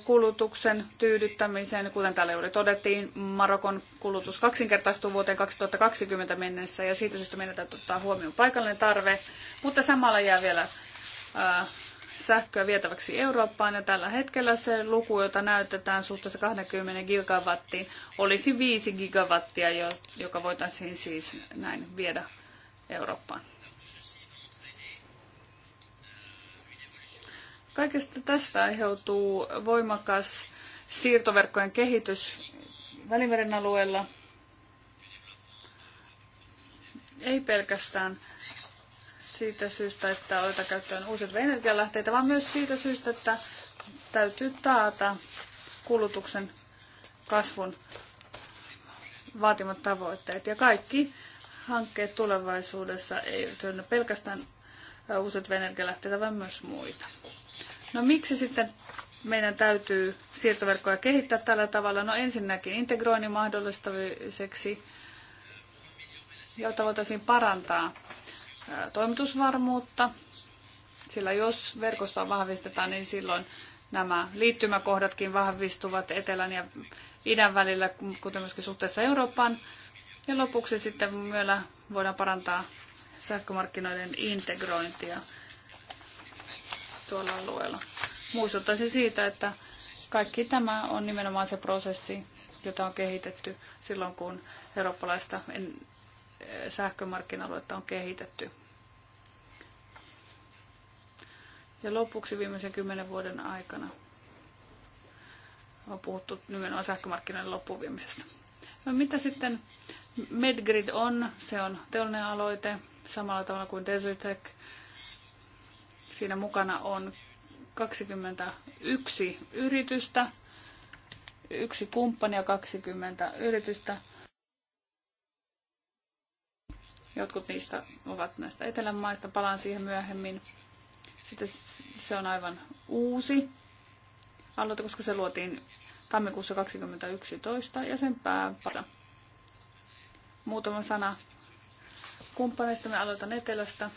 kulutuksen tyydyttämiseen. Kuten täällä juuri todettiin, Marokon kulutus kaksinkertaistuu vuoteen 2020 mennessä ja siitä syystä meidän täytyy ottaa huomioon paikallinen tarve, mutta samalla jää vielä äh, sähköä vietäväksi Eurooppaan ja tällä hetkellä se luku, jota näytetään suhteessa 20 gigawattiin, olisi 5 gigawattia, joka voitaisiin siis näin viedä Eurooppaan. Kaikesta tästä aiheutuu voimakas siirtoverkkojen kehitys Välimeren alueella. Ei pelkästään siitä syystä, että otetaan käyttöön uusiutuvia energialähteitä, vaan myös siitä syystä, että täytyy taata kulutuksen kasvun vaatimat tavoitteet. Ja kaikki hankkeet tulevaisuudessa ei työnnä pelkästään uusiutuvia energialähteitä, vaan myös muita. No miksi sitten meidän täytyy siirtoverkkoja kehittää tällä tavalla? No ensinnäkin integroinnin mahdollistamiseksi, jotta voitaisiin parantaa toimitusvarmuutta, sillä jos verkostoa vahvistetaan, niin silloin nämä liittymäkohdatkin vahvistuvat etelän ja idän välillä, kuten myöskin suhteessa Eurooppaan. Ja lopuksi sitten myöllä voidaan parantaa sähkömarkkinoiden integrointia tuolla alueella. Muistuttaisin siitä, että kaikki tämä on nimenomaan se prosessi, jota on kehitetty silloin, kun eurooppalaista eh, sähkömarkkina-aluetta on kehitetty. Ja lopuksi viimeisen kymmenen vuoden aikana on puhuttu nimenomaan sähkömarkkinoiden loppuviemisestä. No mitä sitten Medgrid on? Se on teollinen aloite samalla tavalla kuin Desertec – Siinä mukana on 21 yritystä, yksi kumppani ja 20 yritystä. Jotkut niistä ovat näistä etelän maista, palaan siihen myöhemmin. Sitten se on aivan uusi aloite, koska se luotiin tammikuussa 2011 ja sen pääpata. Muutama sana kumppaneista. Me aloitan etelästä.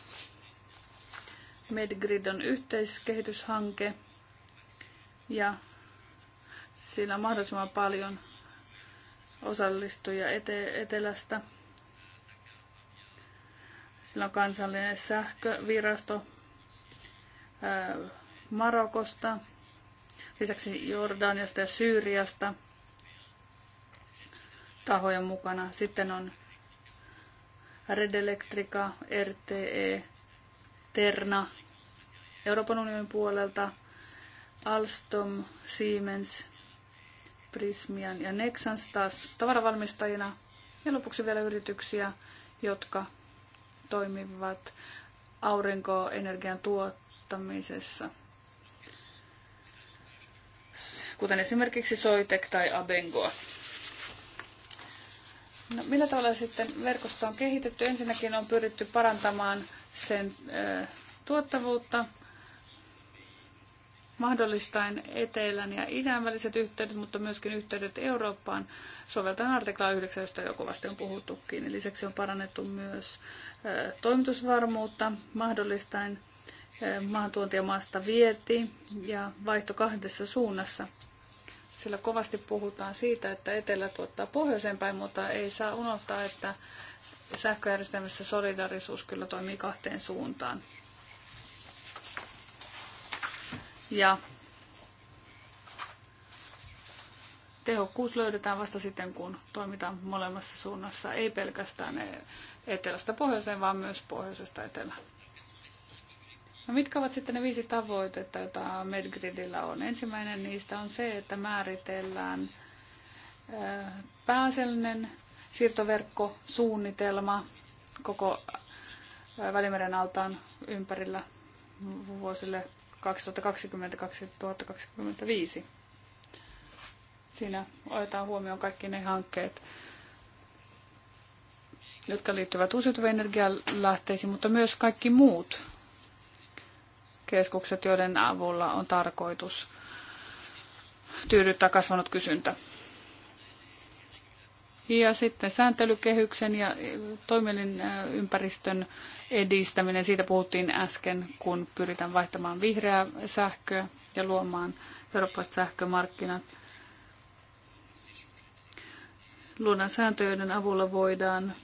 Medgrid on yhteiskehityshanke ja siinä on mahdollisimman paljon osallistujia ete- etelästä. Sillä on kansallinen sähkövirasto ää, Marokosta, lisäksi Jordaniasta ja Syyriasta tahoja mukana. Sitten on Red Electrica, RTE, Terna Euroopan unionin puolelta, Alstom, Siemens, Prismian ja Nexans taas tavaravalmistajina ja lopuksi vielä yrityksiä, jotka toimivat aurinkoenergian tuottamisessa, kuten esimerkiksi Soitec tai Abengoa. No, millä tavalla sitten verkostoa on kehitetty? Ensinnäkin on pyritty parantamaan sen tuottavuutta mahdollistaen etelän ja idän väliset yhteydet, mutta myöskin yhteydet Eurooppaan soveltaen artiklaa 9, josta jo kovasti on puhuttukin. Lisäksi on parannettu myös toimitusvarmuutta mahdollistaen maantuontia maasta vieti ja vaihto kahdessa suunnassa. Sillä kovasti puhutaan siitä, että etelä tuottaa pohjoiseen päin, mutta ei saa unohtaa, että sähköjärjestelmässä solidarisuus kyllä toimii kahteen suuntaan. Ja tehokkuus löydetään vasta sitten, kun toimitaan molemmassa suunnassa, ei pelkästään etelästä pohjoiseen, vaan myös pohjoisesta etelään. No mitkä ovat sitten ne viisi tavoitetta, joita Medgridillä on? Ensimmäinen niistä on se, että määritellään pääasiallinen siirtoverkkosuunnitelma koko Välimeren altaan ympärillä vuosille 2020-2025. Siinä otetaan huomioon kaikki ne hankkeet, jotka liittyvät uusiutuvien energialähteisiin, mutta myös kaikki muut keskukset, joiden avulla on tarkoitus tyydyttää kasvanut kysyntä ja sitten sääntelykehyksen ja toimielin äh, ympäristön edistäminen. Siitä puhuttiin äsken, kun pyritään vaihtamaan vihreää sähköä ja luomaan eurooppalaiset sähkömarkkinat. Luodaan sääntöjen avulla voidaan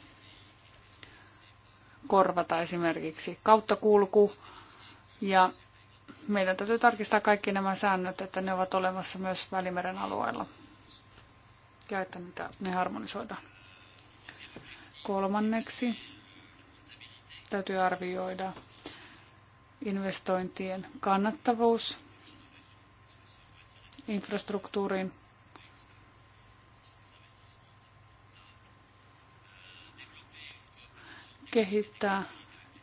korvata esimerkiksi kauttakulku ja meidän täytyy tarkistaa kaikki nämä säännöt, että ne ovat olemassa myös Välimeren alueella ja että niitä, ne harmonisoidaan. Kolmanneksi täytyy arvioida investointien kannattavuus infrastruktuuriin. Kehittää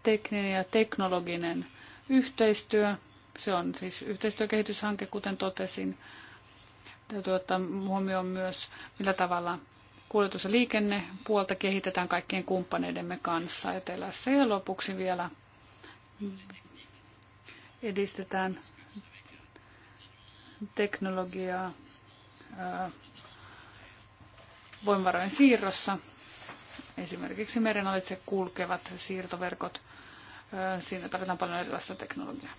tekninen ja teknologinen yhteistyö. Se on siis yhteistyökehityshanke, kuten totesin. Täytyy ottaa huomioon myös, millä tavalla kuljetus- ja liikennepuolta kehitetään kaikkien kumppaneidemme kanssa etelässä. Ja lopuksi vielä edistetään teknologiaa voimavarojen siirrossa. Esimerkiksi meren alitse kulkevat siirtoverkot. Siinä tarvitaan paljon erilaista teknologiaa.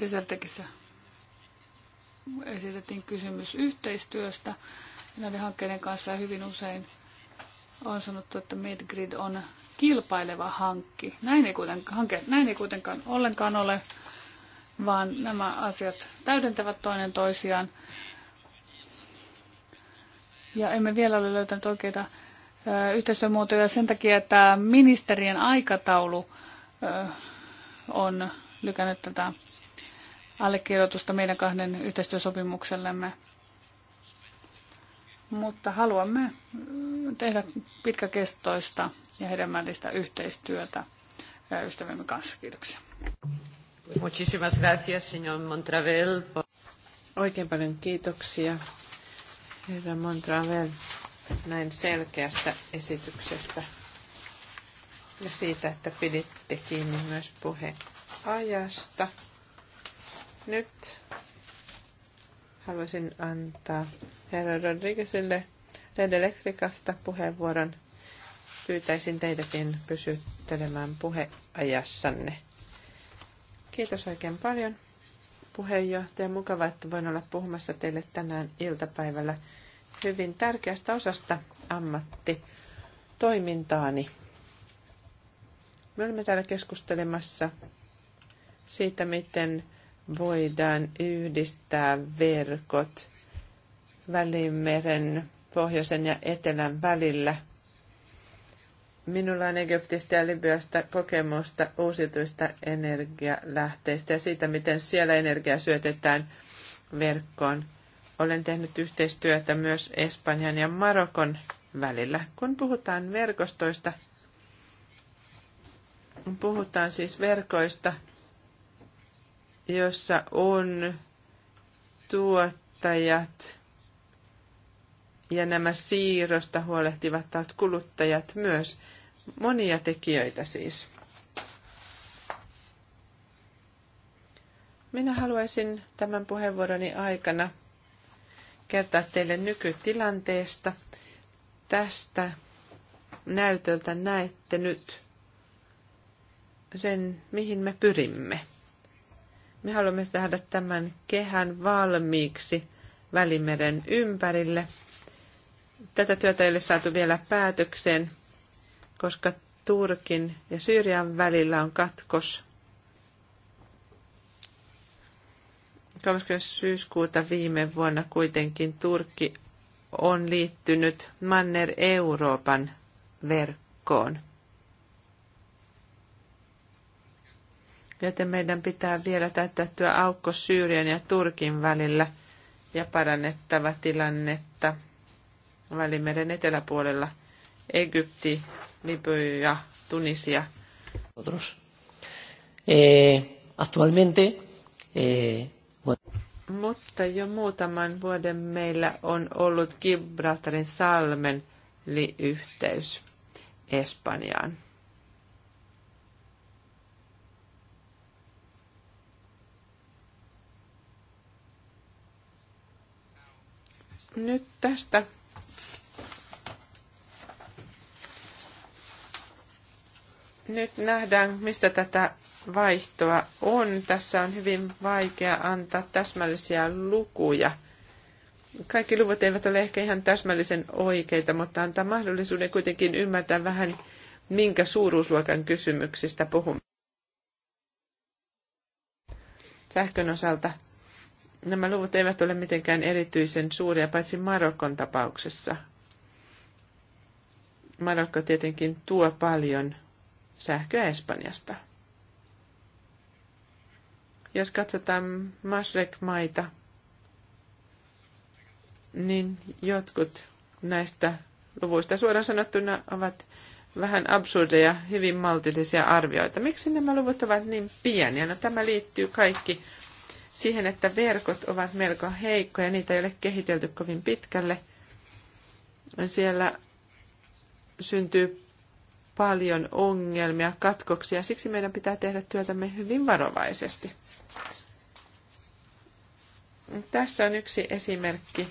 Desertekissä esitettiin kysymys yhteistyöstä näiden hankkeiden kanssa ja hyvin usein on sanottu, että Medgrid on kilpaileva hankki. Näin ei kuitenkaan, hanke, näin ei kuitenkaan ollenkaan ole, vaan nämä asiat täydentävät toinen toisiaan. Ja emme vielä ole löytänyt oikeita ö, yhteistyömuotoja sen takia, että ministerien aikataulu ö, on lykännyt tätä allekirjoitusta meidän kahden yhteistyösopimuksellemme. Mutta haluamme tehdä pitkäkestoista ja hedelmällistä yhteistyötä ystävämme kanssa. Kiitoksia. Muchísimas gracias, señor Montravel. Oikein paljon kiitoksia, herra Montravel, näin selkeästä esityksestä ja siitä, että piditte kiinni myös puheajasta. Nyt haluaisin antaa herra Rodriguezille Red Electricasta puheenvuoron. Pyytäisin teitäkin pysyttelemään puheajassanne. Kiitos oikein paljon puheenjohtaja. Mukava, että voin olla puhumassa teille tänään iltapäivällä hyvin tärkeästä osasta ammattitoimintaani. Me olemme täällä keskustelemassa siitä, miten voidaan yhdistää verkot Välimeren pohjoisen ja etelän välillä. Minulla on Egyptistä ja Libyasta kokemusta uusituista energialähteistä ja siitä, miten siellä energia syötetään verkkoon. Olen tehnyt yhteistyötä myös Espanjan ja Marokon välillä. Kun puhutaan verkostoista, puhutaan siis verkoista – jossa on tuottajat ja nämä siirrosta huolehtivat taas kuluttajat myös. Monia tekijöitä siis. Minä haluaisin tämän puheenvuoroni aikana kertoa teille nykytilanteesta. Tästä näytöltä näette nyt sen, mihin me pyrimme. Me haluamme tehdä tämän kehän valmiiksi Välimeren ympärille. Tätä työtä ei ole saatu vielä päätökseen, koska Turkin ja Syyrian välillä on katkos 30. syyskuuta viime vuonna kuitenkin Turkki on liittynyt Manner-Euroopan verkkoon. joten meidän pitää vielä täyttäytyä aukko Syyrian ja Turkin välillä ja parannettava tilannetta Välimeren eteläpuolella Egypti, Libya, Tunisia. Otros. Eh, actualmente, eh, bueno. Mutta jo muutaman vuoden meillä on ollut Gibraltarin salmen liyhteys Espanjaan. Nyt tästä nyt nähdään, missä tätä vaihtoa on. Tässä on hyvin vaikea antaa täsmällisiä lukuja. Kaikki luvut eivät ole ehkä ihan täsmällisen oikeita, mutta antaa mahdollisuuden kuitenkin ymmärtää vähän, minkä suuruusluokan kysymyksistä puhumme. Sähkön osalta Nämä luvut eivät ole mitenkään erityisen suuria, paitsi Marokon tapauksessa. Marokko tietenkin tuo paljon sähköä Espanjasta. Jos katsotaan Masrek-maita, niin jotkut näistä luvuista suoraan sanottuna ovat vähän absurdeja, hyvin maltillisia arvioita. Miksi nämä luvut ovat niin pieniä? No tämä liittyy kaikki siihen, että verkot ovat melko heikkoja, niitä ei ole kehitelty kovin pitkälle. Siellä syntyy paljon ongelmia, katkoksia, siksi meidän pitää tehdä työtämme hyvin varovaisesti. Tässä on yksi esimerkki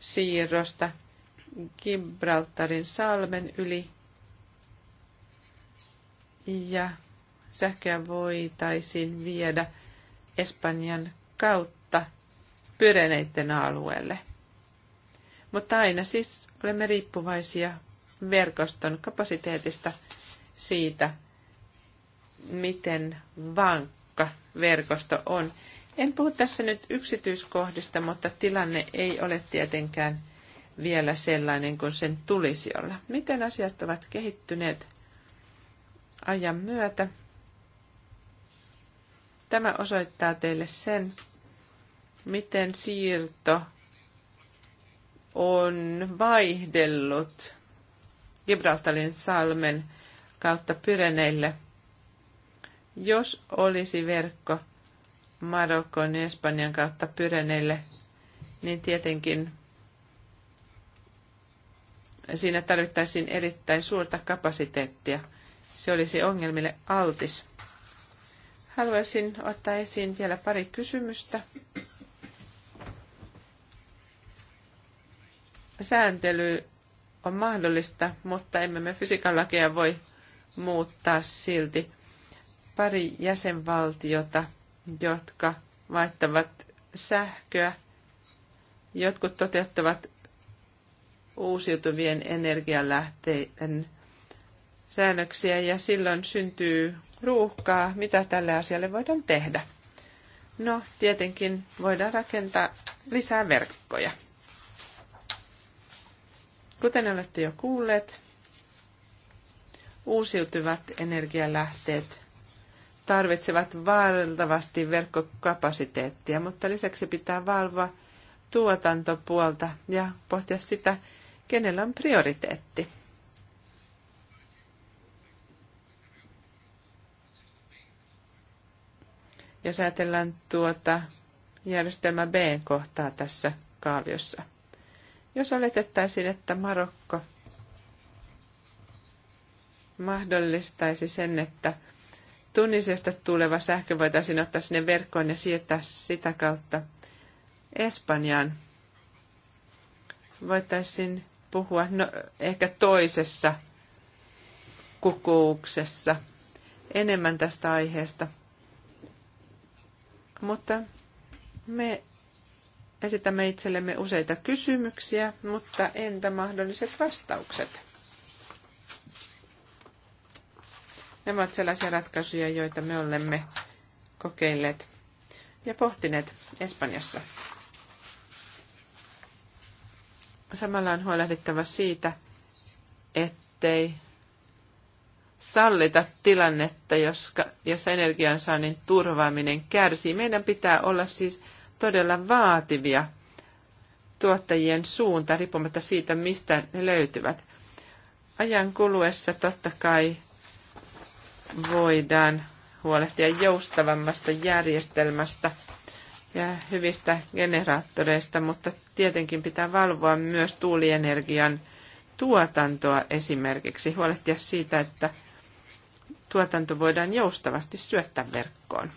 siirrosta Gibraltarin salmen yli ja sähköä voitaisiin viedä Espanjan kautta Pyreneiden alueelle. Mutta aina siis olemme riippuvaisia verkoston kapasiteetista siitä, miten vankka verkosto on. En puhu tässä nyt yksityiskohdista, mutta tilanne ei ole tietenkään vielä sellainen kuin sen tulisi olla. Miten asiat ovat kehittyneet ajan myötä? Tämä osoittaa teille sen, miten siirto on vaihdellut Gibraltarin salmen kautta Pyreneille. Jos olisi verkko Marokon ja Espanjan kautta Pyreneille, niin tietenkin siinä tarvittaisiin erittäin suurta kapasiteettia. Se olisi ongelmille altis. Haluaisin ottaa esiin vielä pari kysymystä. Sääntely on mahdollista, mutta emme me fysiikan lakeja voi muuttaa silti. Pari jäsenvaltiota, jotka vaihtavat sähköä. Jotkut toteuttavat uusiutuvien energialähteiden säännöksiä ja silloin syntyy ruuhkaa, mitä tälle asialle voidaan tehdä. No, tietenkin voidaan rakentaa lisää verkkoja. Kuten olette jo kuulleet, uusiutuvat energialähteet tarvitsevat valtavasti verkkokapasiteettia, mutta lisäksi pitää valvoa tuotantopuolta ja pohtia sitä, kenellä on prioriteetti. jos ajatellaan tuota järjestelmä B-kohtaa tässä kaaviossa. Jos oletettaisiin, että Marokko mahdollistaisi sen, että Tunisiasta tuleva sähkö voitaisiin ottaa sinne verkkoon ja siirtää sitä kautta Espanjaan. Voitaisiin puhua no, ehkä toisessa kokouksessa enemmän tästä aiheesta – mutta me esitämme itsellemme useita kysymyksiä, mutta entä mahdolliset vastaukset? Nämä ovat sellaisia ratkaisuja, joita me olemme kokeilleet ja pohtineet Espanjassa. Samalla on huolehdittava siitä, ettei sallita tilannetta, jossa energiansaannin turvaaminen kärsii. Meidän pitää olla siis todella vaativia tuottajien suunta, riippumatta siitä, mistä ne löytyvät. Ajan kuluessa totta kai voidaan huolehtia joustavammasta järjestelmästä ja hyvistä generaattoreista, mutta tietenkin pitää valvoa myös tuulienergian tuotantoa esimerkiksi, huolehtia siitä, että tuotanto voidaan joustavasti syöttää verkkoon.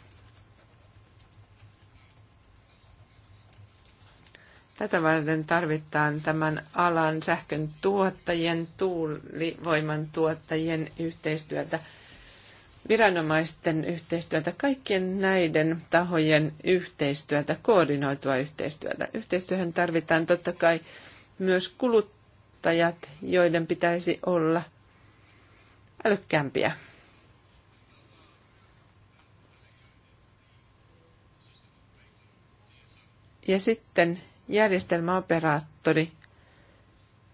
Tätä varten tarvitaan tämän alan sähkön tuottajien, tuulivoiman tuottajien yhteistyötä, viranomaisten yhteistyötä, kaikkien näiden tahojen yhteistyötä, koordinoitua yhteistyötä. Yhteistyöhön tarvitaan totta kai myös kuluttajat, joiden pitäisi olla älykkäämpiä Ja sitten järjestelmäoperaattori,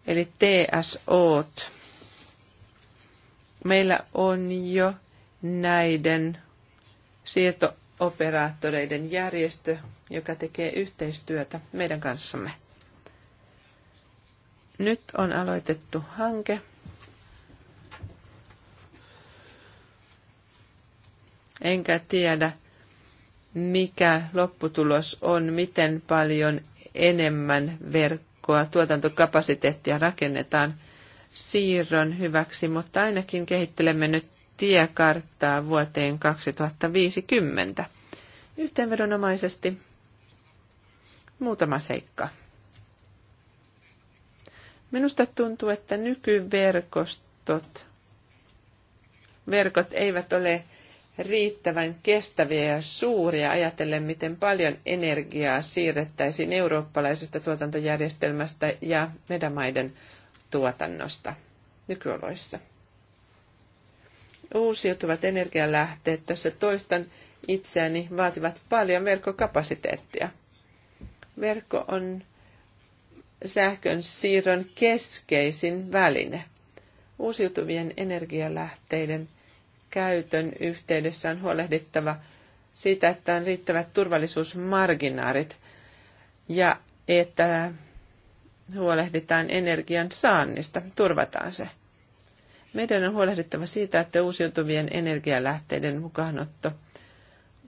eli TSO. Meillä on jo näiden siirtooperaattoreiden järjestö, joka tekee yhteistyötä meidän kanssamme. Nyt on aloitettu hanke. Enkä tiedä, mikä lopputulos on, miten paljon enemmän verkkoa, tuotantokapasiteettia rakennetaan siirron hyväksi, mutta ainakin kehittelemme nyt tiekarttaa vuoteen 2050. Yhteenvedonomaisesti muutama seikka. Minusta tuntuu, että nykyverkostot verkot eivät ole riittävän kestäviä ja suuria ajatellen, miten paljon energiaa siirrettäisiin eurooppalaisesta tuotantojärjestelmästä ja meidän maiden tuotannosta nykyoloissa. Uusiutuvat energialähteet, tässä toistan itseäni, vaativat paljon verkkokapasiteettia. Verkko on sähkön siirron keskeisin väline. Uusiutuvien energialähteiden – käytön yhteydessä on huolehdittava siitä, että on riittävät turvallisuusmarginaarit ja että huolehditaan energian saannista, turvataan se. Meidän on huolehdittava siitä, että uusiutuvien energialähteiden mukaanotto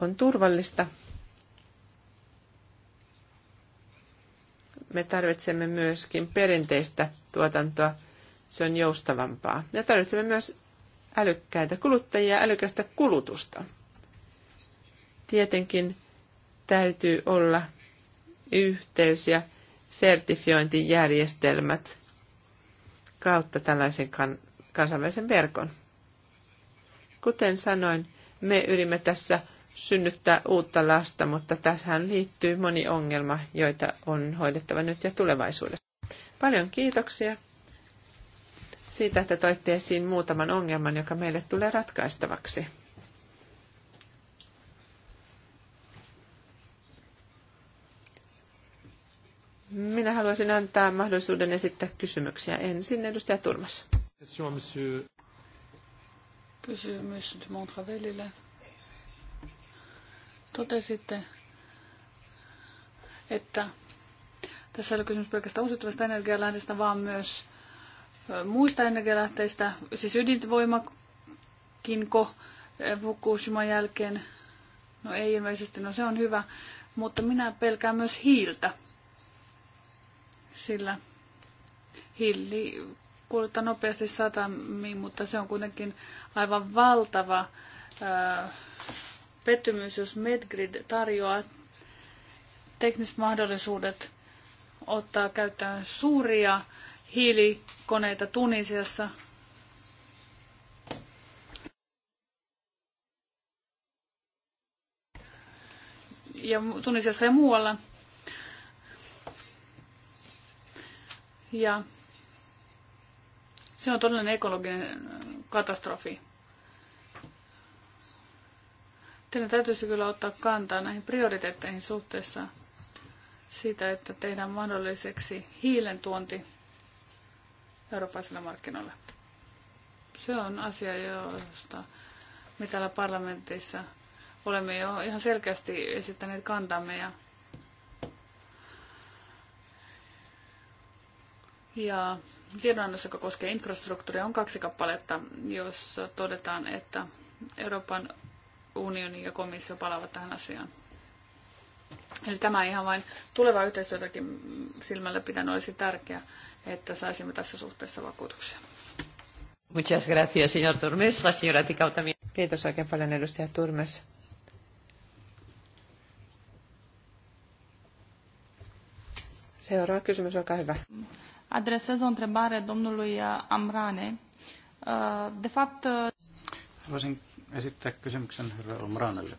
on turvallista. Me tarvitsemme myöskin perinteistä tuotantoa, se on joustavampaa. Ja tarvitsemme myös älykkäitä kuluttajia, älykästä kulutusta. Tietenkin täytyy olla yhteys ja sertifiointijärjestelmät kautta tällaisen kan- kansainvälisen verkon. Kuten sanoin, me yrimme tässä synnyttää uutta lasta, mutta tähän liittyy moni ongelma, joita on hoidettava nyt ja tulevaisuudessa. Paljon kiitoksia siitä, että toitte esiin muutaman ongelman, joka meille tulee ratkaistavaksi. Minä haluaisin antaa mahdollisuuden esittää kysymyksiä. Ensin edustaja Turmas. Kysymys Montravelille. Totesitte, että tässä ei ole kysymys pelkästään uusiutuvasta energialähdestä, vaan myös muista energialähteistä, siis ko eh, Fukushima jälkeen, no ei ilmeisesti, no se on hyvä, mutta minä pelkään myös hiiltä, sillä hiili kuluttaa nopeasti satamiin, mutta se on kuitenkin aivan valtava ää, eh, pettymys, jos Medgrid tarjoaa tekniset mahdollisuudet ottaa käyttöön suuria hiilikoneita Tunisiassa. Ja Tunisiassa ja muualla. Ja se on todellinen ekologinen katastrofi. Teidän täytyisi kyllä ottaa kantaa näihin prioriteetteihin suhteessa siitä, että tehdään mahdolliseksi hiilen tuonti eurooppalaisilla markkinoilla. Se on asia, josta me täällä parlamentissa olemme jo ihan selkeästi esittäneet kantamme ja, ja tiedonannossa, joka koskee infrastruktuuria, on kaksi kappaletta, jossa todetaan, että Euroopan unioni ja komissio palaavat tähän asiaan. Eli tämä ihan vain tulevaa yhteistyötäkin silmällä pitäen olisi tärkeää että saisimme tässä suhteessa vakuutuksia. Muchas gracias, señor Turmes. La señora Ticao también. Kiitos oikein paljon, edustaja Turmes. Seuraava kysymys, olkaa hyvä. Adresez o întrebare domnului uh, Amrane. Uh, de fapt... Uh, Haluaisin esittää kysymyksen herra Omranelle.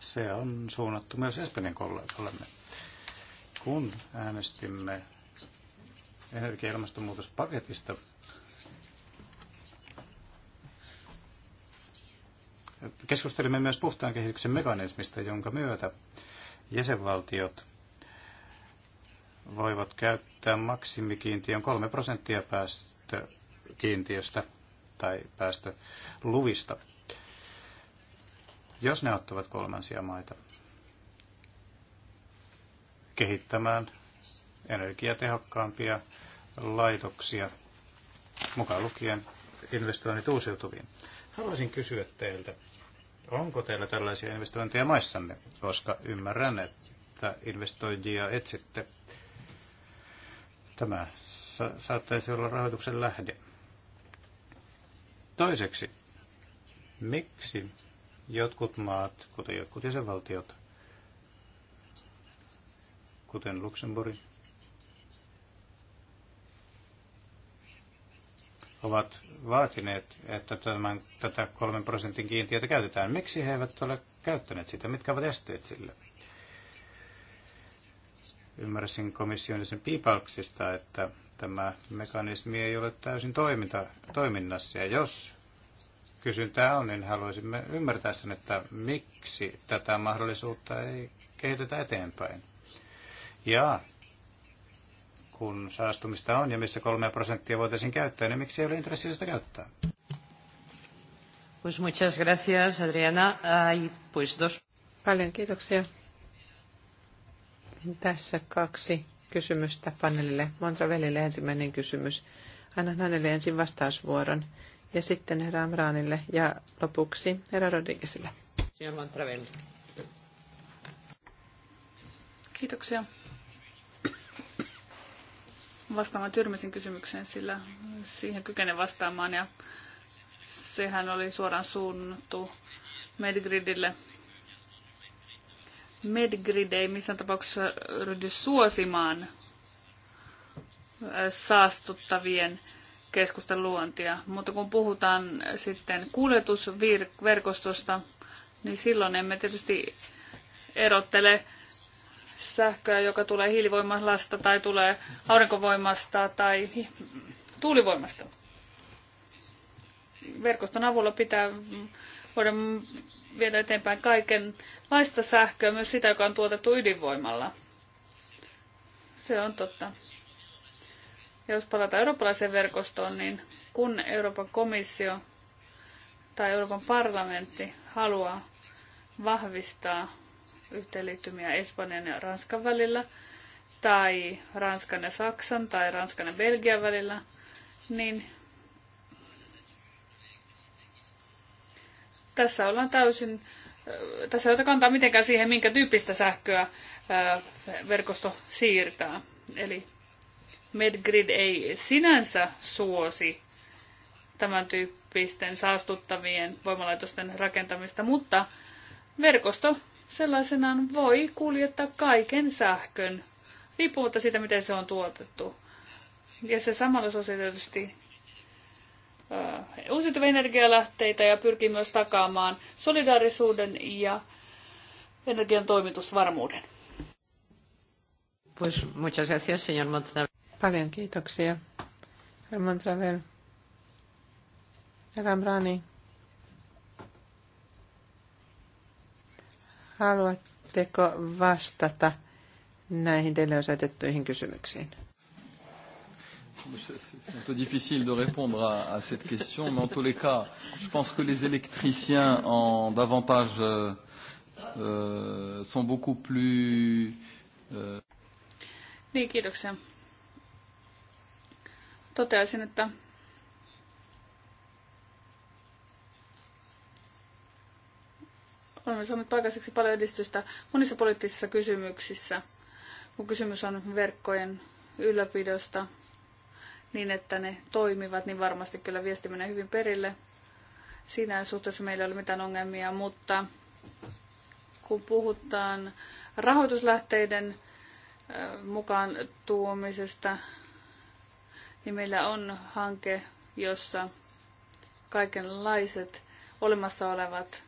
Se on suunnattu myös Espanjan kollegalle kun äänestimme energia- ja ilmastonmuutospaketista, keskustelimme myös puhtaan kehityksen mekanismista, jonka myötä jäsenvaltiot voivat käyttää maksimikiintiön 3 prosenttia päästökiintiöstä tai päästöluvista, jos ne ottavat kolmansia maita kehittämään energiatehokkaampia laitoksia, mukaan lukien investoinnit uusiutuviin. Haluaisin kysyä teiltä, onko teillä tällaisia investointeja maissanne, koska ymmärrän, että investoijia etsitte. Tämä sa- saattaisi olla rahoituksen lähde. Toiseksi, miksi jotkut maat, kuten jotkut jäsenvaltiot, kuten Luxemburg, ovat vaatineet, että tämän, tätä kolmen prosentin kiintiötä käytetään. Miksi he eivät ole käyttäneet sitä? Mitkä ovat esteet sille? Ymmärsin komission sen piipauksista, että tämä mekanismi ei ole täysin toiminta, toiminnassa. Ja jos kysyntää on, niin haluaisimme ymmärtää sen, että miksi tätä mahdollisuutta ei kehitetä eteenpäin. Ja kun saastumista on ja missä kolmea prosenttia voitaisiin käyttää, niin miksi ei ole intressiä sitä käyttää? Pues muchas gracias, Adriana. Ay, pues dos... Paljon kiitoksia. Tässä kaksi kysymystä panelille. Montravelille ensimmäinen kysymys. Annan hänelle ensin vastausvuoron ja sitten herra Amraanille ja lopuksi herra Rodriguezille. Kiitoksia vastaamaan Tyrmäsin kysymykseen, sillä siihen kykene vastaamaan ja sehän oli suoraan suunnattu Medgridille. Medgrid ei missään tapauksessa ryhdy suosimaan äh, saastuttavien keskustan luontia, mutta kun puhutaan sitten kuljetusverkostosta, niin silloin emme tietysti erottele sähköä, joka tulee hiilivoimalasta tai tulee aurinkovoimasta tai tuulivoimasta. Verkoston avulla pitää voida viedä eteenpäin kaikenlaista sähköä, myös sitä, joka on tuotettu ydinvoimalla. Se on totta. Ja jos palataan eurooppalaiseen verkostoon, niin kun Euroopan komissio tai Euroopan parlamentti haluaa vahvistaa yhteenliittymiä Espanjan ja Ranskan välillä tai Ranskan ja Saksan tai Ranskan ja Belgian välillä, niin tässä ollaan täysin, äh, tässä ei ota kantaa mitenkään siihen, minkä tyyppistä sähköä äh, verkosto siirtää. Eli Medgrid ei sinänsä suosi tämän tyyppisten saastuttavien voimalaitosten rakentamista, mutta verkosto sellaisenaan voi kuljettaa kaiken sähkön, riippumatta siitä, miten se on tuotettu. Ja se samalla suosii tietysti uusiutuvia energialähteitä ja pyrkii myös takaamaan solidaarisuuden ja energian toimitusvarmuuden. Pues muchas gracias, señor Montravel. Paljon kiitoksia, herr Montravel. Herra Brani. Haluatteko vastata näihin teille osoitettuihin kysymyksiin? C'est un peu difficile de répondre à, à cette question, mais en tous les cas, je pense que les électriciens en davantage euh, euh sont beaucoup plus. Euh... Niin, kiitoksia. Toteaisin, että Olemme saaneet aikaiseksi paljon edistystä monissa poliittisissa kysymyksissä, kun kysymys on verkkojen ylläpidosta niin, että ne toimivat, niin varmasti kyllä viesti menee hyvin perille. Siinä suhteessa meillä ei ole mitään ongelmia, mutta kun puhutaan rahoituslähteiden mukaan tuomisesta, niin meillä on hanke, jossa kaikenlaiset olemassa olevat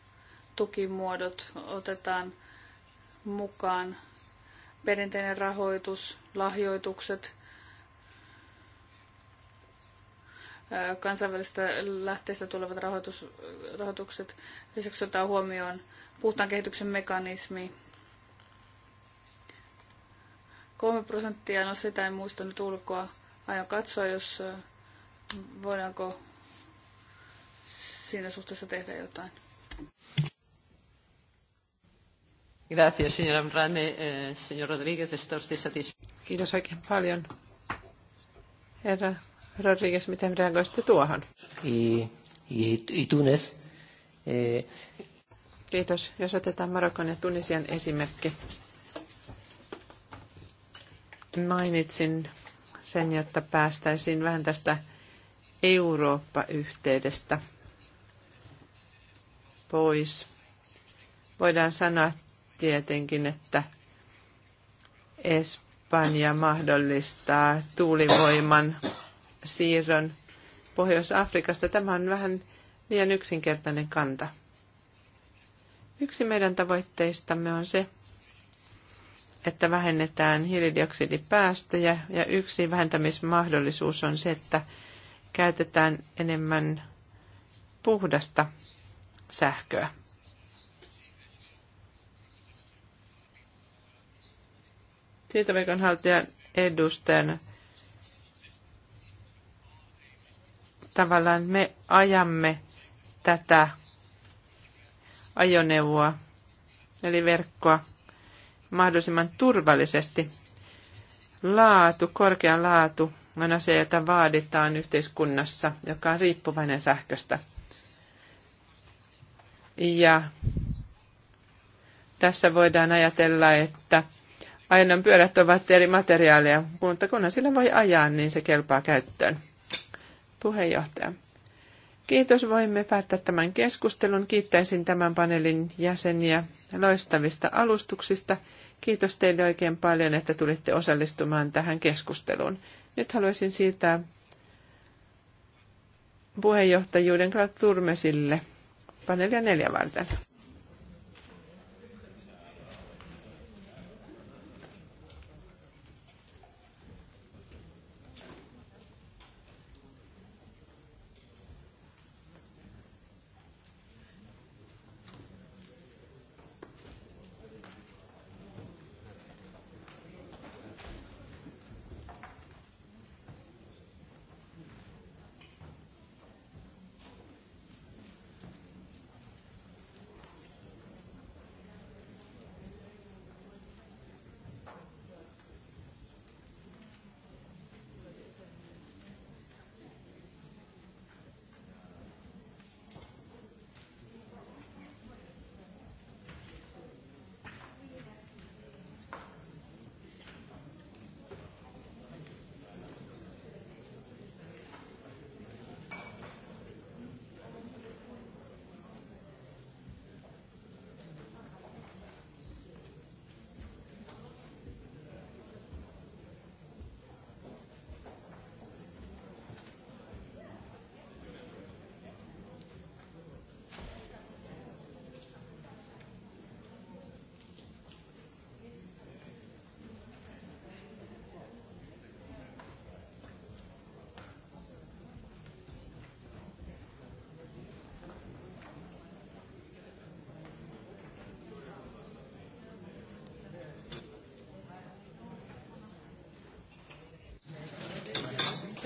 tukimuodot otetaan mukaan. Perinteinen rahoitus, lahjoitukset, kansainvälistä lähteistä tulevat rahoitus, rahoitukset. Lisäksi otetaan huomioon puhtaan kehityksen mekanismi. 3 prosenttia, no sitä en muista nyt ulkoa. Aion katsoa, jos voidaanko siinä suhteessa tehdä jotain. Gracias, señora Amrane. Eh, señor Rodríguez, está usted satisfecho. Kiitos oikein paljon. Herra Rodríguez, miten reagoisitte tuohon? Y, y, y Tunes. Eh... Kiitos. Jos otetaan Marokon ja Tunisian esimerkki. Mainitsin sen, jotta päästäisiin vähän tästä Eurooppa-yhteydestä pois. Voidaan sanoa, tietenkin, että Espanja mahdollistaa tuulivoiman siirron Pohjois-Afrikasta. Tämä on vähän liian yksinkertainen kanta. Yksi meidän tavoitteistamme on se, että vähennetään hiilidioksidipäästöjä ja yksi vähentämismahdollisuus on se, että käytetään enemmän puhdasta sähköä. haltijan edusten tavallaan me ajamme tätä ajoneuvoa, eli verkkoa, mahdollisimman turvallisesti. Laatu, korkea laatu on asia, jota vaaditaan yhteiskunnassa, joka on riippuvainen sähköstä. Ja tässä voidaan ajatella, että ajoneuvon pyörät ovat eri materiaaleja, mutta kunhan sillä voi ajaa, niin se kelpaa käyttöön. Puheenjohtaja. Kiitos, voimme päättää tämän keskustelun. Kiittäisin tämän paneelin jäseniä loistavista alustuksista. Kiitos teille oikein paljon, että tulitte osallistumaan tähän keskusteluun. Nyt haluaisin siirtää puheenjohtajuuden Klaat Turmesille paneelia neljä varten.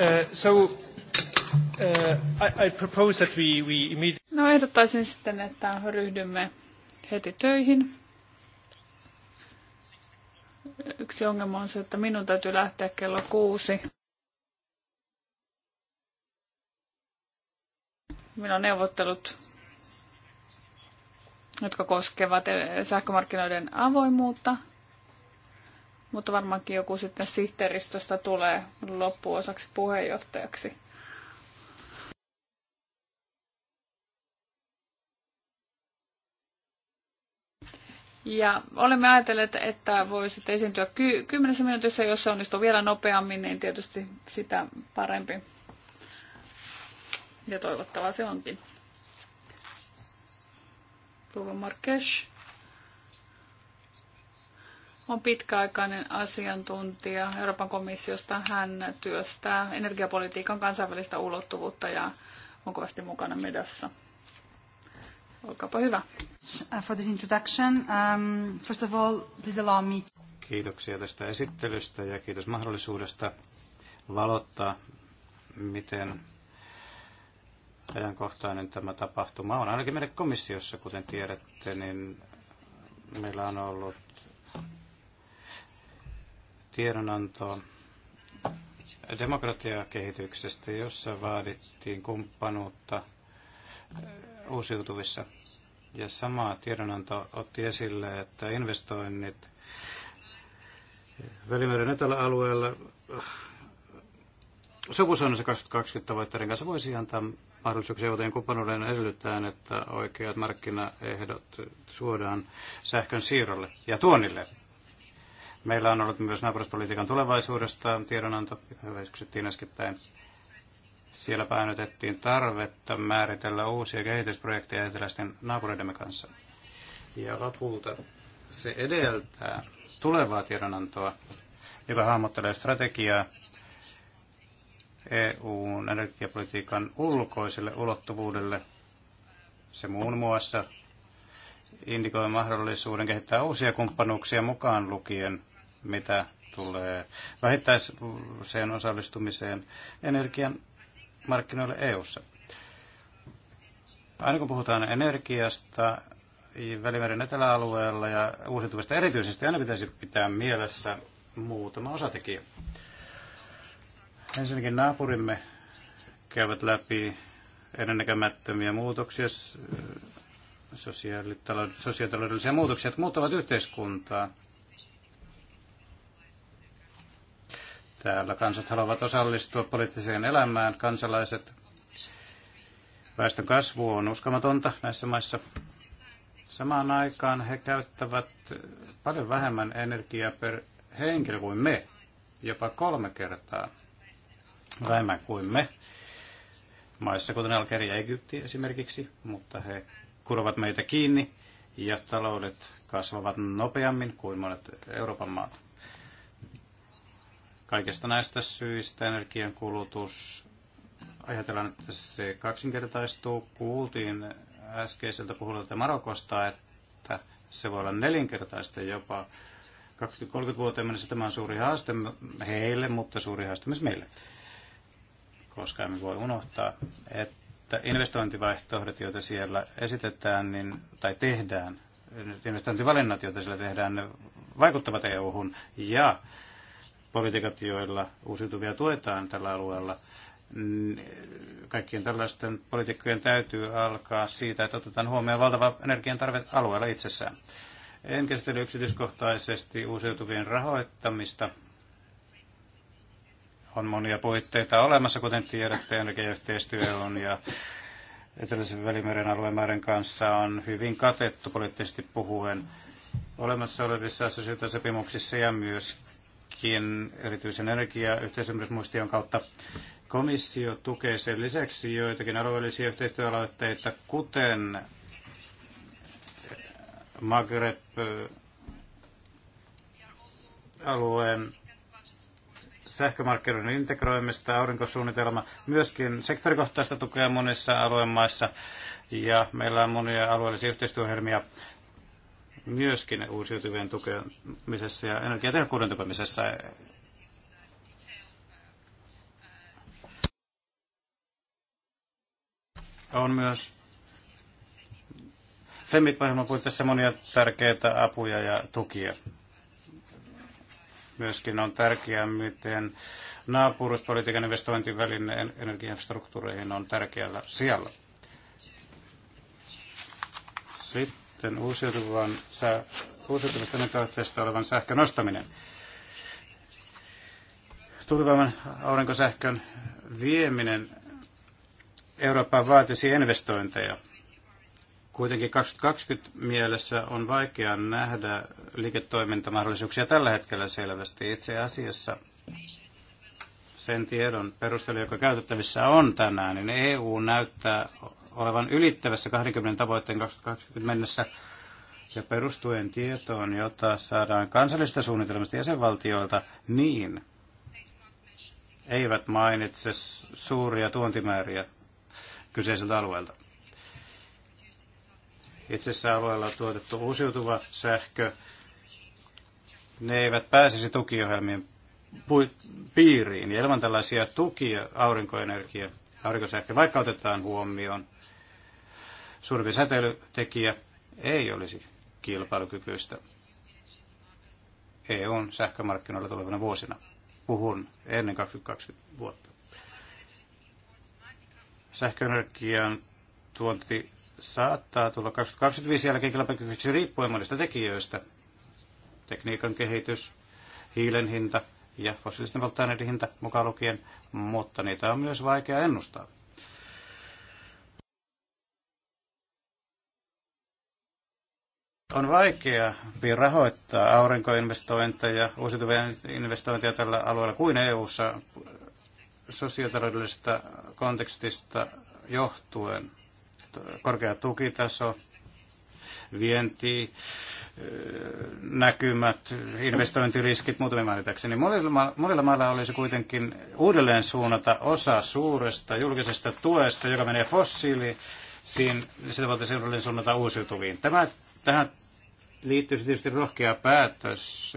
Uh, so, uh, I, I propose that we, we immediately... No ehdottaisin sitten, että ryhdymme heti töihin. Yksi ongelma on se, että minun täytyy lähteä kello kuusi. Minä on neuvottelut, jotka koskevat sähkömarkkinoiden avoimuutta mutta varmaankin joku sitten sihteeristöstä tulee loppuosaksi puheenjohtajaksi. Ja olemme ajatelleet, että voisit esiintyä ky- kymmenessä minuutissa, jos se onnistuu vielä nopeammin, niin tietysti sitä parempi. Ja toivottavaa se onkin. Ruva Marques on pitkäaikainen asiantuntija Euroopan komissiosta. Hän työstää energiapolitiikan kansainvälistä ulottuvuutta ja on kovasti mukana mediassa. Olkaapa hyvä. Uh, for this introduction, um, first of all, please allow me... Kiitoksia tästä esittelystä ja kiitos mahdollisuudesta valottaa, miten ajankohtainen tämä tapahtuma on. Ainakin meidän komissiossa, kuten tiedätte, niin meillä on ollut tiedonantoa demokratiakehityksestä, jossa vaadittiin kumppanuutta äh, uusiutuvissa. Ja sama tiedonanto otti esille, että investoinnit Välimeren eteläalueella äh, sopusuunnassa 2020 tavoitteiden kanssa voisi antaa mahdollisuuksia, joten kumppanuuden edellyttäen, että oikeat markkinaehdot suodaan sähkön siirrolle ja tuonnille. Meillä on ollut myös naapuruspolitiikan tulevaisuudesta tiedonanto, joka hyväksyttiin äskettäin. Siellä painotettiin tarvetta määritellä uusia kehitysprojekteja eteläisten naapureidemme kanssa. Ja lopulta se edeltää tulevaa tiedonantoa, joka hahmottelee strategiaa EUn energiapolitiikan ulkoiselle ulottuvuudelle. Se muun muassa indikoi mahdollisuuden kehittää uusia kumppanuuksia mukaan lukien mitä tulee vähittäiseen osallistumiseen energian markkinoille EU:ssa. Aina kun puhutaan energiasta Välimeren eteläalueella ja uusiutuvista erityisesti, aina pitäisi pitää mielessä muutama osatekijä. Ensinnäkin naapurimme käyvät läpi ennennäkemättömiä muutoksia, sosiaalitaloudellisia muutoksia, jotka muuttavat yhteiskuntaa Täällä kansat haluavat osallistua poliittiseen elämään, kansalaiset. Väestön kasvu on uskomatonta näissä maissa. Samaan aikaan he käyttävät paljon vähemmän energiaa per henkilö kuin me, jopa kolme kertaa vähemmän kuin me. Maissa kuten Algeria ja Egypti esimerkiksi, mutta he kurovat meitä kiinni ja taloudet kasvavat nopeammin kuin monet Euroopan maat. Kaikesta näistä syistä energian kulutus, ajatellaan, että se kaksinkertaistuu. Kuultiin äskeiseltä puhujalta Marokosta, että se voi olla nelinkertaista jopa. 20-30 vuoteen mennessä tämä on suuri haaste heille, mutta suuri haaste myös meille. Koska emme voi unohtaa, että investointivaihtoehdot, joita siellä esitetään niin, tai tehdään, investointivalinnat, joita siellä tehdään, ne vaikuttavat EU-hun ja politiikat, joilla uusiutuvia tuetaan tällä alueella, kaikkien tällaisten politiikkojen täytyy alkaa siitä, että otetaan huomioon valtava energian tarve alueella itsessään. En käsittele yksityiskohtaisesti uusiutuvien rahoittamista. On monia puitteita olemassa, kuten tiedätte, energiayhteistyö on ja Etelisen välimeren alueen maiden kanssa on hyvin katettu poliittisesti puhuen olemassa olevissa asioissa sopimuksissa ja myös pankkien erityisen yhteisymmärrysmuistion kautta. Komissio tukee sen lisäksi joitakin alueellisia yhteistyöaloitteita, kuten Maghreb-alueen eh, sähkömarkkinoiden integroimista, aurinkosuunnitelma, myöskin sektorikohtaista tukea monissa alueen maissa ja meillä on monia alueellisia yhteistyöohjelmia myöskin uusiutuvien tukemisessa ja energiatehokkuuden tukemisessa. On myös FEMIT-ohjelman puitteissa monia tärkeitä apuja ja tukia. Myöskin on tärkeää, miten naapuruuspolitiikan investointiväline energiainfrastruktuureihin on tärkeällä siellä Sitten sitten uusiutuvan, uusiutuvasta energialähteestä olevan sähkön ostaminen. Tuulivoiman aurinkosähkön vieminen Eurooppaan vaatisi investointeja. Kuitenkin 2020 mielessä on vaikea nähdä liiketoimintamahdollisuuksia tällä hetkellä selvästi. Itse asiassa sen tiedon perusteella, joka käytettävissä on tänään, niin EU näyttää olevan ylittävässä 20 tavoitteen 2020 mennessä ja perustuen tietoon, jota saadaan kansallisista suunnitelmasta jäsenvaltioilta, niin eivät mainitse suuria tuontimääriä kyseiseltä alueelta. Itse asiassa alueella on tuotettu uusiutuva sähkö. Ne eivät pääsisi tukiohjelmien piiriin. Ja ilman tällaisia tukia aurinkoenergia, aurinkosähkö, vaikka otetaan huomioon suurempi säteilytekijä, ei olisi kilpailukykyistä EUn sähkömarkkinoilla tulevina vuosina. Puhun ennen 2020 vuotta. Sähköenergian tuonti saattaa tulla 2025 jälkeen kilpailukykyksi riippuen monista tekijöistä. Tekniikan kehitys, hiilen hinta – ja fossiilisten polttoaineiden hinta mukaan lukien, mutta niitä on myös vaikea ennustaa. On vaikea rahoittaa aurinkoinvestointeja, uusiutuvia investointeja tällä alueella kuin EU-ssa sosiotaloudellisesta kontekstista johtuen. Korkea tukitaso, vienti, näkymät, investointiriskit, muutamia mainitakseni. Monilla, monilla mailla olisi kuitenkin uudelleen suunnata osa suuresta julkisesta tuesta, joka menee fossiilisiin, niin sitä voitaisiin uudelleen suunnata uusiutuviin. Tämä, tähän liittyisi tietysti rohkea päätös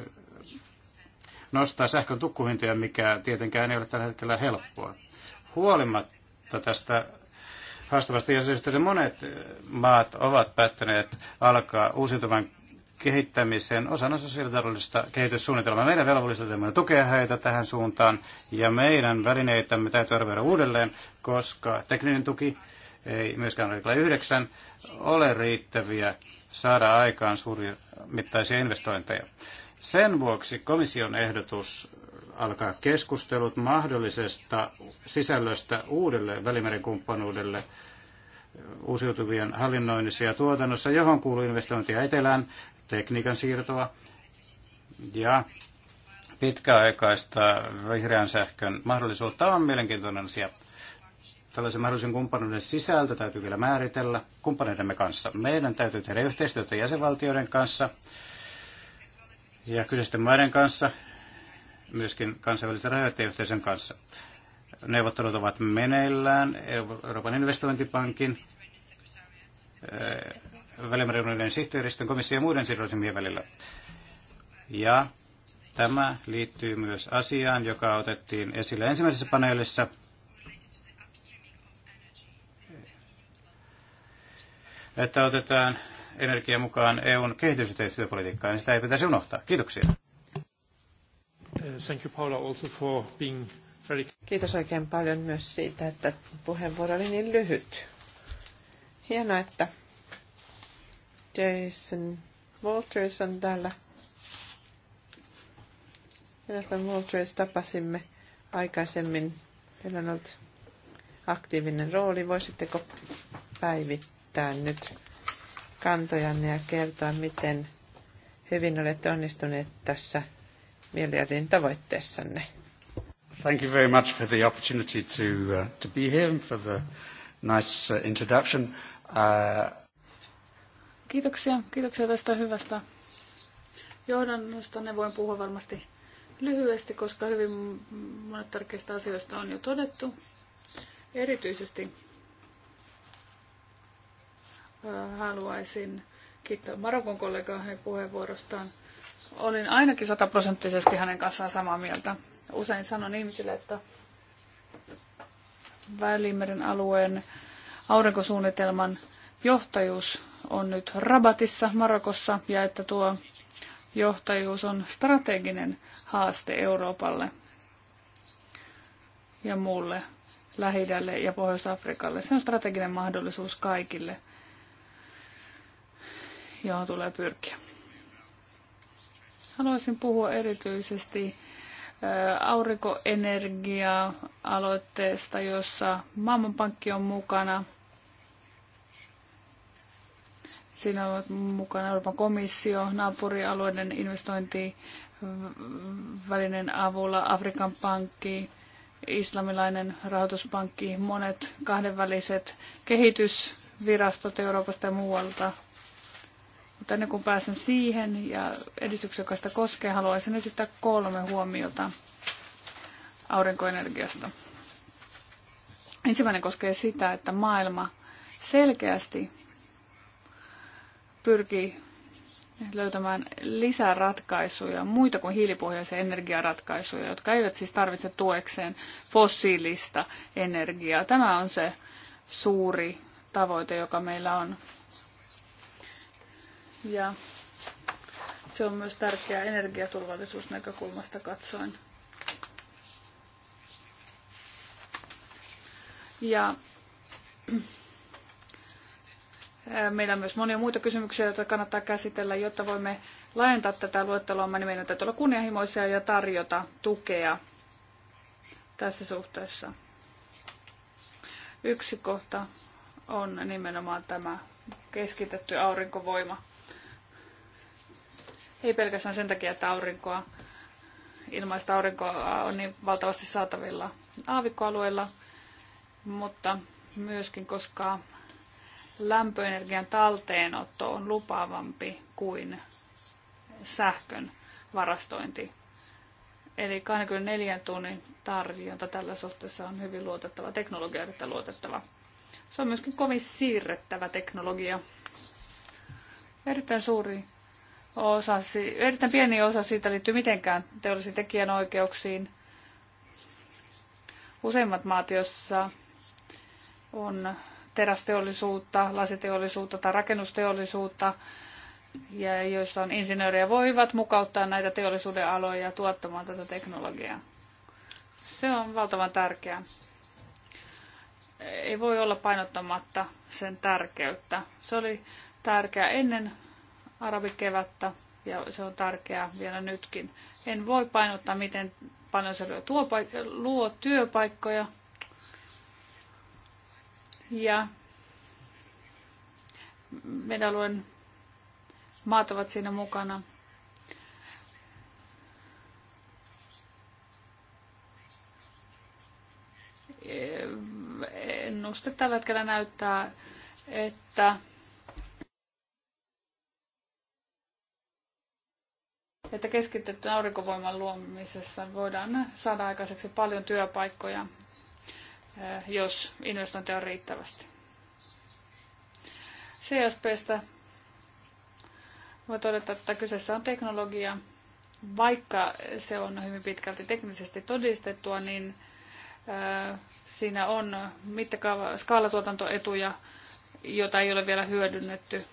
nostaa sähkön tukkuhintoja, mikä tietenkään ei ole tällä hetkellä helppoa. Huolimatta tästä haastavasta jäsenyydestä. Monet maat ovat päättäneet alkaa uusiutuvan kehittämisen osana sosiaalitaloudellista kehityssuunnitelmaa. Meidän velvollisuutemme on tukea heitä tähän suuntaan ja meidän välineitämme täytyy arvioida uudelleen, koska tekninen tuki ei myöskään ole yhdeksän, ole riittäviä saada aikaan suuri mittaisia investointeja. Sen vuoksi komission ehdotus alkaa keskustelut mahdollisesta sisällöstä uudelle välimeren kumppanuudelle uusiutuvien hallinnoinnissa ja tuotannossa, johon kuuluu investointia etelään, tekniikan siirtoa ja pitkäaikaista vihreän sähkön mahdollisuutta on mielenkiintoinen asia. Tällaisen mahdollisen kumppanuuden sisältö täytyy vielä määritellä kumppaneidemme kanssa. Meidän täytyy tehdä yhteistyötä jäsenvaltioiden kanssa ja kyseisten maiden kanssa, myöskin kansainvälisen rajoiteyhteisön kanssa. Neuvottelut ovat meneillään Euroopan investointipankin, eh, Välimeren sihteeristön, komission ja muiden sidosryhmien välillä. Ja tämä liittyy myös asiaan, joka otettiin esille ensimmäisessä paneelissa, että otetaan energia mukaan EUn kehitysyhteistyöpolitiikkaan, niin sitä ei pitäisi unohtaa. Kiitoksia. Uh, thank you, Paula, also for being very... Kiitos oikein paljon myös siitä, että puheenvuoro oli niin lyhyt. Hienoa, että Jason Walters on täällä. Jonathan Walters tapasimme aikaisemmin. Teillä on ollut aktiivinen rooli. Voisitteko päivittää nyt kantojanne ja kertoa, miten hyvin olette onnistuneet tässä – miljardin tavoitteessanne. Thank you very much for the opportunity to, uh, to be here and for the nice uh, introduction. Uh... Kiitoksia. Kiitoksia tästä hyvästä johdannosta. Ne voin puhua varmasti lyhyesti, koska hyvin monet tärkeistä asioista on jo todettu. Erityisesti äh, haluaisin kiittää Marokon kollegaa hänen puheenvuorostaan olin ainakin sataprosenttisesti hänen kanssaan samaa mieltä. Usein sanon ihmisille, että Välimeren alueen aurinkosuunnitelman johtajuus on nyt Rabatissa, Marokossa, ja että tuo johtajuus on strateginen haaste Euroopalle ja muulle lähi ja Pohjois-Afrikalle. Se on strateginen mahdollisuus kaikille, johon tulee pyrkiä. Haluaisin puhua erityisesti aurinkoenergia-aloitteesta, jossa Maailmanpankki on mukana. Siinä on mukana Euroopan komissio, naapurialueiden investointivälinen avulla, Afrikan pankki, islamilainen rahoituspankki, monet kahdenväliset kehitysvirastot Euroopasta ja muualta – mutta ennen kuin pääsen siihen ja edistyksen, joka sitä koskee, haluaisin esittää kolme huomiota aurinkoenergiasta. Ensimmäinen koskee sitä, että maailma selkeästi pyrkii löytämään lisää ratkaisuja, muita kuin hiilipohjaisia energiaratkaisuja, jotka eivät siis tarvitse tuekseen fossiilista energiaa. Tämä on se suuri tavoite, joka meillä on. Ja se on myös tärkeää energiaturvallisuusnäkökulmasta katsoen. Ja äh, meillä on myös monia muita kysymyksiä, joita kannattaa käsitellä, jotta voimme laajentaa tätä luetteloa, niin meidän täytyy olla kunnianhimoisia ja tarjota tukea tässä suhteessa. Yksi kohta on nimenomaan tämä keskitetty aurinkovoima. Ei pelkästään sen takia, että aurinkoa, ilmaista aurinkoa on niin valtavasti saatavilla aavikkoalueilla, mutta myöskin koska lämpöenergian talteenotto on lupaavampi kuin sähkön varastointi. Eli 24 tunnin tarjonta tällä suhteessa on hyvin luotettava teknologia, erittäin luotettava. Se on myöskin kovin siirrettävä teknologia. Erittäin suuri osa, erittäin pieni osa siitä liittyy mitenkään teollisiin tekijänoikeuksiin. Useimmat maat, joissa on terästeollisuutta, lasiteollisuutta tai rakennusteollisuutta, ja joissa on insinöörejä, voivat mukauttaa näitä teollisuuden aloja tuottamaan tätä teknologiaa. Se on valtavan tärkeää. Ei voi olla painottamatta sen tärkeyttä. Se oli tärkeää ennen arabikevättä ja se on tärkeää vielä nytkin. En voi painottaa, miten paljon se tuo luo työpaikkoja ja meidän alueen maat ovat siinä mukana. Ennuste tällä hetkellä näyttää, että että keskitetty aurinkovoiman luomisessa voidaan saada aikaiseksi paljon työpaikkoja, eh, jos investointeja on riittävästi. CSPstä voi todeta, että kyseessä on teknologia. Vaikka se on hyvin pitkälti teknisesti todistettua, niin eh, siinä on mittakaava, skaalatuotantoetuja, joita ei ole vielä hyödynnetty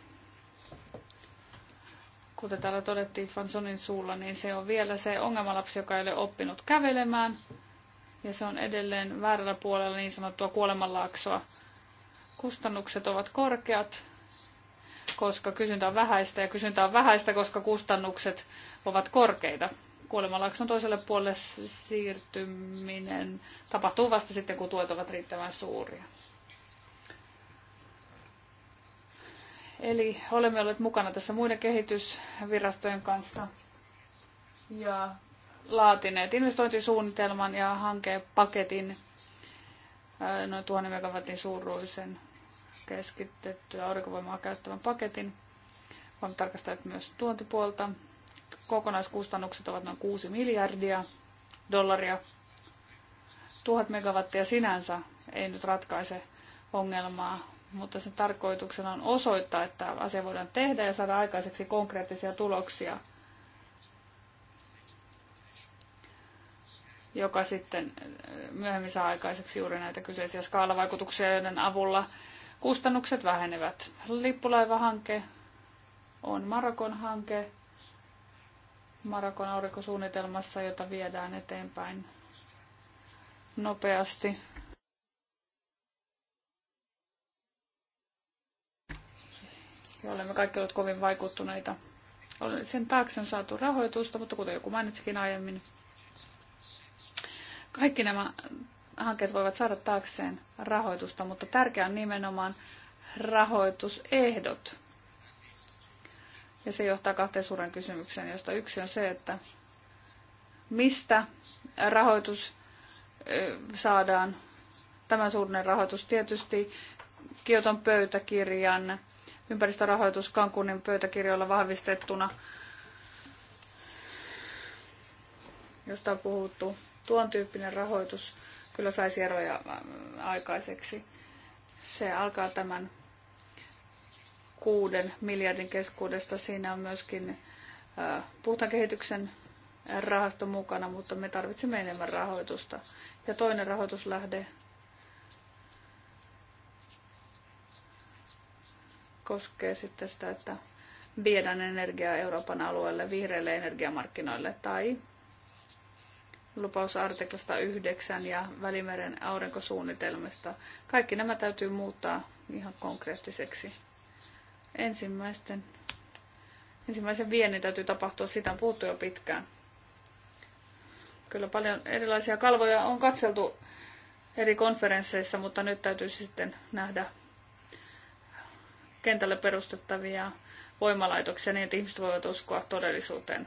kuten täällä todettiin Fansonin suulla, niin se on vielä se ongelmalapsi, joka ei ole oppinut kävelemään. Ja se on edelleen väärällä puolella niin sanottua kuolemanlaaksoa. Kustannukset ovat korkeat, koska kysyntä on vähäistä ja kysyntä on vähäistä, koska kustannukset ovat korkeita. Kuolemanlaakson toiselle puolelle siirtyminen tapahtuu vasta sitten, kun tuet ovat riittävän suuria. Eli olemme olleet mukana tässä muiden kehitysvirastojen kanssa ja laatineet investointisuunnitelman ja hankepaketin noin 1000 megawatin suuruisen keskitetty aurinkovoimaa käyttävän paketin. Voimme tarkastaa myös tuontipuolta. Kokonaiskustannukset ovat noin 6 miljardia dollaria. 1000 megawattia sinänsä ei nyt ratkaise ongelmaa, mutta sen tarkoituksena on osoittaa, että asia voidaan tehdä ja saada aikaiseksi konkreettisia tuloksia, joka sitten eh, myöhemmin saa aikaiseksi juuri näitä kyseisiä skaalavaikutuksia, joiden avulla kustannukset vähenevät. Lippulaivahanke on Marokon hanke Marokon aurinkosuunnitelmassa, jota viedään eteenpäin nopeasti. ja olemme kaikki olleet kovin vaikuttuneita. Sen taakse on saatu rahoitusta, mutta kuten joku mainitsikin aiemmin, kaikki nämä hankkeet voivat saada taakseen rahoitusta, mutta tärkeää on nimenomaan rahoitusehdot. Ja se johtaa kahteen suuren kysymykseen, josta yksi on se, että mistä rahoitus saadaan. Tämä suurinen rahoitus tietysti Kioton pöytäkirjan ympäristörahoitus Kankunin pöytäkirjoilla vahvistettuna, josta on puhuttu. Tuon tyyppinen rahoitus kyllä saisi eroja äh, aikaiseksi. Se alkaa tämän kuuden miljardin keskuudesta. Siinä on myöskin äh, puhtaan kehityksen rahasto mukana, mutta me tarvitsemme enemmän rahoitusta. Ja toinen rahoituslähde koskee sitten sitä, että viedään energiaa Euroopan alueelle vihreille energiamarkkinoille tai lupaus artiklasta 9 ja Välimeren aurinkosuunnitelmista. Kaikki nämä täytyy muuttaa ihan konkreettiseksi. Ensimmäisten, ensimmäisen viennin täytyy tapahtua, sitä on puhuttu jo pitkään. Kyllä paljon erilaisia kalvoja on katseltu eri konferensseissa, mutta nyt täytyy sitten nähdä kentälle perustettavia voimalaitoksia niin, että ihmiset voivat uskoa todellisuuteen.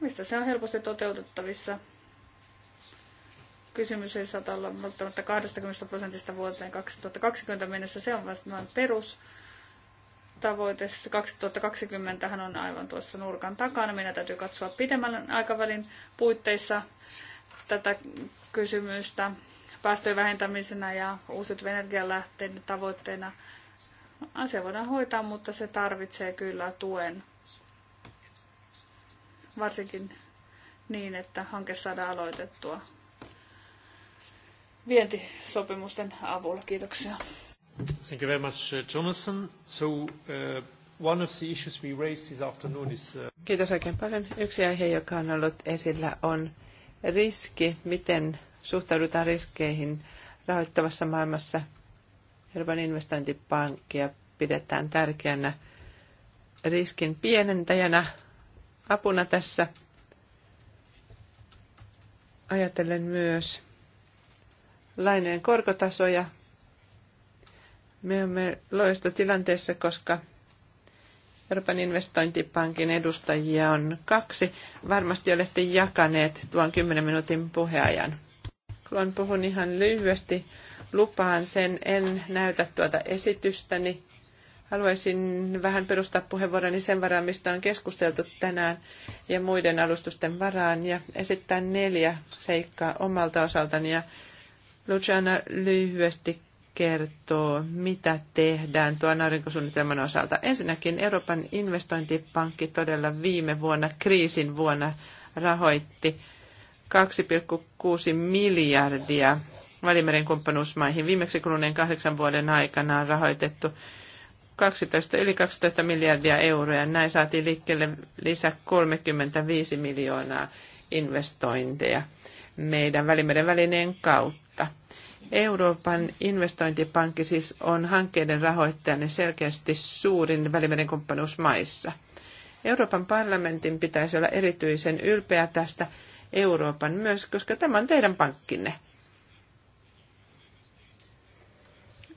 Mistä se on helposti toteutettavissa? Kysymys ei saata olla välttämättä 20 prosentista vuoteen 2020 mennessä. Se on vasta noin perus tavoite 2020 hän on aivan tuossa nurkan takana. Meidän täytyy katsoa pidemmän aikavälin puitteissa tätä kysymystä päästöjen vähentämisenä ja uusiutuvien energialähteiden tavoitteena asia voidaan hoitaa, mutta se tarvitsee kyllä tuen. Varsinkin niin, että hanke saadaan aloitettua vientisopimusten avulla. Kiitoksia. Thank you very much, uh, Jonathan. So, uh, one of the issues we raised this afternoon is... Uh... Kiitos oikein paljon. Yksi aihe, joka on ollut esillä, on riski, miten suhtaudutaan riskeihin rahoittavassa maailmassa – Euroopan investointipankkia pidetään tärkeänä riskin pienentäjänä apuna tässä. Ajatellen myös lainojen korkotasoja. Me olemme loista tilanteessa, koska Euroopan investointipankin edustajia on kaksi. Varmasti olette jakaneet tuon 10 minuutin puheajan. Kun puhun ihan lyhyesti lupaan sen, en näytä tuota esitystäni. Haluaisin vähän perustaa puheenvuoroni sen varaan, mistä on keskusteltu tänään ja muiden alustusten varaan ja esittää neljä seikkaa omalta osaltani. Ja Luciana lyhyesti kertoo, mitä tehdään tuon aurinkosuunnitelman osalta. Ensinnäkin Euroopan investointipankki todella viime vuonna, kriisin vuonna, rahoitti 2,6 miljardia Välimeren kumppanuusmaihin. Viimeksi kuluneen kahdeksan vuoden aikana on rahoitettu 12, yli 12 miljardia euroa. Näin saatiin liikkeelle lisää 35 miljoonaa investointeja meidän Välimeren välineen kautta. Euroopan investointipankki siis on hankkeiden rahoittajana selkeästi suurin Välimeren kumppanuusmaissa. Euroopan parlamentin pitäisi olla erityisen ylpeä tästä Euroopan myös, koska tämä on teidän pankkinne.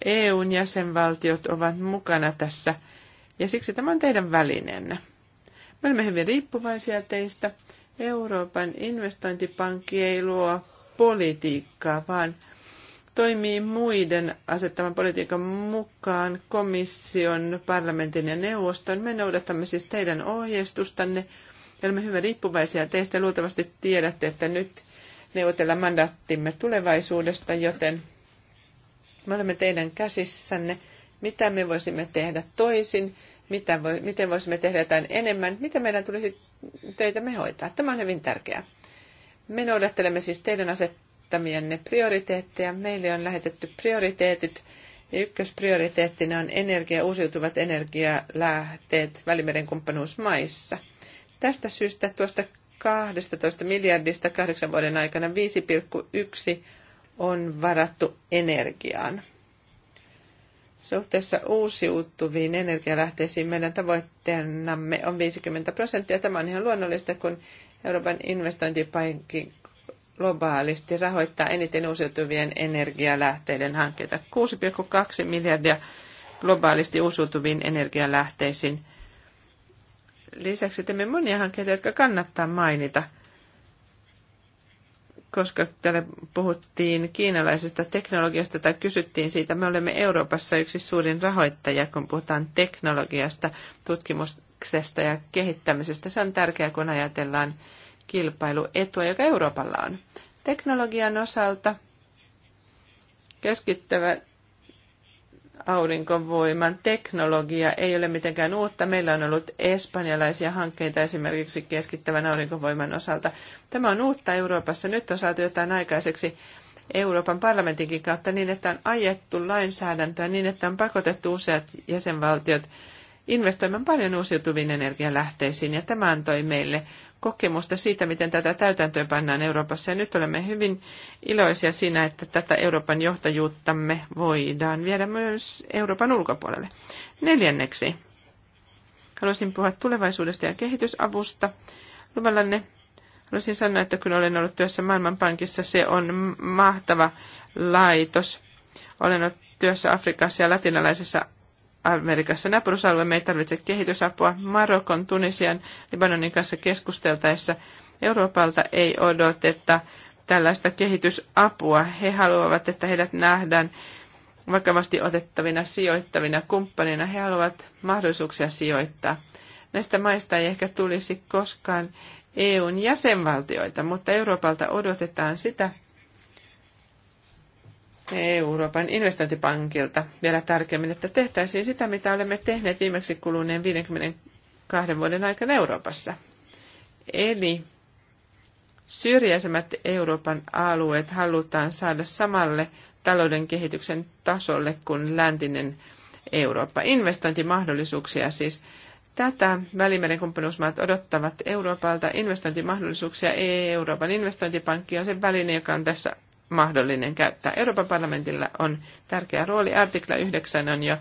EUn jäsenvaltiot ovat mukana tässä ja siksi tämä on teidän välineenne. Me olemme hyvin riippuvaisia teistä. Euroopan investointipankki ei luo politiikkaa, vaan toimii muiden asettaman politiikan mukaan komission, parlamentin ja neuvoston. Me noudatamme siis teidän ohjeistustanne ja olemme hyvin riippuvaisia teistä. Luultavasti tiedätte, että nyt neuvotellaan mandaattimme tulevaisuudesta, joten me olemme teidän käsissänne, mitä me voisimme tehdä toisin, mitä vo, miten voisimme tehdä jotain enemmän, mitä meidän tulisi me hoitaa. Tämä on hyvin tärkeää. Me noudattelemme siis teidän asettamienne prioriteetteja. Meille on lähetetty prioriteetit. Ja ykkösprioriteettina on energia, uusiutuvat energialähteet välimeren kumppanuusmaissa. Tästä syystä tuosta 12 miljardista kahdeksan vuoden aikana 5,1 on varattu energiaan. Suhteessa uusiutuviin energialähteisiin meidän tavoitteenamme on 50 prosenttia. Tämä on ihan luonnollista, kun Euroopan investointipankki globaalisti rahoittaa eniten uusiutuvien energialähteiden hankkeita. 6,2 miljardia globaalisti uusiutuviin energialähteisiin. Lisäksi teemme monia hankkeita, jotka kannattaa mainita – koska täällä puhuttiin kiinalaisesta teknologiasta tai kysyttiin siitä, me olemme Euroopassa yksi suurin rahoittaja, kun puhutaan teknologiasta, tutkimuksesta ja kehittämisestä. Se on tärkeää, kun ajatellaan kilpailuetua, joka Euroopalla on. Teknologian osalta keskittävät aurinkovoiman teknologia ei ole mitenkään uutta. Meillä on ollut espanjalaisia hankkeita esimerkiksi keskittävän aurinkovoiman osalta. Tämä on uutta Euroopassa. Nyt on saatu jotain aikaiseksi Euroopan parlamentinkin kautta niin, että on ajettu lainsäädäntöä niin, että on pakotettu useat jäsenvaltiot investoimaan paljon uusiutuviin energialähteisiin. Ja tämä antoi meille kokemusta siitä, miten tätä täytäntöön pannaan Euroopassa. Ja nyt olemme hyvin iloisia siinä, että tätä Euroopan johtajuuttamme voidaan viedä myös Euroopan ulkopuolelle. Neljänneksi haluaisin puhua tulevaisuudesta ja kehitysavusta. Luvallanne haluaisin sanoa, että kun olen ollut työssä Maailmanpankissa, se on mahtava laitos. Olen ollut työssä Afrikassa ja latinalaisessa Amerikassa naapurusaalue, me ei tarvitse kehitysapua. Marokon, Tunisian, Libanonin kanssa keskusteltaessa Euroopalta ei odoteta tällaista kehitysapua. He haluavat, että heidät nähdään vakavasti otettavina sijoittavina kumppanina. He haluavat mahdollisuuksia sijoittaa. Näistä maista ei ehkä tulisi koskaan EUn jäsenvaltioita, mutta Euroopalta odotetaan sitä, Euroopan investointipankilta vielä tarkemmin, että tehtäisiin sitä, mitä olemme tehneet viimeksi kuluneen 52 vuoden aikana Euroopassa. Eli syrjäisemmät Euroopan alueet halutaan saada samalle talouden kehityksen tasolle kuin läntinen Eurooppa. Investointimahdollisuuksia siis. Tätä Välimeren kumppanuusmaat odottavat Euroopalta investointimahdollisuuksia. Euroopan investointipankki on se väline, joka on tässä mahdollinen käyttää. Euroopan parlamentilla on tärkeä rooli. Artikla 9 on jo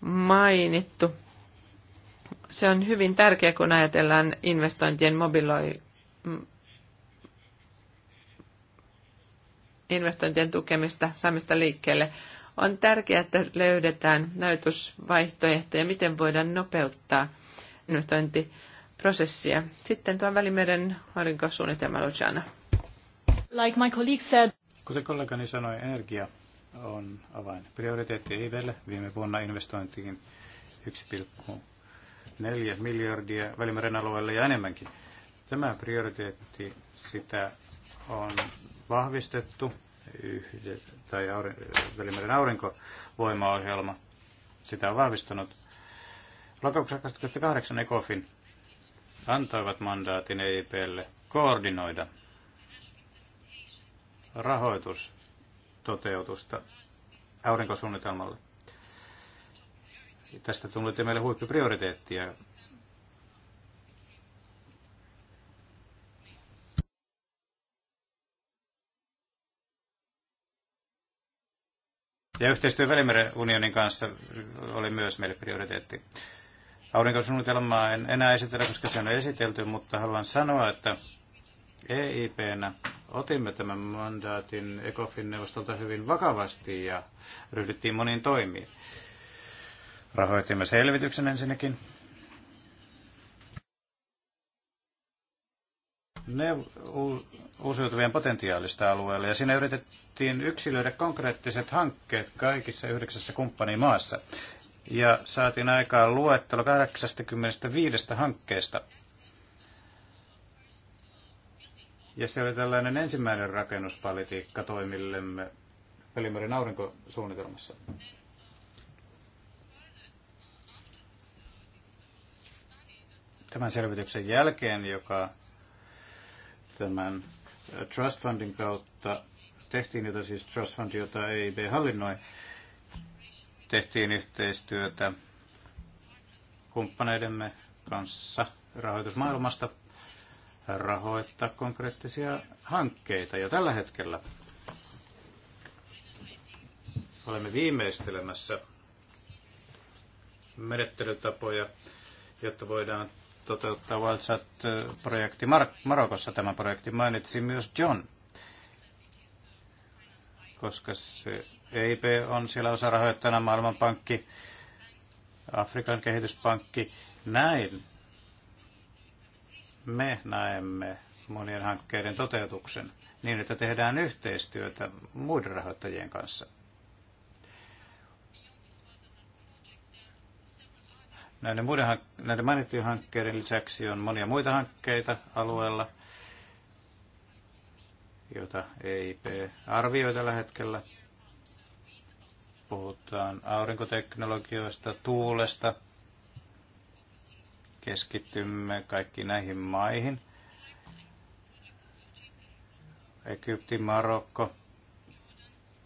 mainittu. Se on hyvin tärkeä, kun ajatellaan investointien mobiloi, investointien tukemista, saamista liikkeelle. On tärkeää, että löydetään näytösvaihtoehtoja, miten voidaan nopeuttaa investointiprosessia. Sitten tuo Välimeren aurinkosuunnitelma Luciana. Like my colleague said... Kuten kollegani sanoi, energia on avain. Prioriteetti EIVelle viime vuonna investointiin 1,4 miljardia Välimeren alueelle ja enemmänkin. Tämä prioriteetti sitä on vahvistettu yhde, tai aur- Välimeren aurinkovoimaohjelma. Sitä on vahvistanut. Lokakuussa 2008 ECOFIN antoivat mandaatin EIPlle koordinoida rahoitustoteutusta aurinkosuunnitelmalle. Tästä tuli meille huippuprioriteettia. Ja yhteistyö Välimeren unionin kanssa oli myös meille prioriteetti. Aurinkosuunnitelmaa en enää esitellä, koska se on esitelty, mutta haluan sanoa, että EIPnä otimme tämän mandaatin ECOFIN neuvostolta hyvin vakavasti ja ryhdyttiin moniin toimiin. Rahoitimme selvityksen ensinnäkin. Ne uusiutuvien potentiaalista alueella ja siinä yritettiin yksilöidä konkreettiset hankkeet kaikissa yhdeksässä kumppanimaassa. Ja saatiin aikaan luettelo 85 hankkeesta, Ja se oli tällainen ensimmäinen rakennuspolitiikka toimillemme Pelimerin aurinkosuunnitelmassa. Tämän selvityksen jälkeen, joka tämän Trust Fundin kautta tehtiin, jota siis Trust Fund, jota EIB hallinnoi, tehtiin yhteistyötä kumppaneidemme kanssa rahoitusmaailmasta – rahoittaa konkreettisia hankkeita ja tällä hetkellä. Olemme viimeistelemässä menettelytapoja, jotta voidaan toteuttaa WhatsApp-projekti Mar- Marokossa. Tämä projekti mainitsi myös John, koska se EIP on siellä osa rahoittajana, Maailmanpankki, Afrikan kehityspankki. Näin me näemme monien hankkeiden toteutuksen niin, että tehdään yhteistyötä muiden rahoittajien kanssa. Näiden, muiden, näiden mainittujen hankkeiden lisäksi on monia muita hankkeita alueella, joita EIP arvioi tällä hetkellä. Puhutaan aurinkoteknologioista, tuulesta – Keskitymme kaikki näihin maihin. Egypti, Marokko,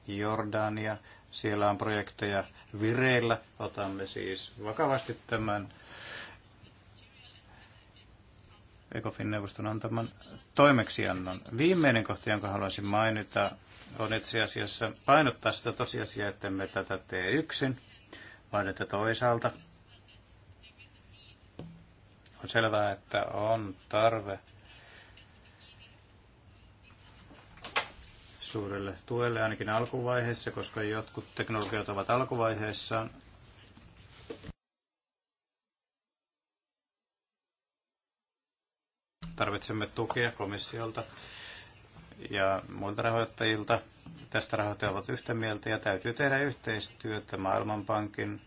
Jordania. Siellä on projekteja vireillä. Otamme siis vakavasti tämän ECOFIN neuvoston antaman toimeksiannon. Viimeinen kohta, jonka haluaisin mainita, on itse asiassa painottaa sitä tosiasiaa, että me tätä tee yksin, vaan että toisaalta on selvää, että on tarve suurelle tuelle ainakin alkuvaiheessa, koska jotkut teknologiat ovat alkuvaiheessaan. Tarvitsemme tukea komissiolta ja muilta rahoittajilta. Tästä rahoittajat ovat yhtä mieltä ja täytyy tehdä yhteistyötä Maailmanpankin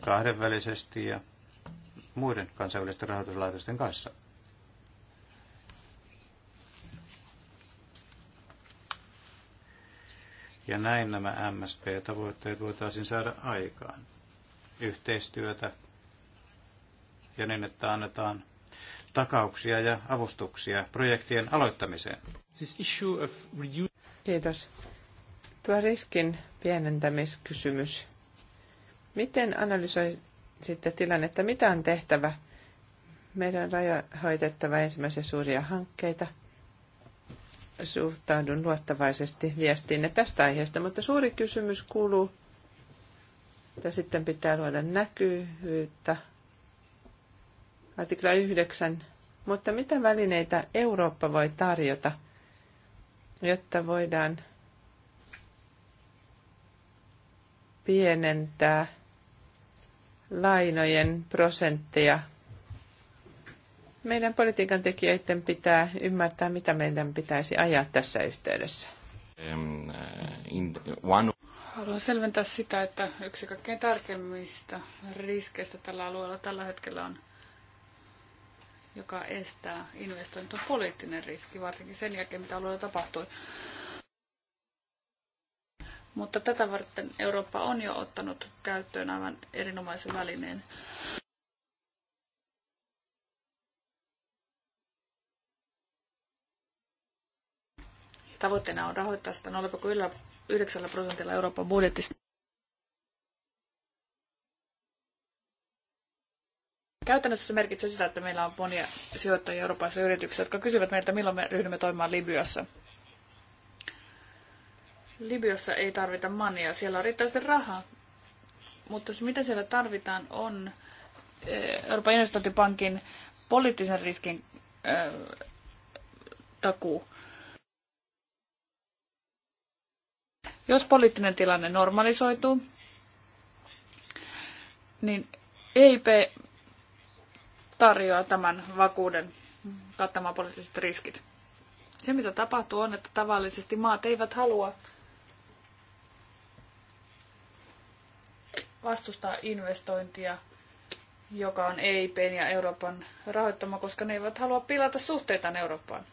kahdenvälisesti ja muiden kansainvälisten rahoituslaitosten kanssa. Ja näin nämä MSP-tavoitteet voitaisiin saada aikaan. Yhteistyötä ja niin, että annetaan takauksia ja avustuksia projektien aloittamiseen. Kiitos. Tuo riskin pienentämiskysymys. Miten analysoit sitten että mitä on tehtävä. Meidän raja hoitettava ensimmäisiä suuria hankkeita. Suhtaudun luottavaisesti viestiinne tästä aiheesta, mutta suuri kysymys kuuluu, että sitten pitää luoda näkyvyyttä. Artikla 9. Mutta mitä välineitä Eurooppa voi tarjota, jotta voidaan pienentää – lainojen prosentteja. Meidän politiikan tekijöiden pitää ymmärtää, mitä meidän pitäisi ajaa tässä yhteydessä. Eh, Haluan selventää sitä, että yksi kaikkein tärkeimmistä riskeistä tällä alueella tällä hetkellä on, joka estää investointi, on poliittinen riski, varsinkin sen jälkeen, mitä alueella tapahtui. Mutta tätä varten Eurooppa on jo ottanut käyttöön aivan erinomaisen välineen. Tavoitteena on rahoittaa sitä 0,9 prosentilla Euroopan budjetista. Käytännössä se merkitsee sitä, että meillä on monia sijoittajia Euroopassa yrityksiä, jotka kysyvät meiltä, milloin me ryhdymme toimimaan Libyassa. Libyassa ei tarvita mania, siellä on riittävästi rahaa. Mutta se, mitä siellä tarvitaan, on eh, Euroopan investointipankin poliittisen riskin ää, eh, takuu. Jos poliittinen tilanne normalisoituu, niin EIP tarjoaa tämän vakuuden kattamaan poliittiset riskit. Se, mitä tapahtuu, on, että tavallisesti maat eivät halua vastustaa investointia, joka on EIP ja Euroopan rahoittama, koska ne eivät halua pilata suhteita Eurooppaan.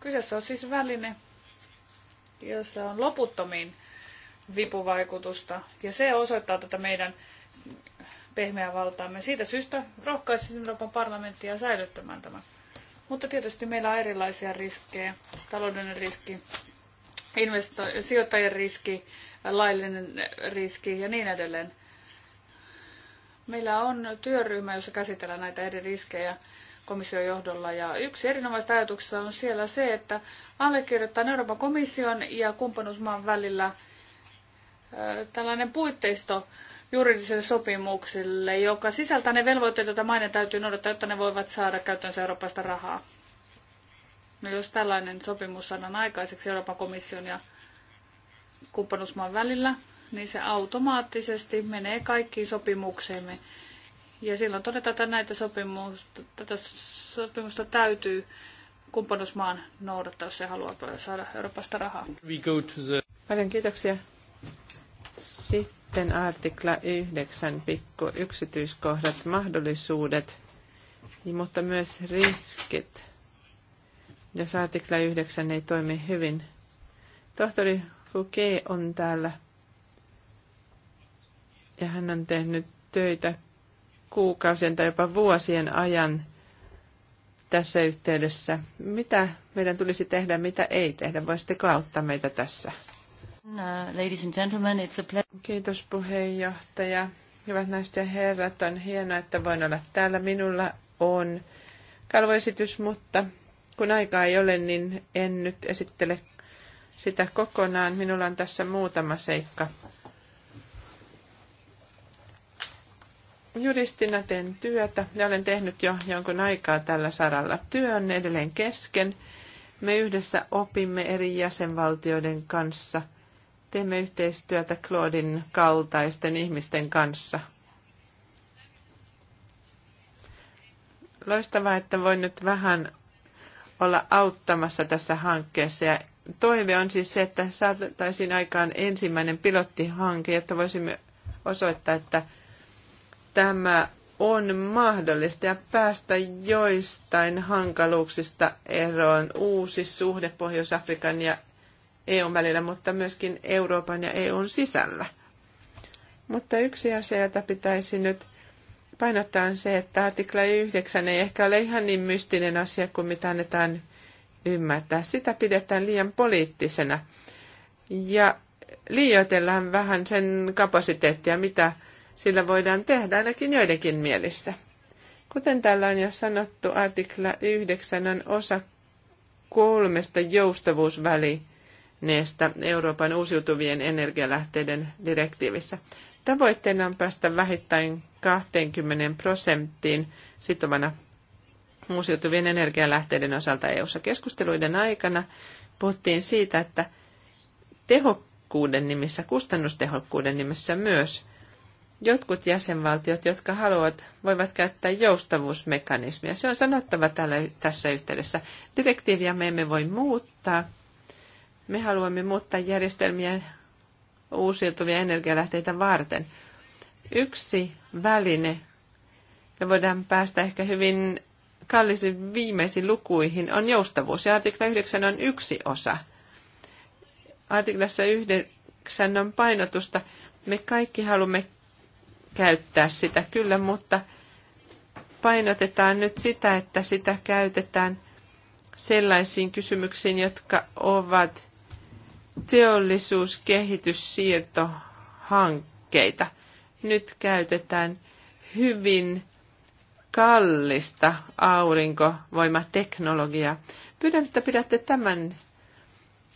Kyseessä on siis väline, jossa on loputtomiin vipuvaikutusta, ja se osoittaa tätä meidän pehmeää valtaamme. Siitä syystä rohkaisin Euroopan parlamenttia säilyttämään tämän. Mutta tietysti meillä on erilaisia riskejä, taloudellinen riski, investo- sijoittajien riski, laillinen riski ja niin edelleen. Meillä on työryhmä, jossa käsitellään näitä eri riskejä komission johdolla. Ja yksi erinomaista ajatuksista on siellä se, että allekirjoittaa Euroopan komission ja kumppanuusmaan välillä tällainen puitteisto juridiselle sopimuksille, joka sisältää ne velvoitteet, joita maiden täytyy noudattaa, jotta ne voivat saada käyttöönsä Euroopasta rahaa. No jos tällainen sopimus saadaan aikaiseksi Euroopan komission ja kumppanuusmaan välillä, niin se automaattisesti menee kaikkiin sopimukseemme. Ja silloin todetaan, että näitä sopimusta, tätä sopimusta täytyy kumppanuusmaan noudattaa, jos se haluaa saada Euroopasta rahaa. We go to the... Paljon kiitoksia. Sitten artikla 9, pikku yksityiskohdat, mahdollisuudet, niin, mutta myös riskit. Jos artikla 9 ei toimi hyvin. Tohtori Fouquet on täällä ja hän on tehnyt töitä kuukausien tai jopa vuosien ajan tässä yhteydessä. Mitä meidän tulisi tehdä, mitä ei tehdä? Voisitteko auttaa meitä tässä? Uh, ladies and gentlemen, it's a pleasure. Kiitos puheenjohtaja. Hyvät naiset ja herrat, on hienoa, että voin olla täällä. Minulla on kalvoesitys, mutta kun aikaa ei ole, niin en nyt esittele sitä kokonaan. Minulla on tässä muutama seikka. Juristina teen työtä ja olen tehnyt jo jonkun aikaa tällä saralla. Työ on edelleen kesken. Me yhdessä opimme eri jäsenvaltioiden kanssa. Teemme yhteistyötä Claudin kaltaisten ihmisten kanssa. Loistavaa, että voin nyt vähän olla auttamassa tässä hankkeessa ja toive on siis se, että saataisiin aikaan ensimmäinen pilottihanke, jotta voisimme osoittaa, että tämä on mahdollista ja päästä joistain hankaluuksista eroon uusi suhde Pohjois-Afrikan ja EUn välillä, mutta myöskin Euroopan ja EUn sisällä. Mutta yksi asia, jota pitäisi nyt painottaa, on se, että artikla 9 ei ehkä ole ihan niin mystinen asia kuin mitä annetaan ymmärtää. Sitä pidetään liian poliittisena ja liioitellaan vähän sen kapasiteettia, mitä sillä voidaan tehdä ainakin joidenkin mielissä. Kuten täällä on jo sanottu, artikla 9 on osa kolmesta joustavuusvälineestä Euroopan uusiutuvien energialähteiden direktiivissä. Tavoitteena on päästä vähittäin 20 prosenttiin sitovana uusiutuvien energialähteiden osalta EU-ssa. Keskusteluiden aikana puhuttiin siitä, että tehokkuuden nimissä, kustannustehokkuuden nimissä myös jotkut jäsenvaltiot, jotka haluavat, voivat käyttää joustavuusmekanismia. Se on sanottava tälle tässä yhteydessä. Direktiiviä me emme voi muuttaa. Me haluamme muuttaa järjestelmiä uusiutuvia energialähteitä varten. Yksi väline, ja voidaan päästä ehkä hyvin Kallisin viimeisiin lukuihin on joustavuus ja artikla 9 on yksi osa. Artiklassa 9 on painotusta. Me kaikki haluamme käyttää sitä kyllä, mutta painotetaan nyt sitä, että sitä käytetään sellaisiin kysymyksiin, jotka ovat teollisuuskehityssiirtohankkeita. Nyt käytetään hyvin kallista aurinkovoimateknologiaa. Pyydän, että pidätte tämän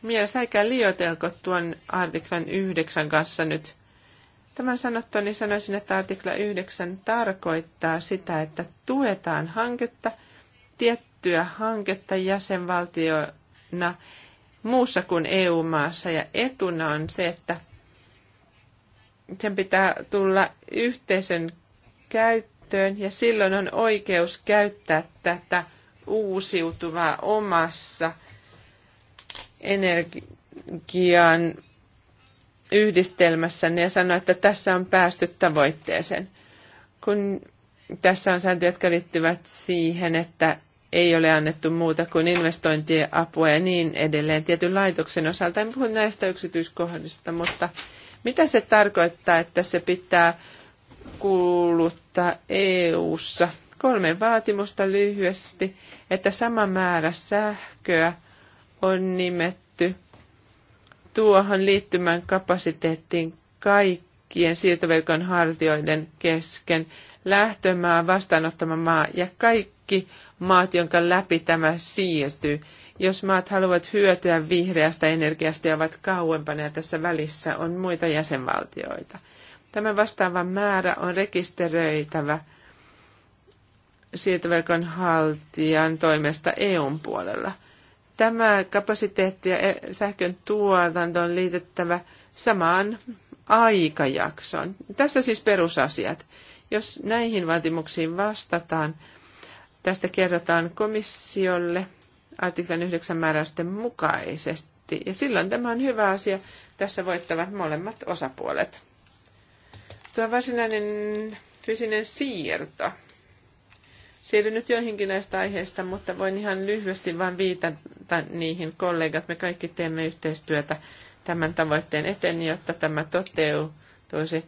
mielessä, eikä liioitelko tuon artiklan 9 kanssa nyt. Tämän sanottua, niin sanoisin, että artikla 9 tarkoittaa sitä, että tuetaan hanketta, tiettyä hanketta jäsenvaltiona muussa kuin EU-maassa, ja etuna on se, että sen pitää tulla yhteisen käyttöön käyttöön ja silloin on oikeus käyttää tätä uusiutuvaa omassa energian yhdistelmässä ja sanoa, että tässä on päästy tavoitteeseen. Kun tässä on sääntöjä, jotka liittyvät siihen, että ei ole annettu muuta kuin apua ja niin edelleen tietyn laitoksen osalta. En puhu näistä yksityiskohdista, mutta mitä se tarkoittaa, että se pitää kuulut asettaa EU:ssa kolme vaatimusta lyhyesti, että sama määrä sähköä on nimetty tuohon liittymän kapasiteettiin kaikkien siirtoverkon hartioiden kesken, lähtömaa, vastaanottama maa ja kaikki maat, jonka läpi tämä siirtyy. Jos maat haluavat hyötyä vihreästä energiasta ja ovat kauempana ja tässä välissä on muita jäsenvaltioita – Tämä vastaavan määrä on rekisteröitävä siirtoverkon haltijan toimesta EUn puolella. Tämä kapasiteetti ja e- sähkön tuotanto on liitettävä samaan aikajaksoon. Tässä siis perusasiat. Jos näihin vaatimuksiin vastataan, tästä kerrotaan komissiolle artiklan 9 määräysten mukaisesti. Ja silloin tämä on hyvä asia. Tässä voittavat molemmat osapuolet. Tuo varsinainen fyysinen siirto. Siirryn nyt joihinkin näistä aiheista, mutta voin ihan lyhyesti vain viitata niihin kollegat. Me kaikki teemme yhteistyötä tämän tavoitteen eteen, jotta tämä toteutuisi.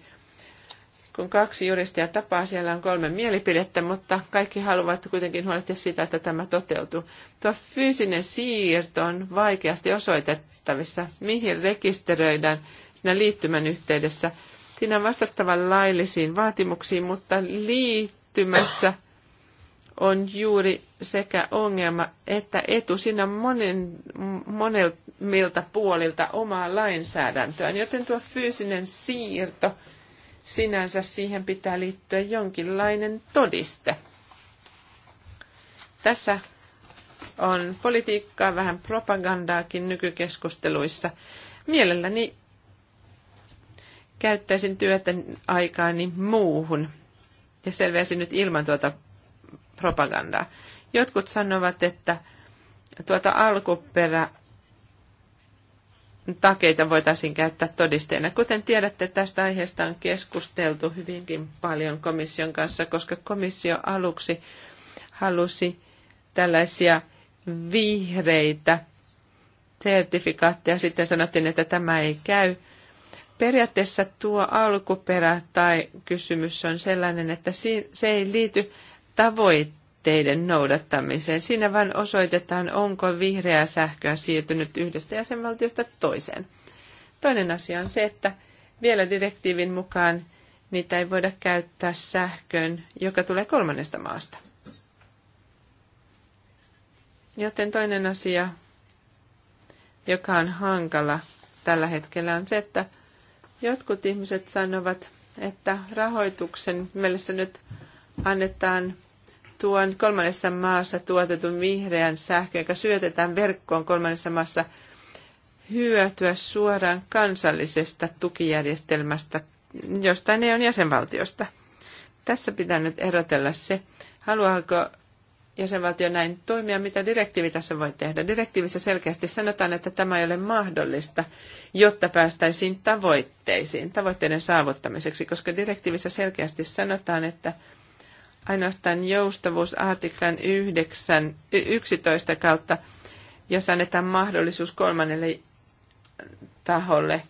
Kun kaksi juristia tapaa, siellä on kolme mielipidettä, mutta kaikki haluavat kuitenkin huolehtia sitä, että tämä toteutuu. Tuo fyysinen siirto on vaikeasti osoitettavissa, mihin rekisteröidään siinä liittymän yhteydessä – Siinä on vastattava laillisiin vaatimuksiin, mutta liittymässä on juuri sekä ongelma että etu. Siinä on monen, monelta puolilta omaa lainsäädäntöä, joten tuo fyysinen siirto sinänsä siihen pitää liittyä jonkinlainen todiste. Tässä on politiikkaa, vähän propagandaakin nykykeskusteluissa. Mielelläni käyttäisin työtä aikaani muuhun ja selviäisin nyt ilman tuota propagandaa. Jotkut sanovat, että tuota alkuperä takeita voitaisiin käyttää todisteena. Kuten tiedätte, tästä aiheesta on keskusteltu hyvinkin paljon komission kanssa, koska komissio aluksi halusi tällaisia vihreitä sertifikaatteja. Sitten sanottiin, että tämä ei käy. Periaatteessa tuo alkuperä tai kysymys on sellainen, että se ei liity tavoitteiden noudattamiseen. Siinä vain osoitetaan, onko vihreää sähköä siirtynyt yhdestä jäsenvaltiosta toiseen. Toinen asia on se, että vielä direktiivin mukaan niitä ei voida käyttää sähkön, joka tulee kolmannesta maasta. Joten toinen asia, joka on hankala tällä hetkellä, on se, että Jotkut ihmiset sanovat, että rahoituksen mielessä nyt annetaan tuon kolmannessa maassa tuotetun vihreän sähkön, joka syötetään verkkoon kolmannessa maassa, hyötyä suoraan kansallisesta tukijärjestelmästä, jostain ei on jäsenvaltiosta. Tässä pitää nyt erotella se, haluaako jäsenvaltio näin toimia, mitä direktiivi tässä voi tehdä. Direktiivissä selkeästi sanotaan, että tämä ei ole mahdollista, jotta päästäisiin tavoitteisiin, tavoitteiden saavuttamiseksi, koska direktiivissä selkeästi sanotaan, että ainoastaan joustavuus artiklan 9, 11 kautta, jos annetaan mahdollisuus kolmannelle taholle.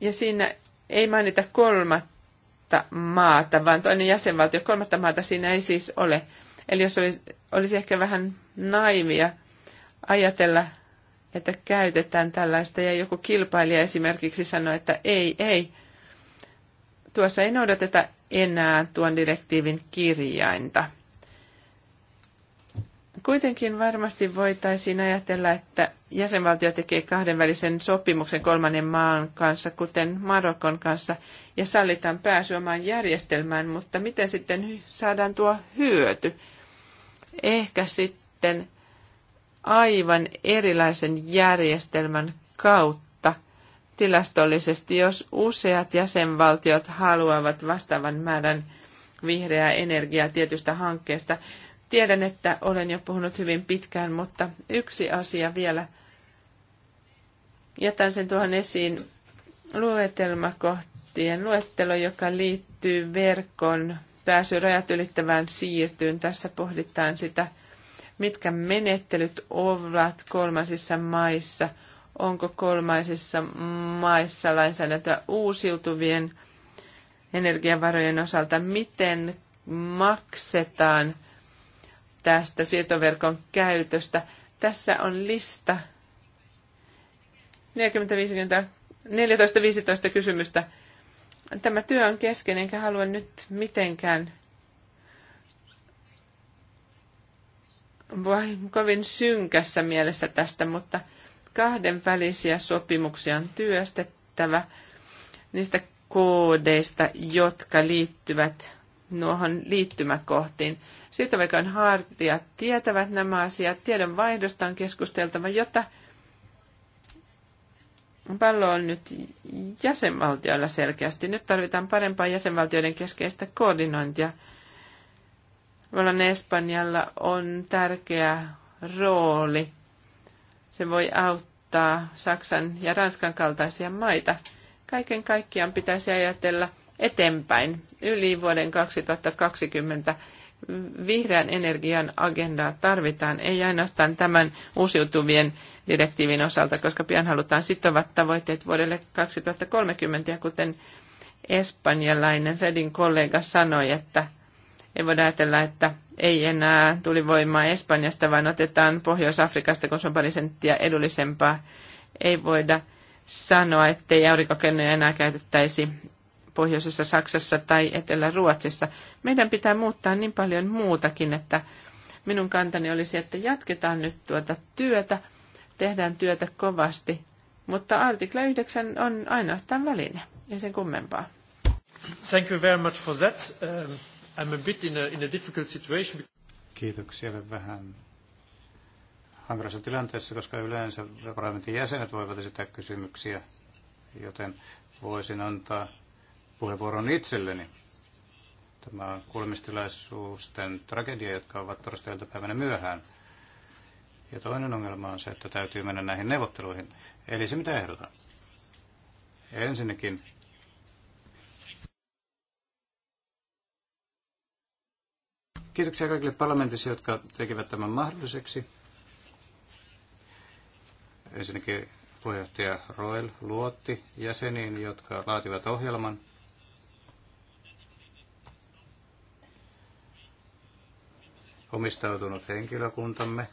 Ja siinä ei mainita kolmatta maata, vaan toinen jäsenvaltio. Kolmatta maata siinä ei siis ole Eli jos olisi, olisi ehkä vähän naivia ajatella, että käytetään tällaista ja joku kilpailija esimerkiksi sanoi, että ei, ei, tuossa ei noudateta enää tuon direktiivin kirjainta. Kuitenkin varmasti voitaisiin ajatella, että jäsenvaltio tekee kahdenvälisen sopimuksen kolmannen maan kanssa, kuten Marokon kanssa, ja sallitaan pääsy omaan järjestelmään, mutta miten sitten saadaan tuo hyöty? ehkä sitten aivan erilaisen järjestelmän kautta tilastollisesti, jos useat jäsenvaltiot haluavat vastaavan määrän vihreää energiaa tietystä hankkeesta. Tiedän, että olen jo puhunut hyvin pitkään, mutta yksi asia vielä. Jätän sen tuohon esiin luetelmakohtien luettelo, joka liittyy verkon pääsy rajat ylittävään siirtyyn. Tässä pohditaan sitä, mitkä menettelyt ovat kolmaisissa maissa, onko kolmaisissa maissa lainsäädäntöä uusiutuvien energiavarojen osalta, miten maksetaan tästä siirtoverkon käytöstä. Tässä on lista 40, 50, 14-15 kysymystä, Tämä työ on kesken, enkä halua nyt mitenkään vain kovin synkässä mielessä tästä, mutta kahdenvälisiä sopimuksia on työstettävä niistä koodeista, jotka liittyvät nuohon liittymäkohtiin. Siitä vaikka hartiat tietävät nämä asiat, tiedon vaihdosta on keskusteltava, jotta pallo on nyt jäsenvaltioilla selkeästi. Nyt tarvitaan parempaa jäsenvaltioiden keskeistä koordinointia. Valon Espanjalla on tärkeä rooli. Se voi auttaa Saksan ja Ranskan kaltaisia maita. Kaiken kaikkiaan pitäisi ajatella eteenpäin yli vuoden 2020 vihreän energian agendaa tarvitaan, ei ainoastaan tämän uusiutuvien direktiivin osalta, koska pian halutaan sitovat tavoitteet vuodelle 2030. Ja kuten espanjalainen Redin kollega sanoi, että ei voida ajatella, että ei enää tuli voimaa Espanjasta, vaan otetaan Pohjois-Afrikasta, kun se on pari senttiä edullisempaa. Ei voida sanoa, ettei aurinkokennoja enää käytettäisi pohjoisessa Saksassa tai Etelä-Ruotsissa. Meidän pitää muuttaa niin paljon muutakin, että minun kantani olisi, että jatketaan nyt tuota työtä, tehdään työtä kovasti, mutta artikla 9 on ainoastaan väline ja sen kummempaa. Thank you very much for that. Um, I'm a bit in a, in a difficult situation. Kiitoksia vähän hankalassa tilanteessa, koska yleensä parlamentin jäsenet voivat esittää kysymyksiä, joten voisin antaa puheenvuoron itselleni. Tämä on kuulemistilaisuusten tragedia, jotka ovat torstailta päivänä myöhään. Ja toinen ongelma on se, että täytyy mennä näihin neuvotteluihin. Eli se mitä ehdotan. Ensinnäkin Kiitoksia kaikille parlamentissa, jotka tekivät tämän mahdolliseksi. Ensinnäkin puheenjohtaja Roel luotti jäseniin, jotka laativat ohjelman. Omistautunut henkilökuntamme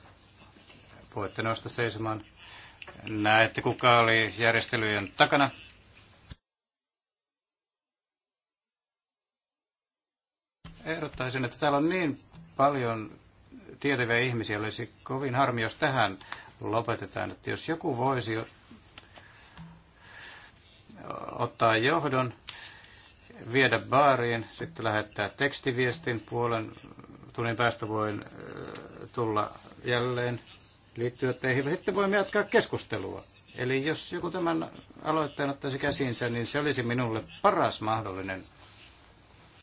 Voitte nousta seisomaan. Näette, kuka oli järjestelyjen takana. Ehdottaisin, että täällä on niin paljon tietäviä ihmisiä. Olisi kovin harmi, jos tähän lopetetaan. Että jos joku voisi ottaa johdon, viedä baariin, sitten lähettää tekstiviestin puolen tunnin päästä voin tulla jälleen liittyvät teihin. Sitten voimme jatkaa keskustelua. Eli jos joku tämän aloitteen ottaisi käsinsä, niin se olisi minulle paras mahdollinen